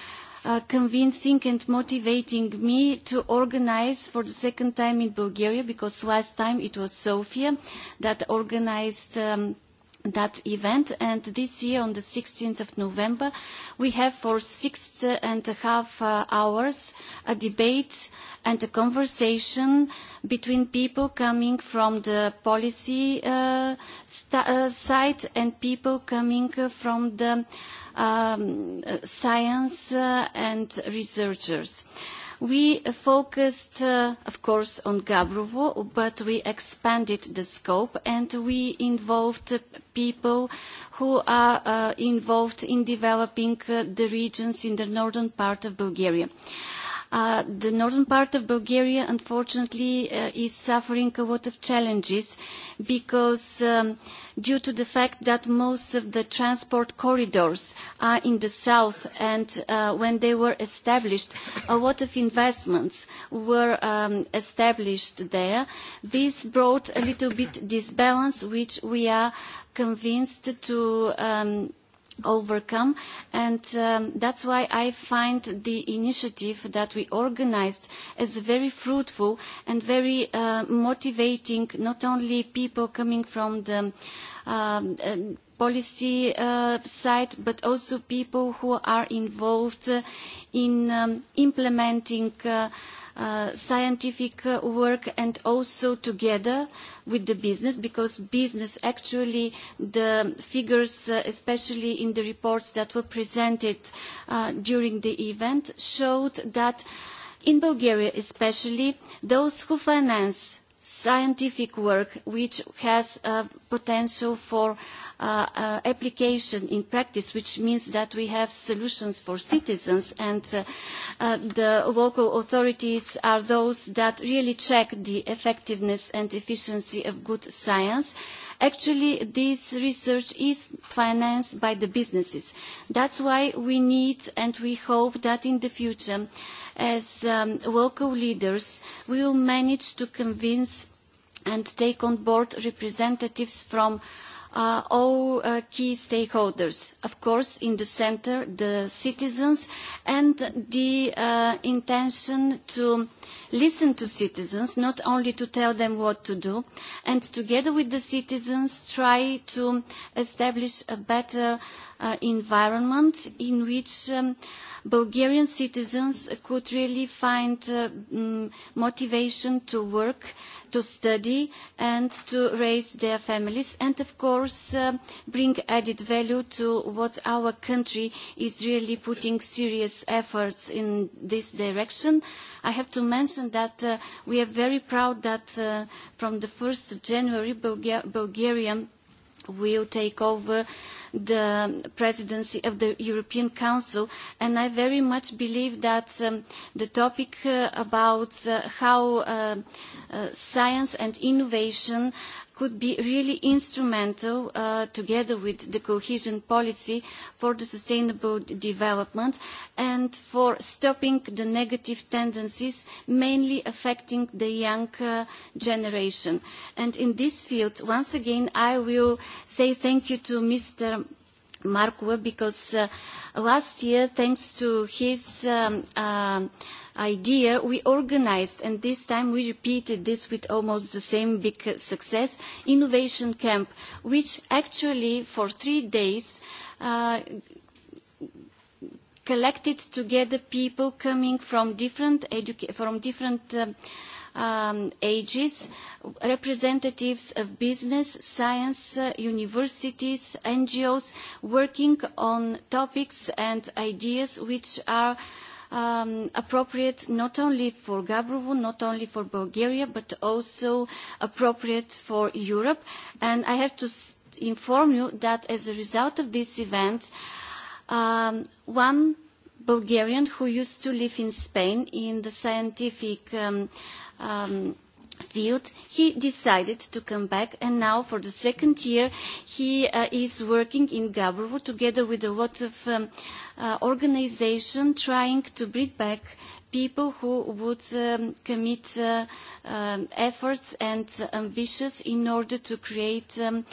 uh, convincing and motivating me to organize for the second time in Bulgaria, because last time it was Sofia that organized um, that event and this year on the 16th of November we have for six and a half uh, hours a debate and a conversation between people coming from the policy uh, st uh, side and people coming uh, from the um, uh, science uh, and researchers. Uh, We focused, uh, of course, on Gabrovo, but we expanded the scope, and we involved people who are uh, involved in developing uh, the regions in the northern part of Bulgaria. Uh, the northern part of Bulgaria, unfortunately, uh, is suffering a lot of challenges because um, due to the fact that most of the transport corridors are in the south and uh, when they were established, a lot of investments were um, established there. This brought a little bit disbalance, which we are convinced to um, overcome and um, that's why i find the initiative that we organized as very fruitful and very uh, motivating not only people coming from the um, uh, policy uh, side but also people who are involved in um, implementing uh, Uh, scientific work and also together with the business because business actually the figures uh, especially in the reports that were presented uh, during the event showed that in Bulgaria especially those who finance scientific work which has a potential for uh, uh, application in practice, which means that we have solutions for citizens and uh, uh, the local authorities are those that really check the effectiveness and efficiency of good science. Actually, this research is financed by the businesses. That's why we need and we hope that in the future as um, local leaders, we will manage to convince and take on board representatives from uh, all uh, key stakeholders, of course, in the center, the citizens, and the uh, intention to listen to citizens, not only to tell them what to do, and together with the citizens try to establish a better uh, environment in which um, Bulgarian citizens could really find uh, mm, motivation to work, to study and to raise their families and of course uh, bring added value to what our country is really putting serious efforts in this direction. I have to mention that uh, we are very proud that uh, from the 1st of January Bulga Bulgaria will take over the presidency of the European Council. And I very much believe that um, the topic uh, about uh, how uh, uh, science and innovation uh, could be really instrumental uh, together with the cohesion policy for the sustainable development and for stopping the negative tendencies mainly affecting the young uh, generation. And in this field, once again, I will say thank you to Mr. Markwe because uh, last year, thanks to his um, uh, idea we organized and this time we repeated this with almost the same big success innovation camp which actually for three days uh, collected together people coming from different from different uh, um, ages, representatives of business, science, uh, universities, NGOs, working on topics and ideas which are uh, um, appropriate not only for Gabrovo, not only for Bulgaria, but also appropriate for Europe. And I have to s inform you that as a result of this event, um, one Bulgarian who used to live in Spain in the scientific um, um, field, he decided to come back, and now for the second year, he uh, is working in Gabrovo together with a lot of um, uh, organization trying to bring back people who would um, commit uh, um, efforts and ambitious in order to create um,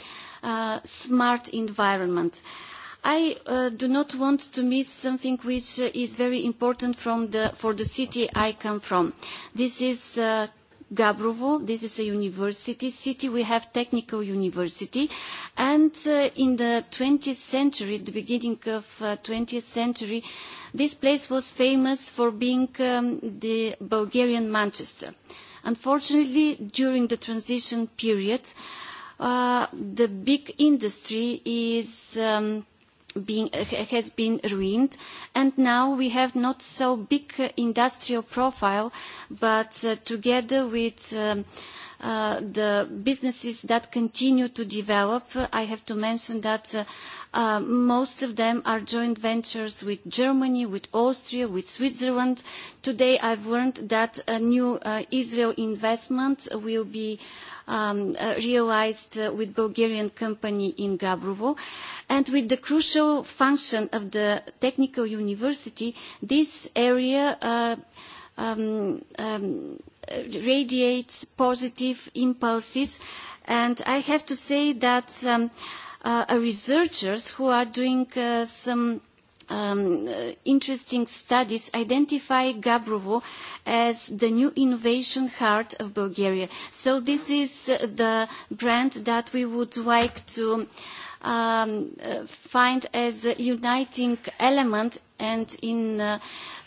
a uh, smart environment. I uh, do not want to miss something which uh, is very important from the, for the city I come from. This is uh, Gabrovo. This is a university city. We have technical university. And uh, in the 20th century, the beginning of uh, 20th century, this place was famous for being um, the Bulgarian Manchester. Unfortunately, during the transition period, uh, the big industry is... Um, being, has been ruined. And now we have not so big uh, industrial profile, but uh, together with um, Uh, the businesses that continue to develop, I have to mention that uh, uh, most of them are joint ventures with Germany, with Austria, with Switzerland. Today, I've learned that a new Israel investment will be um, realized with Bulgarian company in Gabrovo. And with the crucial function of the technical university, this area um, um, Uh, radiates positive impulses. And I have to say that um, uh, researchers who are doing uh, some um, uh, interesting studies identify Gabrovo as the new innovation heart of Bulgaria. So this is uh, the brand that we would like to uh, um, uh, find as a uniting element and in uh,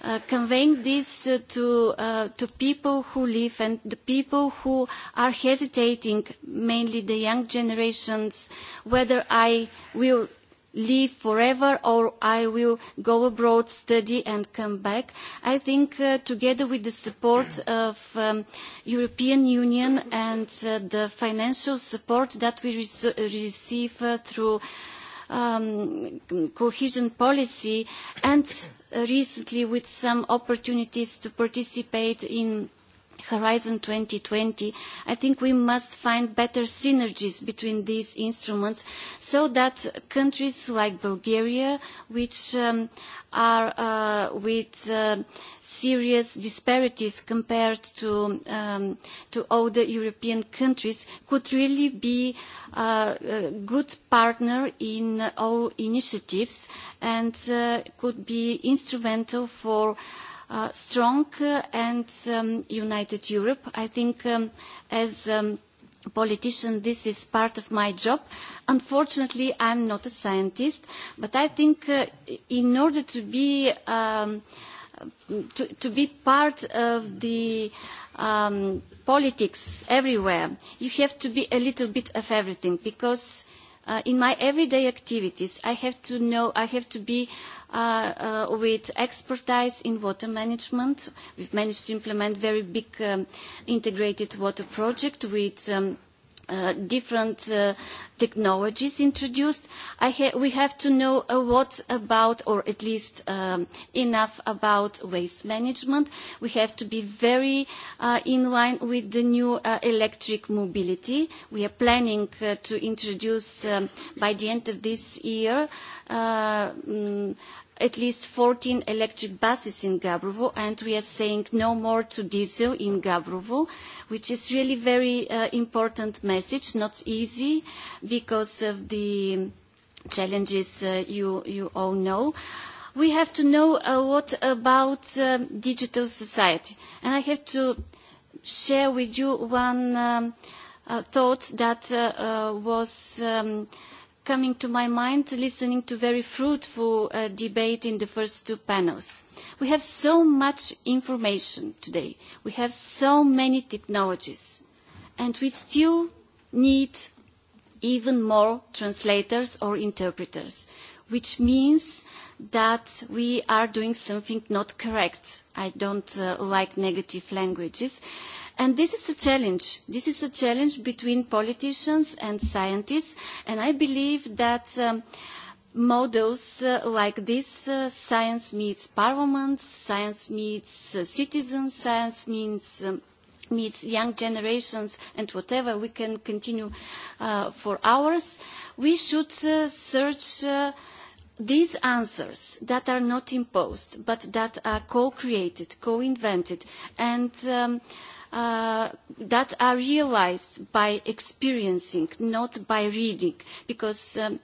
uh, conveying this uh, to, uh, to people who live and the people who are hesitating, mainly the young generations, whether I will live forever or I will go abroad, study and come back. I think uh, together with the support of um, European Union and uh, the financial support that we re uh, receive uh, through um, cohesion policy and uh, recently with some opportunities to participate in Horizon 2020, I think we must find better synergies between these instruments so that countries like Bulgaria, which um, are uh, with uh, serious disparities compared to, um, to all the European countries, could really be uh, a good partner in all initiatives and uh, could be instrumental for uh, Uh, strong and um, united Europe. I think um, as a um, politician this is part of my job. Unfortunately, I'm not a scientist, but I think uh, in order to be, um, to, to be part of the um, politics everywhere, you have to be a little bit of everything because uh, in my everyday activities, I have to know, I have to be uh, uh, with expertise in water management. We've managed to implement very big um, integrated water project with um, Uh, different uh, technologies introduced. I ha we have to know a what about, or at least um, enough about waste management. We have to be very uh, in line with the new uh, electric mobility. We are planning uh, to introduce um, by the end of this year uh, um, at least 14 electric buses in Gabrovo, and we are saying no more to diesel in Gabrovo, which is really very uh, important message, not easy because of the challenges uh, you, you all know. We have to know uh, what about um, digital society. And I have to share with you one um, uh, thought that uh, uh, was... Um, coming to my mind listening to very fruitful uh, debate in the first two panels. We have so much information today. We have so many technologies. And we still need even more translators or interpreters, which means that we are doing something not correct. I don't uh, like negative languages. Uh, And this is a challenge. This is a challenge between politicians and scientists. And I believe that um, models uh, like this, uh, science meets parliament, science meets uh, citizens, science meets, um, meets young generations and whatever, we can continue uh, for hours. We should uh, search uh, these answers that are not imposed, but that are co-created, co-invented. And... Um, uh, that are realized by experiencing, not by reading, because um,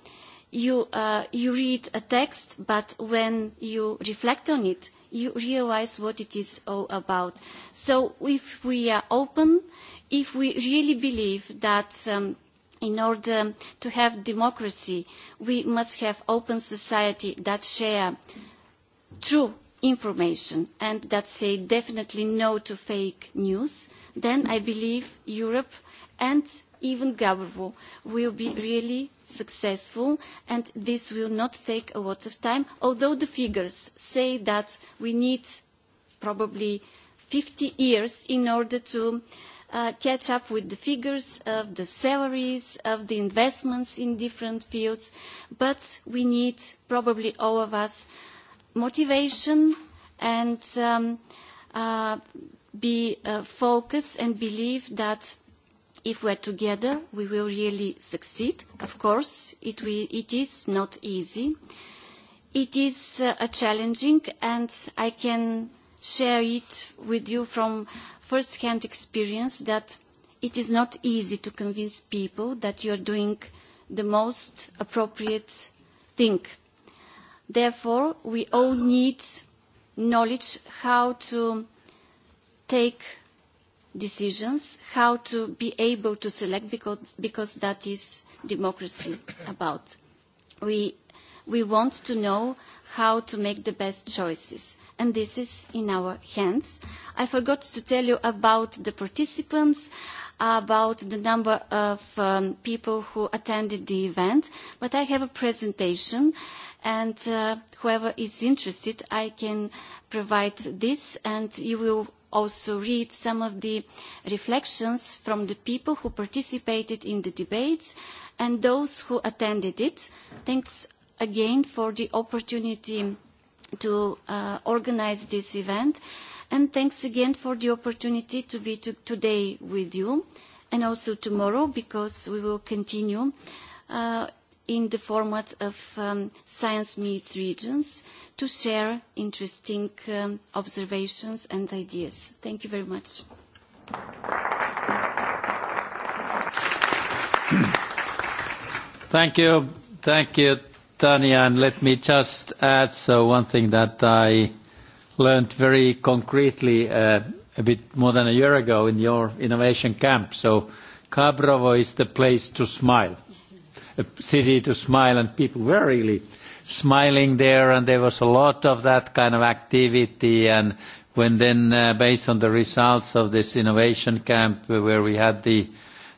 you, uh, you read a text, but when you reflect on it, you realize what it is all about. So if we are open, if we really believe that um, in order to have democracy, we must have open society that share true information and that say definitely no to fake news, then I believe Europe and even Gabarvo will be really successful and this will not take a lot of time, although the figures say that we need probably 50 years in order to uh, catch up with the figures of the salaries, of the investments in different fields, but we need probably all of us uh, motivation and um, uh, be uh, focused and believe that if we're together, we will really succeed. Of course, it, we, it is not easy. It is uh, a challenging, and I can share it with you from first-hand experience that it is not easy to convince people that you are doing the most appropriate thing. Therefore, we all need knowledge how to take decisions, how to be able to select, because, because that is democracy about. We, we want to know how to make the best choices. And this is in our hands. I forgot to tell you about the participants, about the number of um, people who attended the event, but I have a presentation uh, and uh, whoever is interested, I can provide this, and you will also read some of the reflections from the people who participated in the debates and those who attended it. Thanks again for the opportunity to uh, organize this event, and thanks again for the opportunity to be to today with you, and also tomorrow, because we will continue uh, in the format of um, science meets regions to share interesting um, observations and ideas. Thank you very much. Thank you. Thank you, Tania. And let me just add so one thing that I learned very concretely uh, a bit more than a year ago in your innovation camp. So Kabrovo is the place to smile. Uh, city to smile, and people were really smiling there, and there was a lot of that kind of activity. And when then, uh, based on the results of this innovation camp, uh, where we had the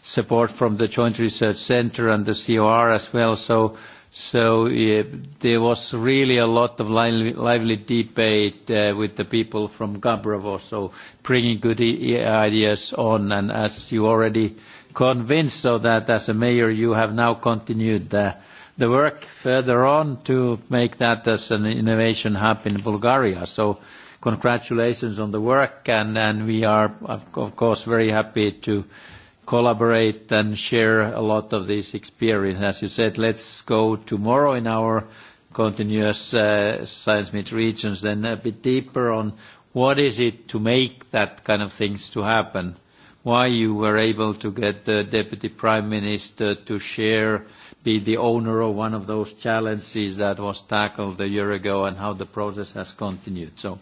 support from the Joint Research Center and the COR as well, so so yeah, there was really a lot of lively, lively debate uh, with the people from Gabrovo, so bringing good e- ideas on, and as you already convinced of that as a mayor, you have now continued the, the work further on to make that as an innovation hub in Bulgaria. So congratulations on the work and, and we are of course very happy to collaborate and share a lot of this experience. As you said, let's go tomorrow in our continuous uh, science meet regions then a bit deeper on what is it to make that kind of things to happen why you were able to get the Deputy Prime Minister to share, be the owner of one of those challenges that was tackled a year ago and how the process has continued. So,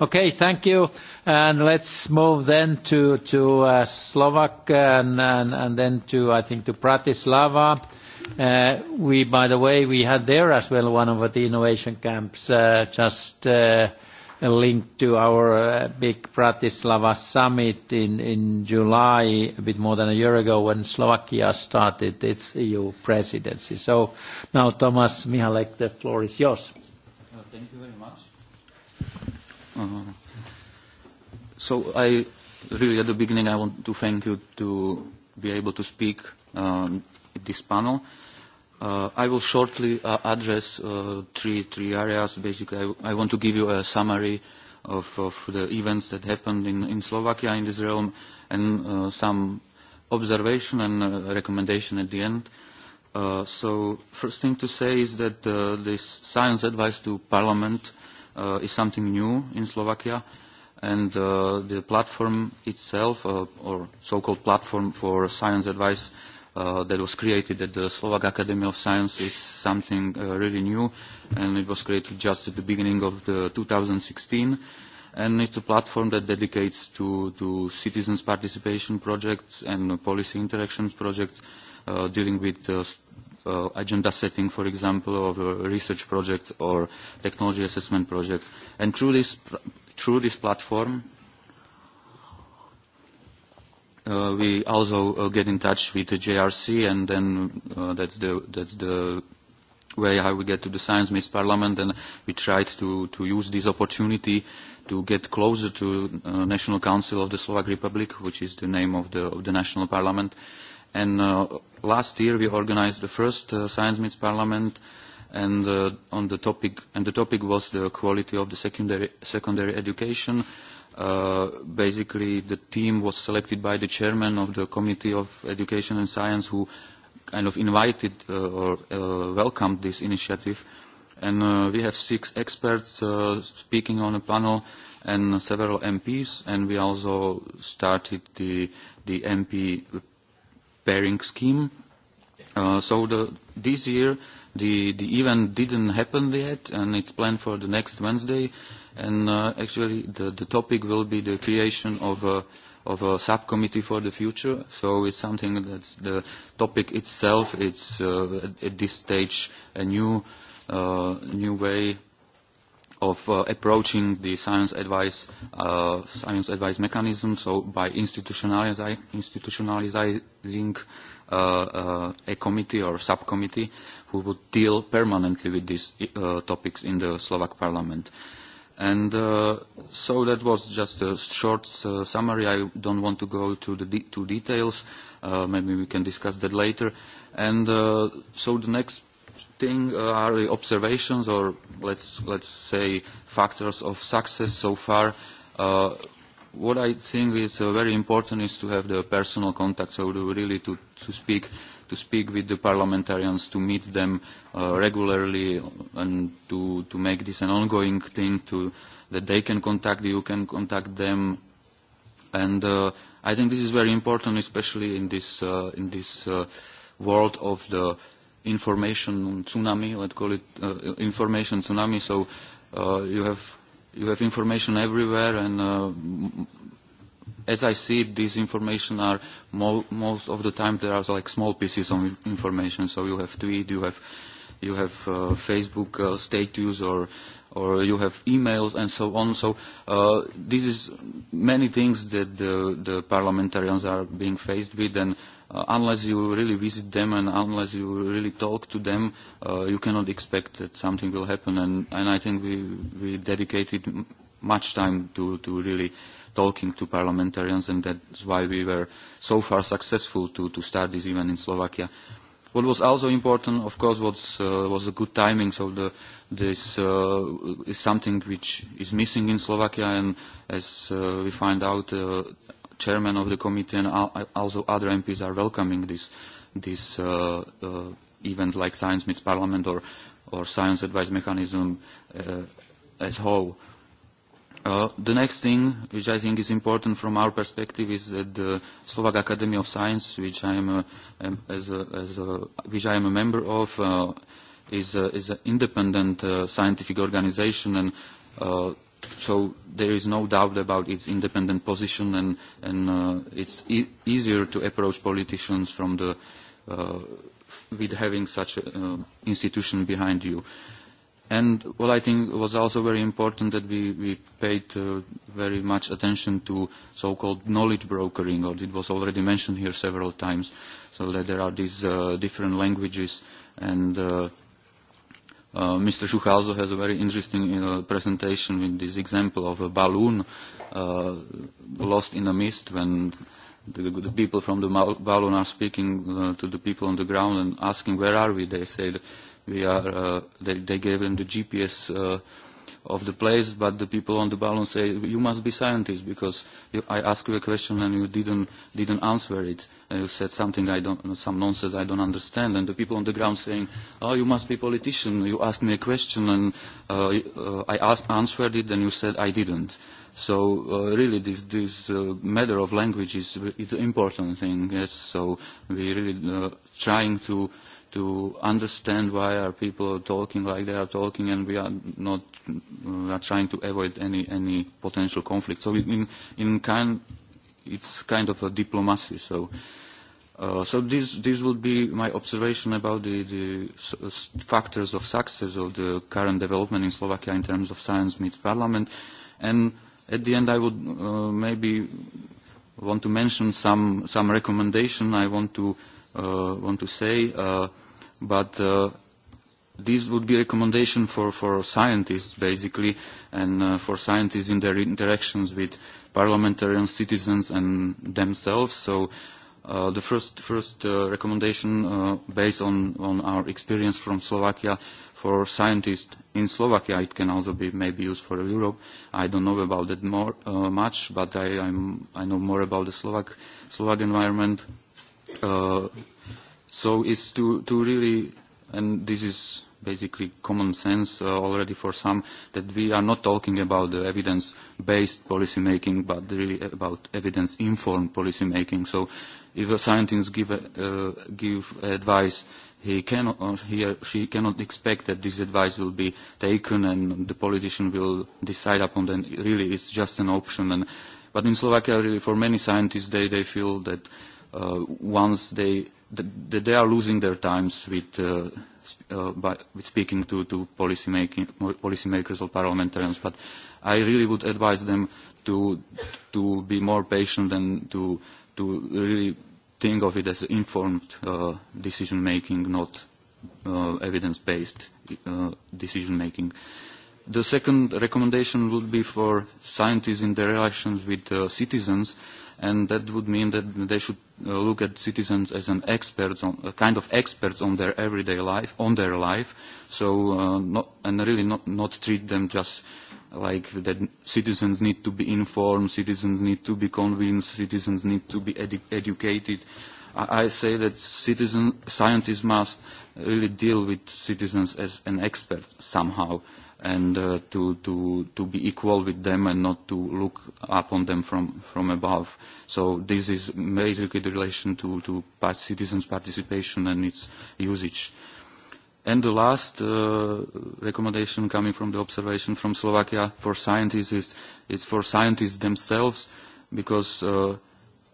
okay, thank you. And let's move then to, to uh, Slovak and, and, and then to, I think, to Bratislava. Uh, we, by the way, we had there as well one of the innovation camps uh, just... Uh, linked to our uh, big Bratislava summit in July, a bit more than a year ago, when Slovakia started its EU presidency. So now, Thomas Michalek, the floor is yours. Oh, thank you very much. Uh, so I really, at the beginning, I want to thank you to be able to speak um, at this panel. Uh, I will shortly uh, address uh, three, three areas. Basically, I, I want to give you a summary of, of the events that happened in, in Slovakia in this realm and uh, some observation and uh, recommendation at the end. Uh, so first thing to say is that uh, this science advice to parliament uh, is something new in Slovakia and uh, the platform itself uh, or so-called platform for science advice uh, uh, that was created at the Slovak Academy of Sciences is something uh, really new, and it was created just at the beginning of the 2016. And it's a platform that dedicates to, to citizens' participation projects and uh, policy interactions projects uh, dealing with uh, uh, agenda setting, for example, of a research project or technology assessment project. And through this, through this platform, uh, we also uh, get in touch with the JRC, and then uh, that's the that's the way how we get to the science Miss parliament, and we tried to to use this opportunity to get closer to uh, National Council of the Slovak Republic, which is the name of the of the national parliament. And uh, last year we organized the first uh, science Meets parliament, and uh, on the topic and the topic was the quality of the secondary secondary education. Uh, basically the team was selected by the chairman of the Committee of Education and Science who kind of invited uh, or uh, welcomed this initiative. And uh, we have six experts uh, speaking on a panel and several MPs, and we also started the, the MP pairing scheme. Uh, so the, this year, the, the event didn't happen yet, and it's planned for the next Wednesday. Uh, and uh, actually the, the topic will be the creation of a, of a subcommittee for the future. So it's something that the topic itself is uh, at this stage a new, uh, new way of uh, approaching the science advice, uh, science advice mechanism, so by institutionalizing, institutionalizing uh, uh, a committee or subcommittee who would deal permanently with these uh, topics in the Slovak parliament. Uh, And uh, so that was just a short uh, summary. I don't want to go to the de to details. Uh, maybe we can discuss that later. And uh, so the next thing uh, are the observations or let's, let's say factors of success so far. Uh, what I think is uh, very important is to have the personal contact, so to really to, to speak to speak with the parliamentarians, to meet them uh, regularly and to, to make this an ongoing thing to, that they can contact, you can contact them. And uh, I think this is very important, especially in this, uh, in this uh, world of the information tsunami, let's call it uh, information tsunami. So uh, you, have, you have information everywhere and uh, as I see it, these information are mo most of the time there are like small pieces of information. So you have tweet, you have you have uh, Facebook uh, status, or or you have emails and so on. So uh, this is many things that the the parliamentarians are being faced with and. Uh, unless you really visit them and unless you really talk to them, uh, you cannot expect that something will happen. And, and I think we, we dedicated m much time to, to really uh, talking to parliamentarians, and that's why we were so far successful to, to start this event in Slovakia. What was also important, of course, was, uh, was the good timing. So the, this uh, is something which is missing in Slovakia, and as uh, we find out, uh, chairman of the committee and also other MPs are welcoming this, this uh, uh, event like Science Meets Parliament or, or Science Advice Mechanism uh, as whole. Uh, the next thing, which I think is important from our perspective, is that the Slovak Academy of Science, which I am a, um, as a, as a, which I am a member of, uh, is, a, is an independent uh, scientific organization, and uh, so there is no doubt about its independent position, and, and uh, it's e easier to approach politicians from the, uh, with having such an uh, institution behind you. Uh, And what I think was also very important that we, we paid uh, very much attention to so-called knowledge brokering, or it was already mentioned here several times, so that there are these uh, different languages. And uh, uh, Mr. Schucha also has a very interesting uh, presentation with this example of a balloon uh, lost in a mist when the, the people from the balloon are speaking uh, to the people on the ground and asking, where are we? They say, that, we are uh, they, they gave him the GPS uh, of the place, but the people on the balloon say, "You must be scientist because you, I asked you a question and you didn't didn't answer it. And you said something I don't some nonsense I don't understand." And the people on the ground saying, "Oh, you must be politician. You asked me a question and uh, uh, I asked, answered it, and you said I didn't." So uh, really, this, this uh, matter of language is it's an important thing. Yes, so we're really uh, trying to. Uh, to understand why are people talking like they are talking and we are not we are trying to avoid any, any potential conflict. So in, in kind, it's kind of a diplomacy. So, uh, so this, this would be my observation about the, the factors of success of the current development in Slovakia in terms of science meets parliament. And at the end I would uh, maybe want to mention some, some recommendation I want to uh, uh, want to say, uh, but uh, this would be a recommendation for, for scientists, basically, and uh, for scientists in their interactions with parliamentarians, citizens, and themselves. So uh, the first, first uh, recommendation, uh, based on, on our experience from Slovakia, for scientists in Slovakia, it can also be maybe used for Europe. I don't know about it more, uh, much, but I, I'm, I know more about the Slovak, Slovak environment. Uh, Uh, so it's to, to really, and this is basically common sense uh, already for some, that we are not talking about the evidence-based policymaking, but really about evidence-informed policymaking. So if a scientist give, uh, give advice, he, cannot, or he or she cannot expect that this advice will be taken and the politician will decide upon it. Really, it's just an option. And, but in Slovakia, really, for many scientists, they, they feel that uh, uh, once they th they are losing their times with uh, sp uh, by, with speaking to to policy making policymakers or parliamentarians. But I really would advise them to to be more patient and to to really think of it as informed uh, decision making, not uh, evidence based uh, decision making. The second recommendation would be for scientists in their relations with uh, citizens. Uh, and that would mean that they should uh, look at citizens as an experts on a kind of experts on their everyday life on their life so uh, not, and really not, not treat them just like that citizens need to be informed citizens need to be convinced citizens need to be edu- educated I, I say that citizen scientists must really deal with citizens as an expert somehow uh, and uh, to, to, to be equal with them and not to look upon them from, from above. So this is basically the relation to, to part, citizens' participation and its usage. And the last uh, recommendation coming from the observation from Slovakia for scientists is it's for scientists themselves because uh,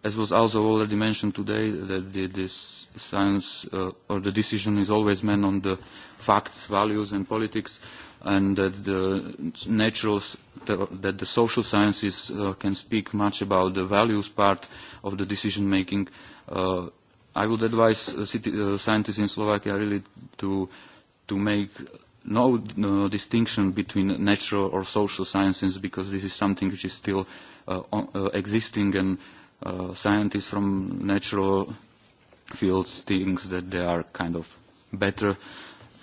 as was also already mentioned today that the, this science uh, or the decision is always meant on the facts, values and politics. Uh, and that the natural that the social sciences uh, can speak much about the values part of the decision making uh, i would advise uh, city, uh, scientists in slovakia really to to make no, no distinction between natural or social sciences because this is something which is still uh, uh, existing and uh, scientists from natural fields think that they are kind of better uh,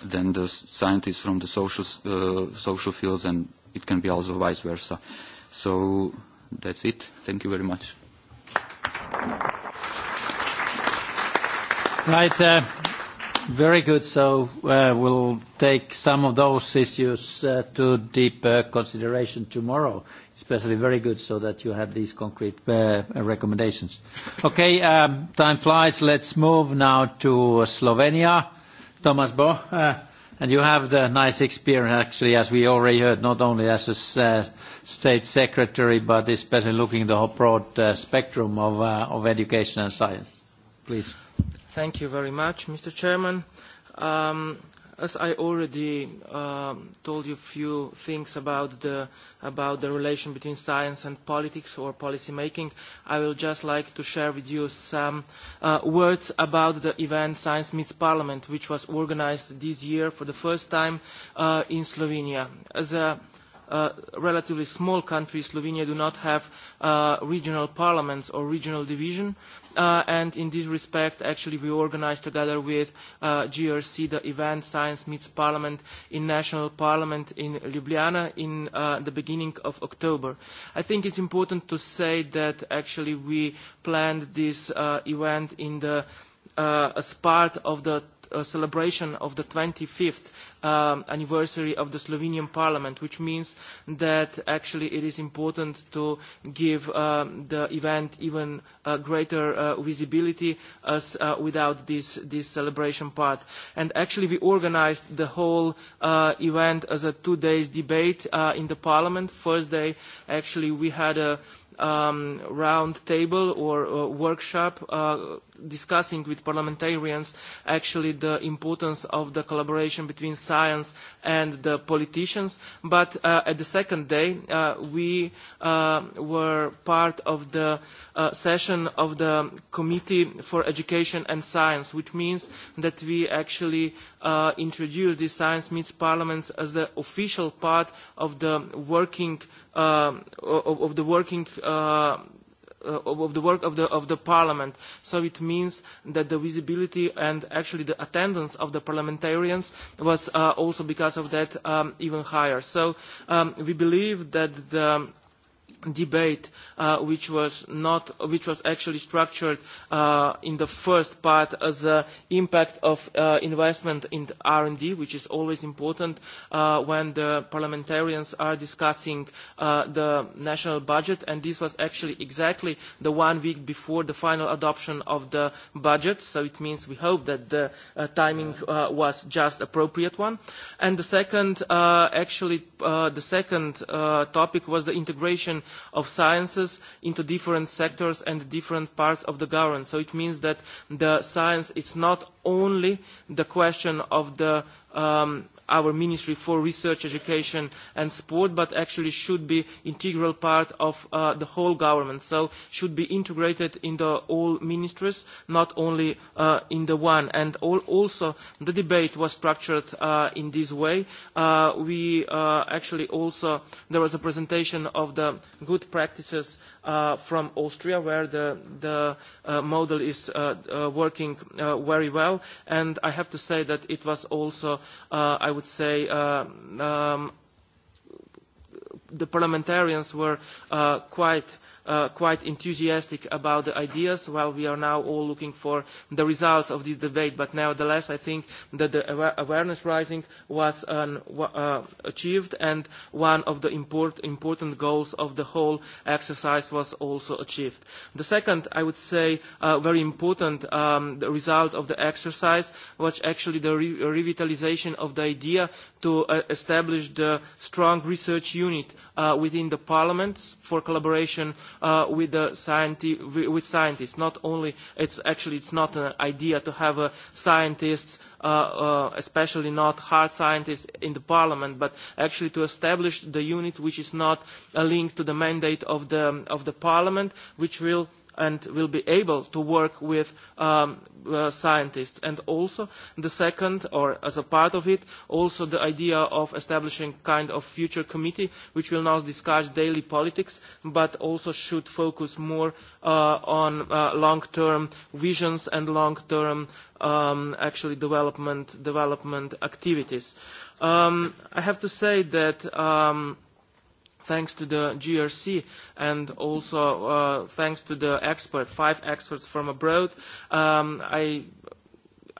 than the scientists from the social, uh, social fields, and it can be also vice versa. So that's it. Thank you very much. Right. Uh, very good. So uh, we'll take some of those issues uh, to deep uh, consideration tomorrow. Especially very good so that you have these concrete uh, recommendations. Okay, um, time flies. Let's move now to Slovenia. Thomas Bo. Uh, you have the nice experience, actually, as we already heard, not only as a uh, state secretary, but especially looking the whole broad uh, spectrum of education and science. Please. Thank you very much, Mr. Chairman. Um, as I already um, told you a few things about the, about the relation between science and politics or policy making, I will just like to share with you some uh, words about the event Science Meets Parliament, which was organized this year for the first time uh, in Slovenia. As a uh, relatively small country, Slovenia do not have uh, regional parliaments or regional division, uh, and in this respect, actually, we organized together with uh, GRC the event Science Meets Parliament in National Parliament in Ljubljana in uh, the beginning of October. I think it's important to say that actually we planned this uh, event in the uh, as part of the a uh, celebration of the 25th um, anniversary of the Slovenian Parliament, which means that actually it is important to give uh, the event even uh, greater uh, visibility as uh, without this, this celebration part. And actually we organized the whole uh, event as a two-day debate uh, in the Parliament. First day, actually, we had a uh, um, round table or uh, workshop uh, discussing with parliamentarians actually the importance of the collaboration between science and the politicians. But uh, at the second day, uh, we uh, were part of the uh, session of the Committee for Education and Science, which means that we actually uh, introduced this Science Meets Parliaments as the official part of the working uh, Uh, of, of the working uh, uh of the work of the, of the parliament. So it means that the visibility and actually the attendance of the parliamentarians was uh, also because of that um, even higher. So um, we believe that the debate uh, which was not which was actually structured uh, in the first part as the impact of uh, investment in R&D which is always important uh, when the parliamentarians are discussing uh, the national budget and this was actually exactly the one week before the final adoption of the budget so it means we hope that the uh, timing uh, was just appropriate one and the second uh, actually uh, the second uh, topic was the integration of sciences into different sectors and different parts of the government. So it means that the science is not only the question of the um, our Ministry for Research, Education and Sport, but actually should be integral part of uh, the whole government, so should be integrated in the all ministries, not only uh, in the one. And all, also, the debate was structured uh, in this way. Uh, we uh, actually also, there was a presentation of the good practices uh, uh, from Austria, where the, the uh, model is uh, uh, working uh, very well. And I have to say that it was also, uh, I would say, uh, um, the parliamentarians were uh, quite Uh, quite enthusiastic about the ideas while we are now all looking for the results of this debate. But nevertheless, I think that the awareness rising was um, uh, achieved and one of the import, important goals of the whole exercise was also achieved. The second, I would say, uh, very important um, the result of the exercise was actually the re revitalization of the idea to uh, establish the strong research unit uh, within the parliament for collaboration uh, with, the scienti- with scientists. Not only, it's actually it's not an idea to have uh, scientists, uh, uh, especially not hard scientists, in the parliament, but actually to establish the unit which is not a link to the mandate of the, of the parliament, which will. Real- and will be able to work with um, uh, scientists. And also the second, or as a part of it, also the idea of establishing kind of future committee, which will not discuss daily politics, but also should focus more uh, on uh, long-term visions and long-term um, actually development, development activities. Um, I have to say that um, thanks to the GRC and also uh, thanks to the expert, five experts from abroad, um, I,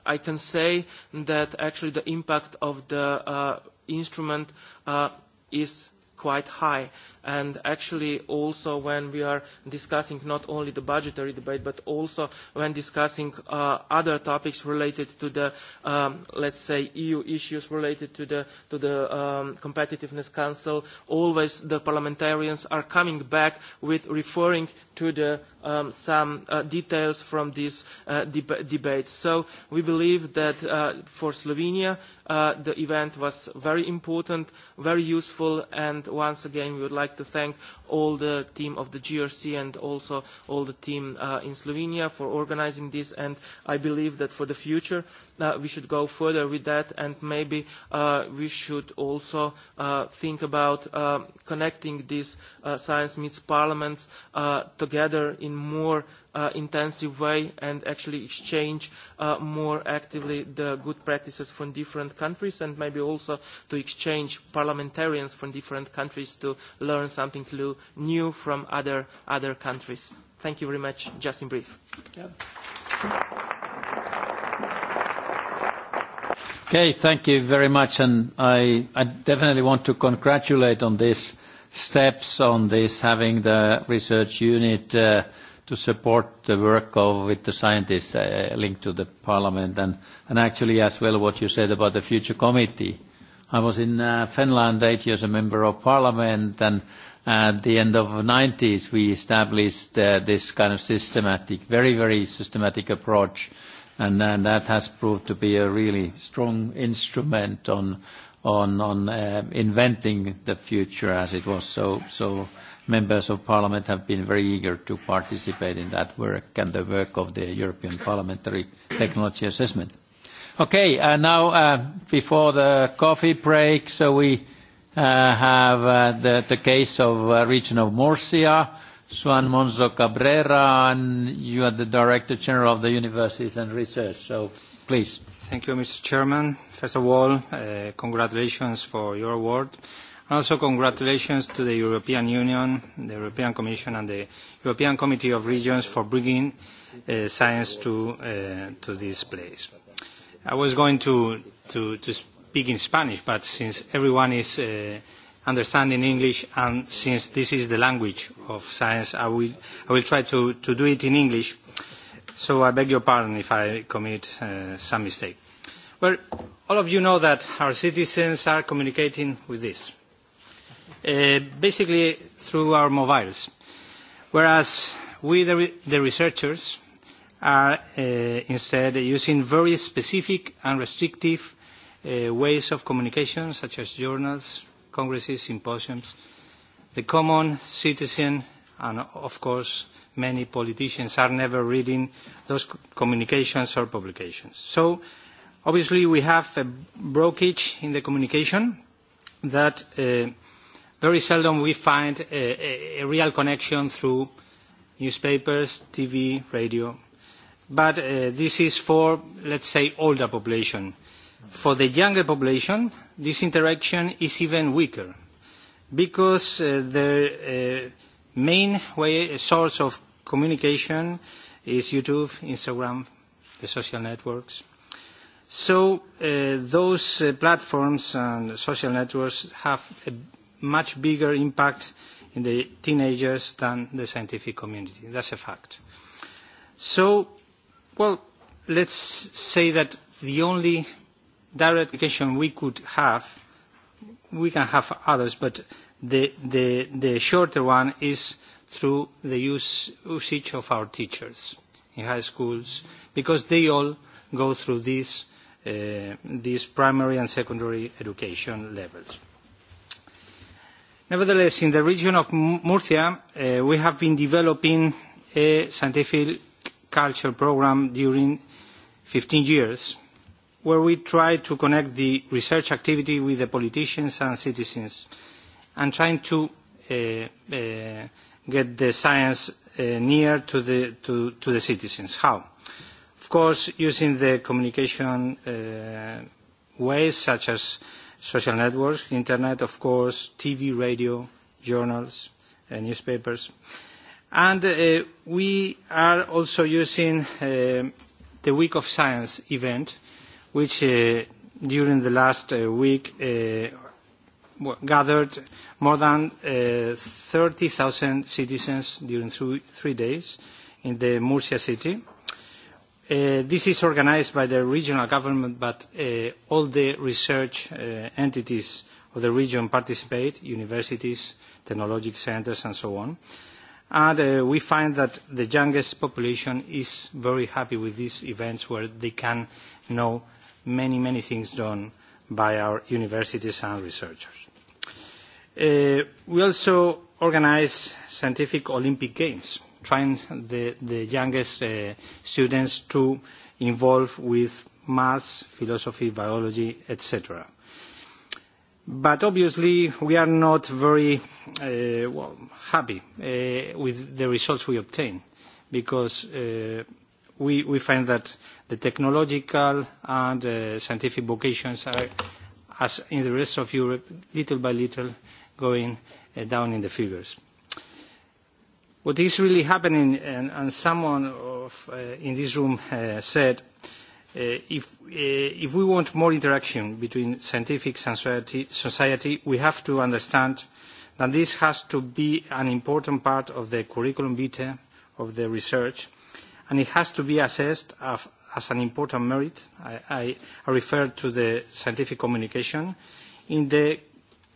I can say that actually the impact of the uh, instrument uh, is quite high and actually also when we are discussing not only the budgetary debate but also when discussing uh, other topics related to the, um, let's say, EU issues related to the, to the um, Competitiveness Council, always the parliamentarians are coming back with referring to the, um, some uh, details from these uh, deb debates. So we believe that uh, for Slovenia, uh, the event was very important, very useful, and once again, we would like to thank all the team of the GRC and also all the team uh, in Slovenia for organizing this. And I believe that for the future, uh, we should go further with that and maybe uh, we should also uh, think about uh, connecting these uh, science meets parliaments uh, together in more uh, intensive way and actually exchange uh, more actively the good practices from different countries and maybe also to exchange parliamentarians from different countries to learn something new from other, other countries. Thank you very much. Just in brief. Yeah. Okay, thank you very much. I definitely want to congratulate on these steps, on this having the research unit uh, to support the work with the scientists uh, linked to the parliament. Actually as well what you said about the future committee. I was in uh, Finland eight years a member of parliament, and at the end of 1990s, we established this kind of systematic, very systematic approach That has proved to be a really strong instrument on uh, inventing the future as it was. Members of Parliament have been very eager to participate in that work and the work of the European Parliamentary Technology Assessment. Okay, now uh, before the coffee break, we uh, have the case of Region of Murcia. So Alonso Cabrera, and you are the Director General of the Universities and Research. So, please. Thank you, Mr. Chairman. First of all, uh, congratulations for your award. Also, congratulations to the European Union, the European Commission, and the European Committee of Regions for bringing uh, science to uh, to this place. I was going to to, to speak in Spanish, but since everyone is. Uh, understand in English, and since this is the language of science, I will, I will try to, to do it in English. So I beg your pardon if I commit uh, some mistake. Well, all of you know that our citizens are communicating with this, uh, basically through our mobiles, whereas we, the, re the researchers, are uh, instead using very specific and restrictive uh, ways of communication, such as journals, congresses, symposiums, the common citizen and, of course, many politicians are never reading those communications or publications. So, obviously, we have a brokerage in the communication that uh, very seldom we find a, a, a real connection through newspapers, TV, radio. But uh, this is for, let's say, older population. For the younger population, this interaction is even weaker because uh, their uh, main way, uh, source of communication is YouTube, Instagram, the social networks. So uh, those uh, platforms and social networks have a much bigger impact in the teenagers than the scientific community. That's a fact. So, well, let's say that the only direct communication we could have, we can have others, but the, the, the shorter one is through the use, usage of our teachers in high schools, because they all go through these, uh, these primary and secondary education levels. Nevertheless, in the region of Murcia, uh, we have been developing a scientific culture program during 15 years where we try to connect the research activity with the politicians and citizens and trying to uh, uh, get the science uh, near to the, to, to the citizens. How? Of course, using the communication uh, ways such as social networks, internet, of course, TV, radio, journals, uh, newspapers. And uh, we are also using uh, the Week of Science event which uh, during the last uh, week uh, gathered more than uh, 30,000 citizens during th three days in the Murcia city. Uh, this is organized by the regional government, but uh, all the research uh, entities of the region participate, universities, technological centers, and so on. And uh, we find that the youngest population is very happy with these events where they can know uh, many, many things done by our universities and researchers. Uh, we also organize scientific Olympic Games, trying the, the youngest uh, students to involve with maths, philosophy, biology, etc. But obviously, we are not very uh, well, happy uh, with the results we obtain, because uh, we, we find that uh, The technological and uh, scientific vocations are, as in the rest of Europe, little by little going uh, down in the figures. What is really happening, and someone uh, in this room said, if we want more interaction between scientifics and society, we have to understand that this has to be an important part of the curriculum vitae of the research, and it has to be assessed as an important merit. I, I refer to the scientific communication in the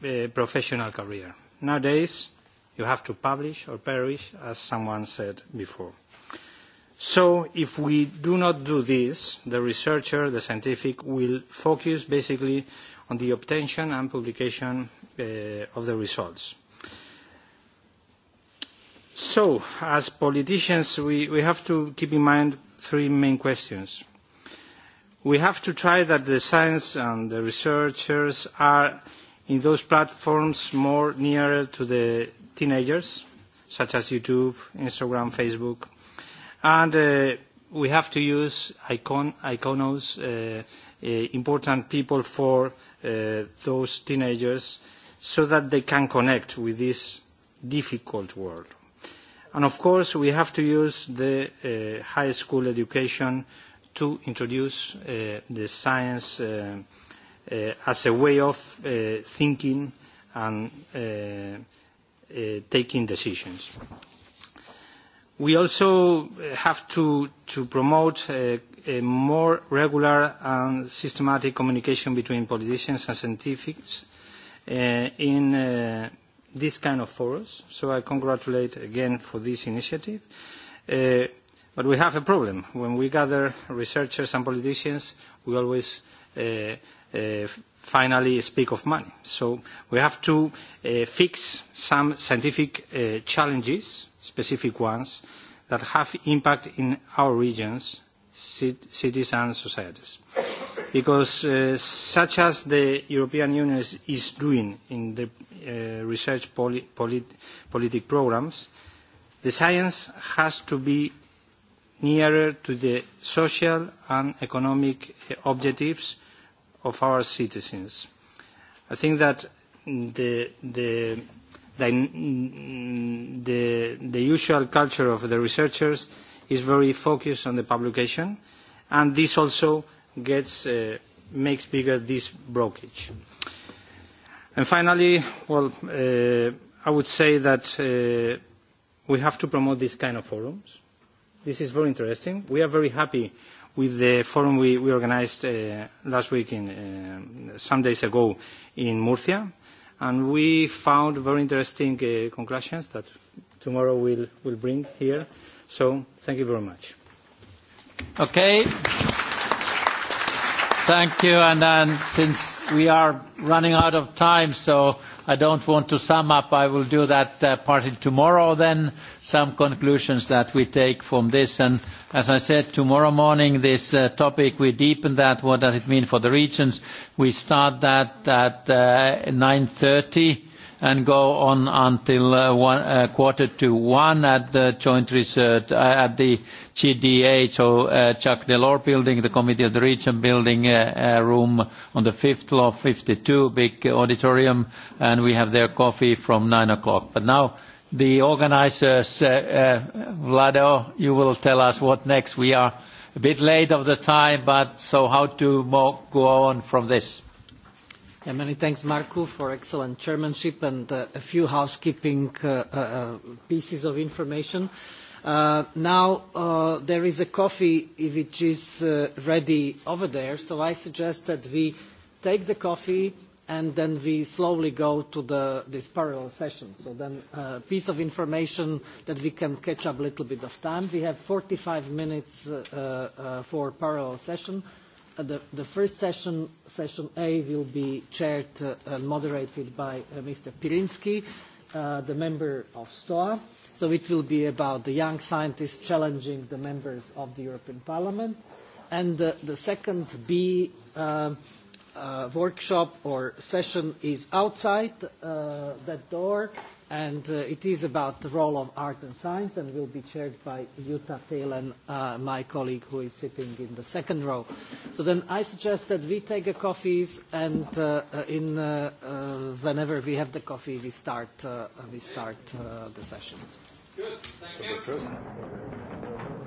uh, professional career. Nowadays, you have to publish or perish, as someone said before. So if we do not do this, the researcher, the scientific, will focus basically on the obtention and publication uh, of the results. So as politicians, we, we have to keep in mind three main questions. We have to try that the science and the researchers are in those platforms more near to the teenagers, such as YouTube, Instagram, Facebook. And uh, we have to use icon iconos, uh, uh, important people for uh, those teenagers, so that they can connect with this difficult world. And of course, we have to use the uh, high school education to introduce uh, the science uh, uh, as a way of uh, thinking and uh, uh, taking decisions. We also have to, to promote uh, a more regular and systematic communication between politicians and scientists uh, in uh, these kind of forums, so I congratulate again for this initiative. Uh, but we have a problem. When we gather researchers and politicians, we always uh, uh, finally speak of money. So we have to uh, fix some scientific uh, challenges, specific ones, that have impact in our regions, cit cities and societies. Because uh, such as the European Union is, is doing in the Uh, research poli polit politic programs, the science has to be nearer to the social and economic uh, objectives of our citizens. I think that the, the, the, the, the usual culture of the researchers is very focused on the publication, and this also gets, uh, makes bigger this brokerage. Finally, well, uh, I would say that uh, we have to promote these kind of forums. This is very interesting. We are very happy with the forum we organized uh, last week in some days ago in Murcia, and we found very interesting conclusions that tomorrow we'll bring here. Thank you very much. Okay. Thank you. And then, since we are running out of time, so I don't want to sum up, I will do that uh, partly tomorrow then, some conclusions that we take from this. And as I said, tomorrow morning, this uh, topic, we deepen that. What does it mean for the regions? We start that at uh, 9.30 and go on until uh, uh, quarter to one at the joint research uh, at the GDA, so Jacques Delors building, the Committee of the Regions building room on the fifth floor, 52, big auditorium, and we have there coffee from 9:00 A.M. Now the organizers, Vlado, you will tell us what next. We are a bit late of the time, but so how to go on from this? Many thanks, Marco, for excellent chairmanship and uh, a few housekeeping uh, uh, pieces of information. Now, there is a coffee which is ready over there, so I suggest that we take the coffee, and then we slowly go to this parallel session. So then, piece of information that we can catch up a little bit of time. We have 45 minutes for parallel session. Uh, the first session, session A, will be chaired uh, and moderated by uh, Mr. Pirinsky, uh, the member of STOA. So it will be about the young scientists challenging the members of the European Parliament. And uh, the second B uh, uh, workshop or session is outside uh, that door and uh, it is about the role of art and science and will be chaired by Jutta Thelen, uh, my colleague who is sitting in the second row. So then I suggest that we take a coffees and uh, uh, in, uh, uh, whenever we have the coffee, we start, uh, we start uh, the session. Good, thank so you. The first...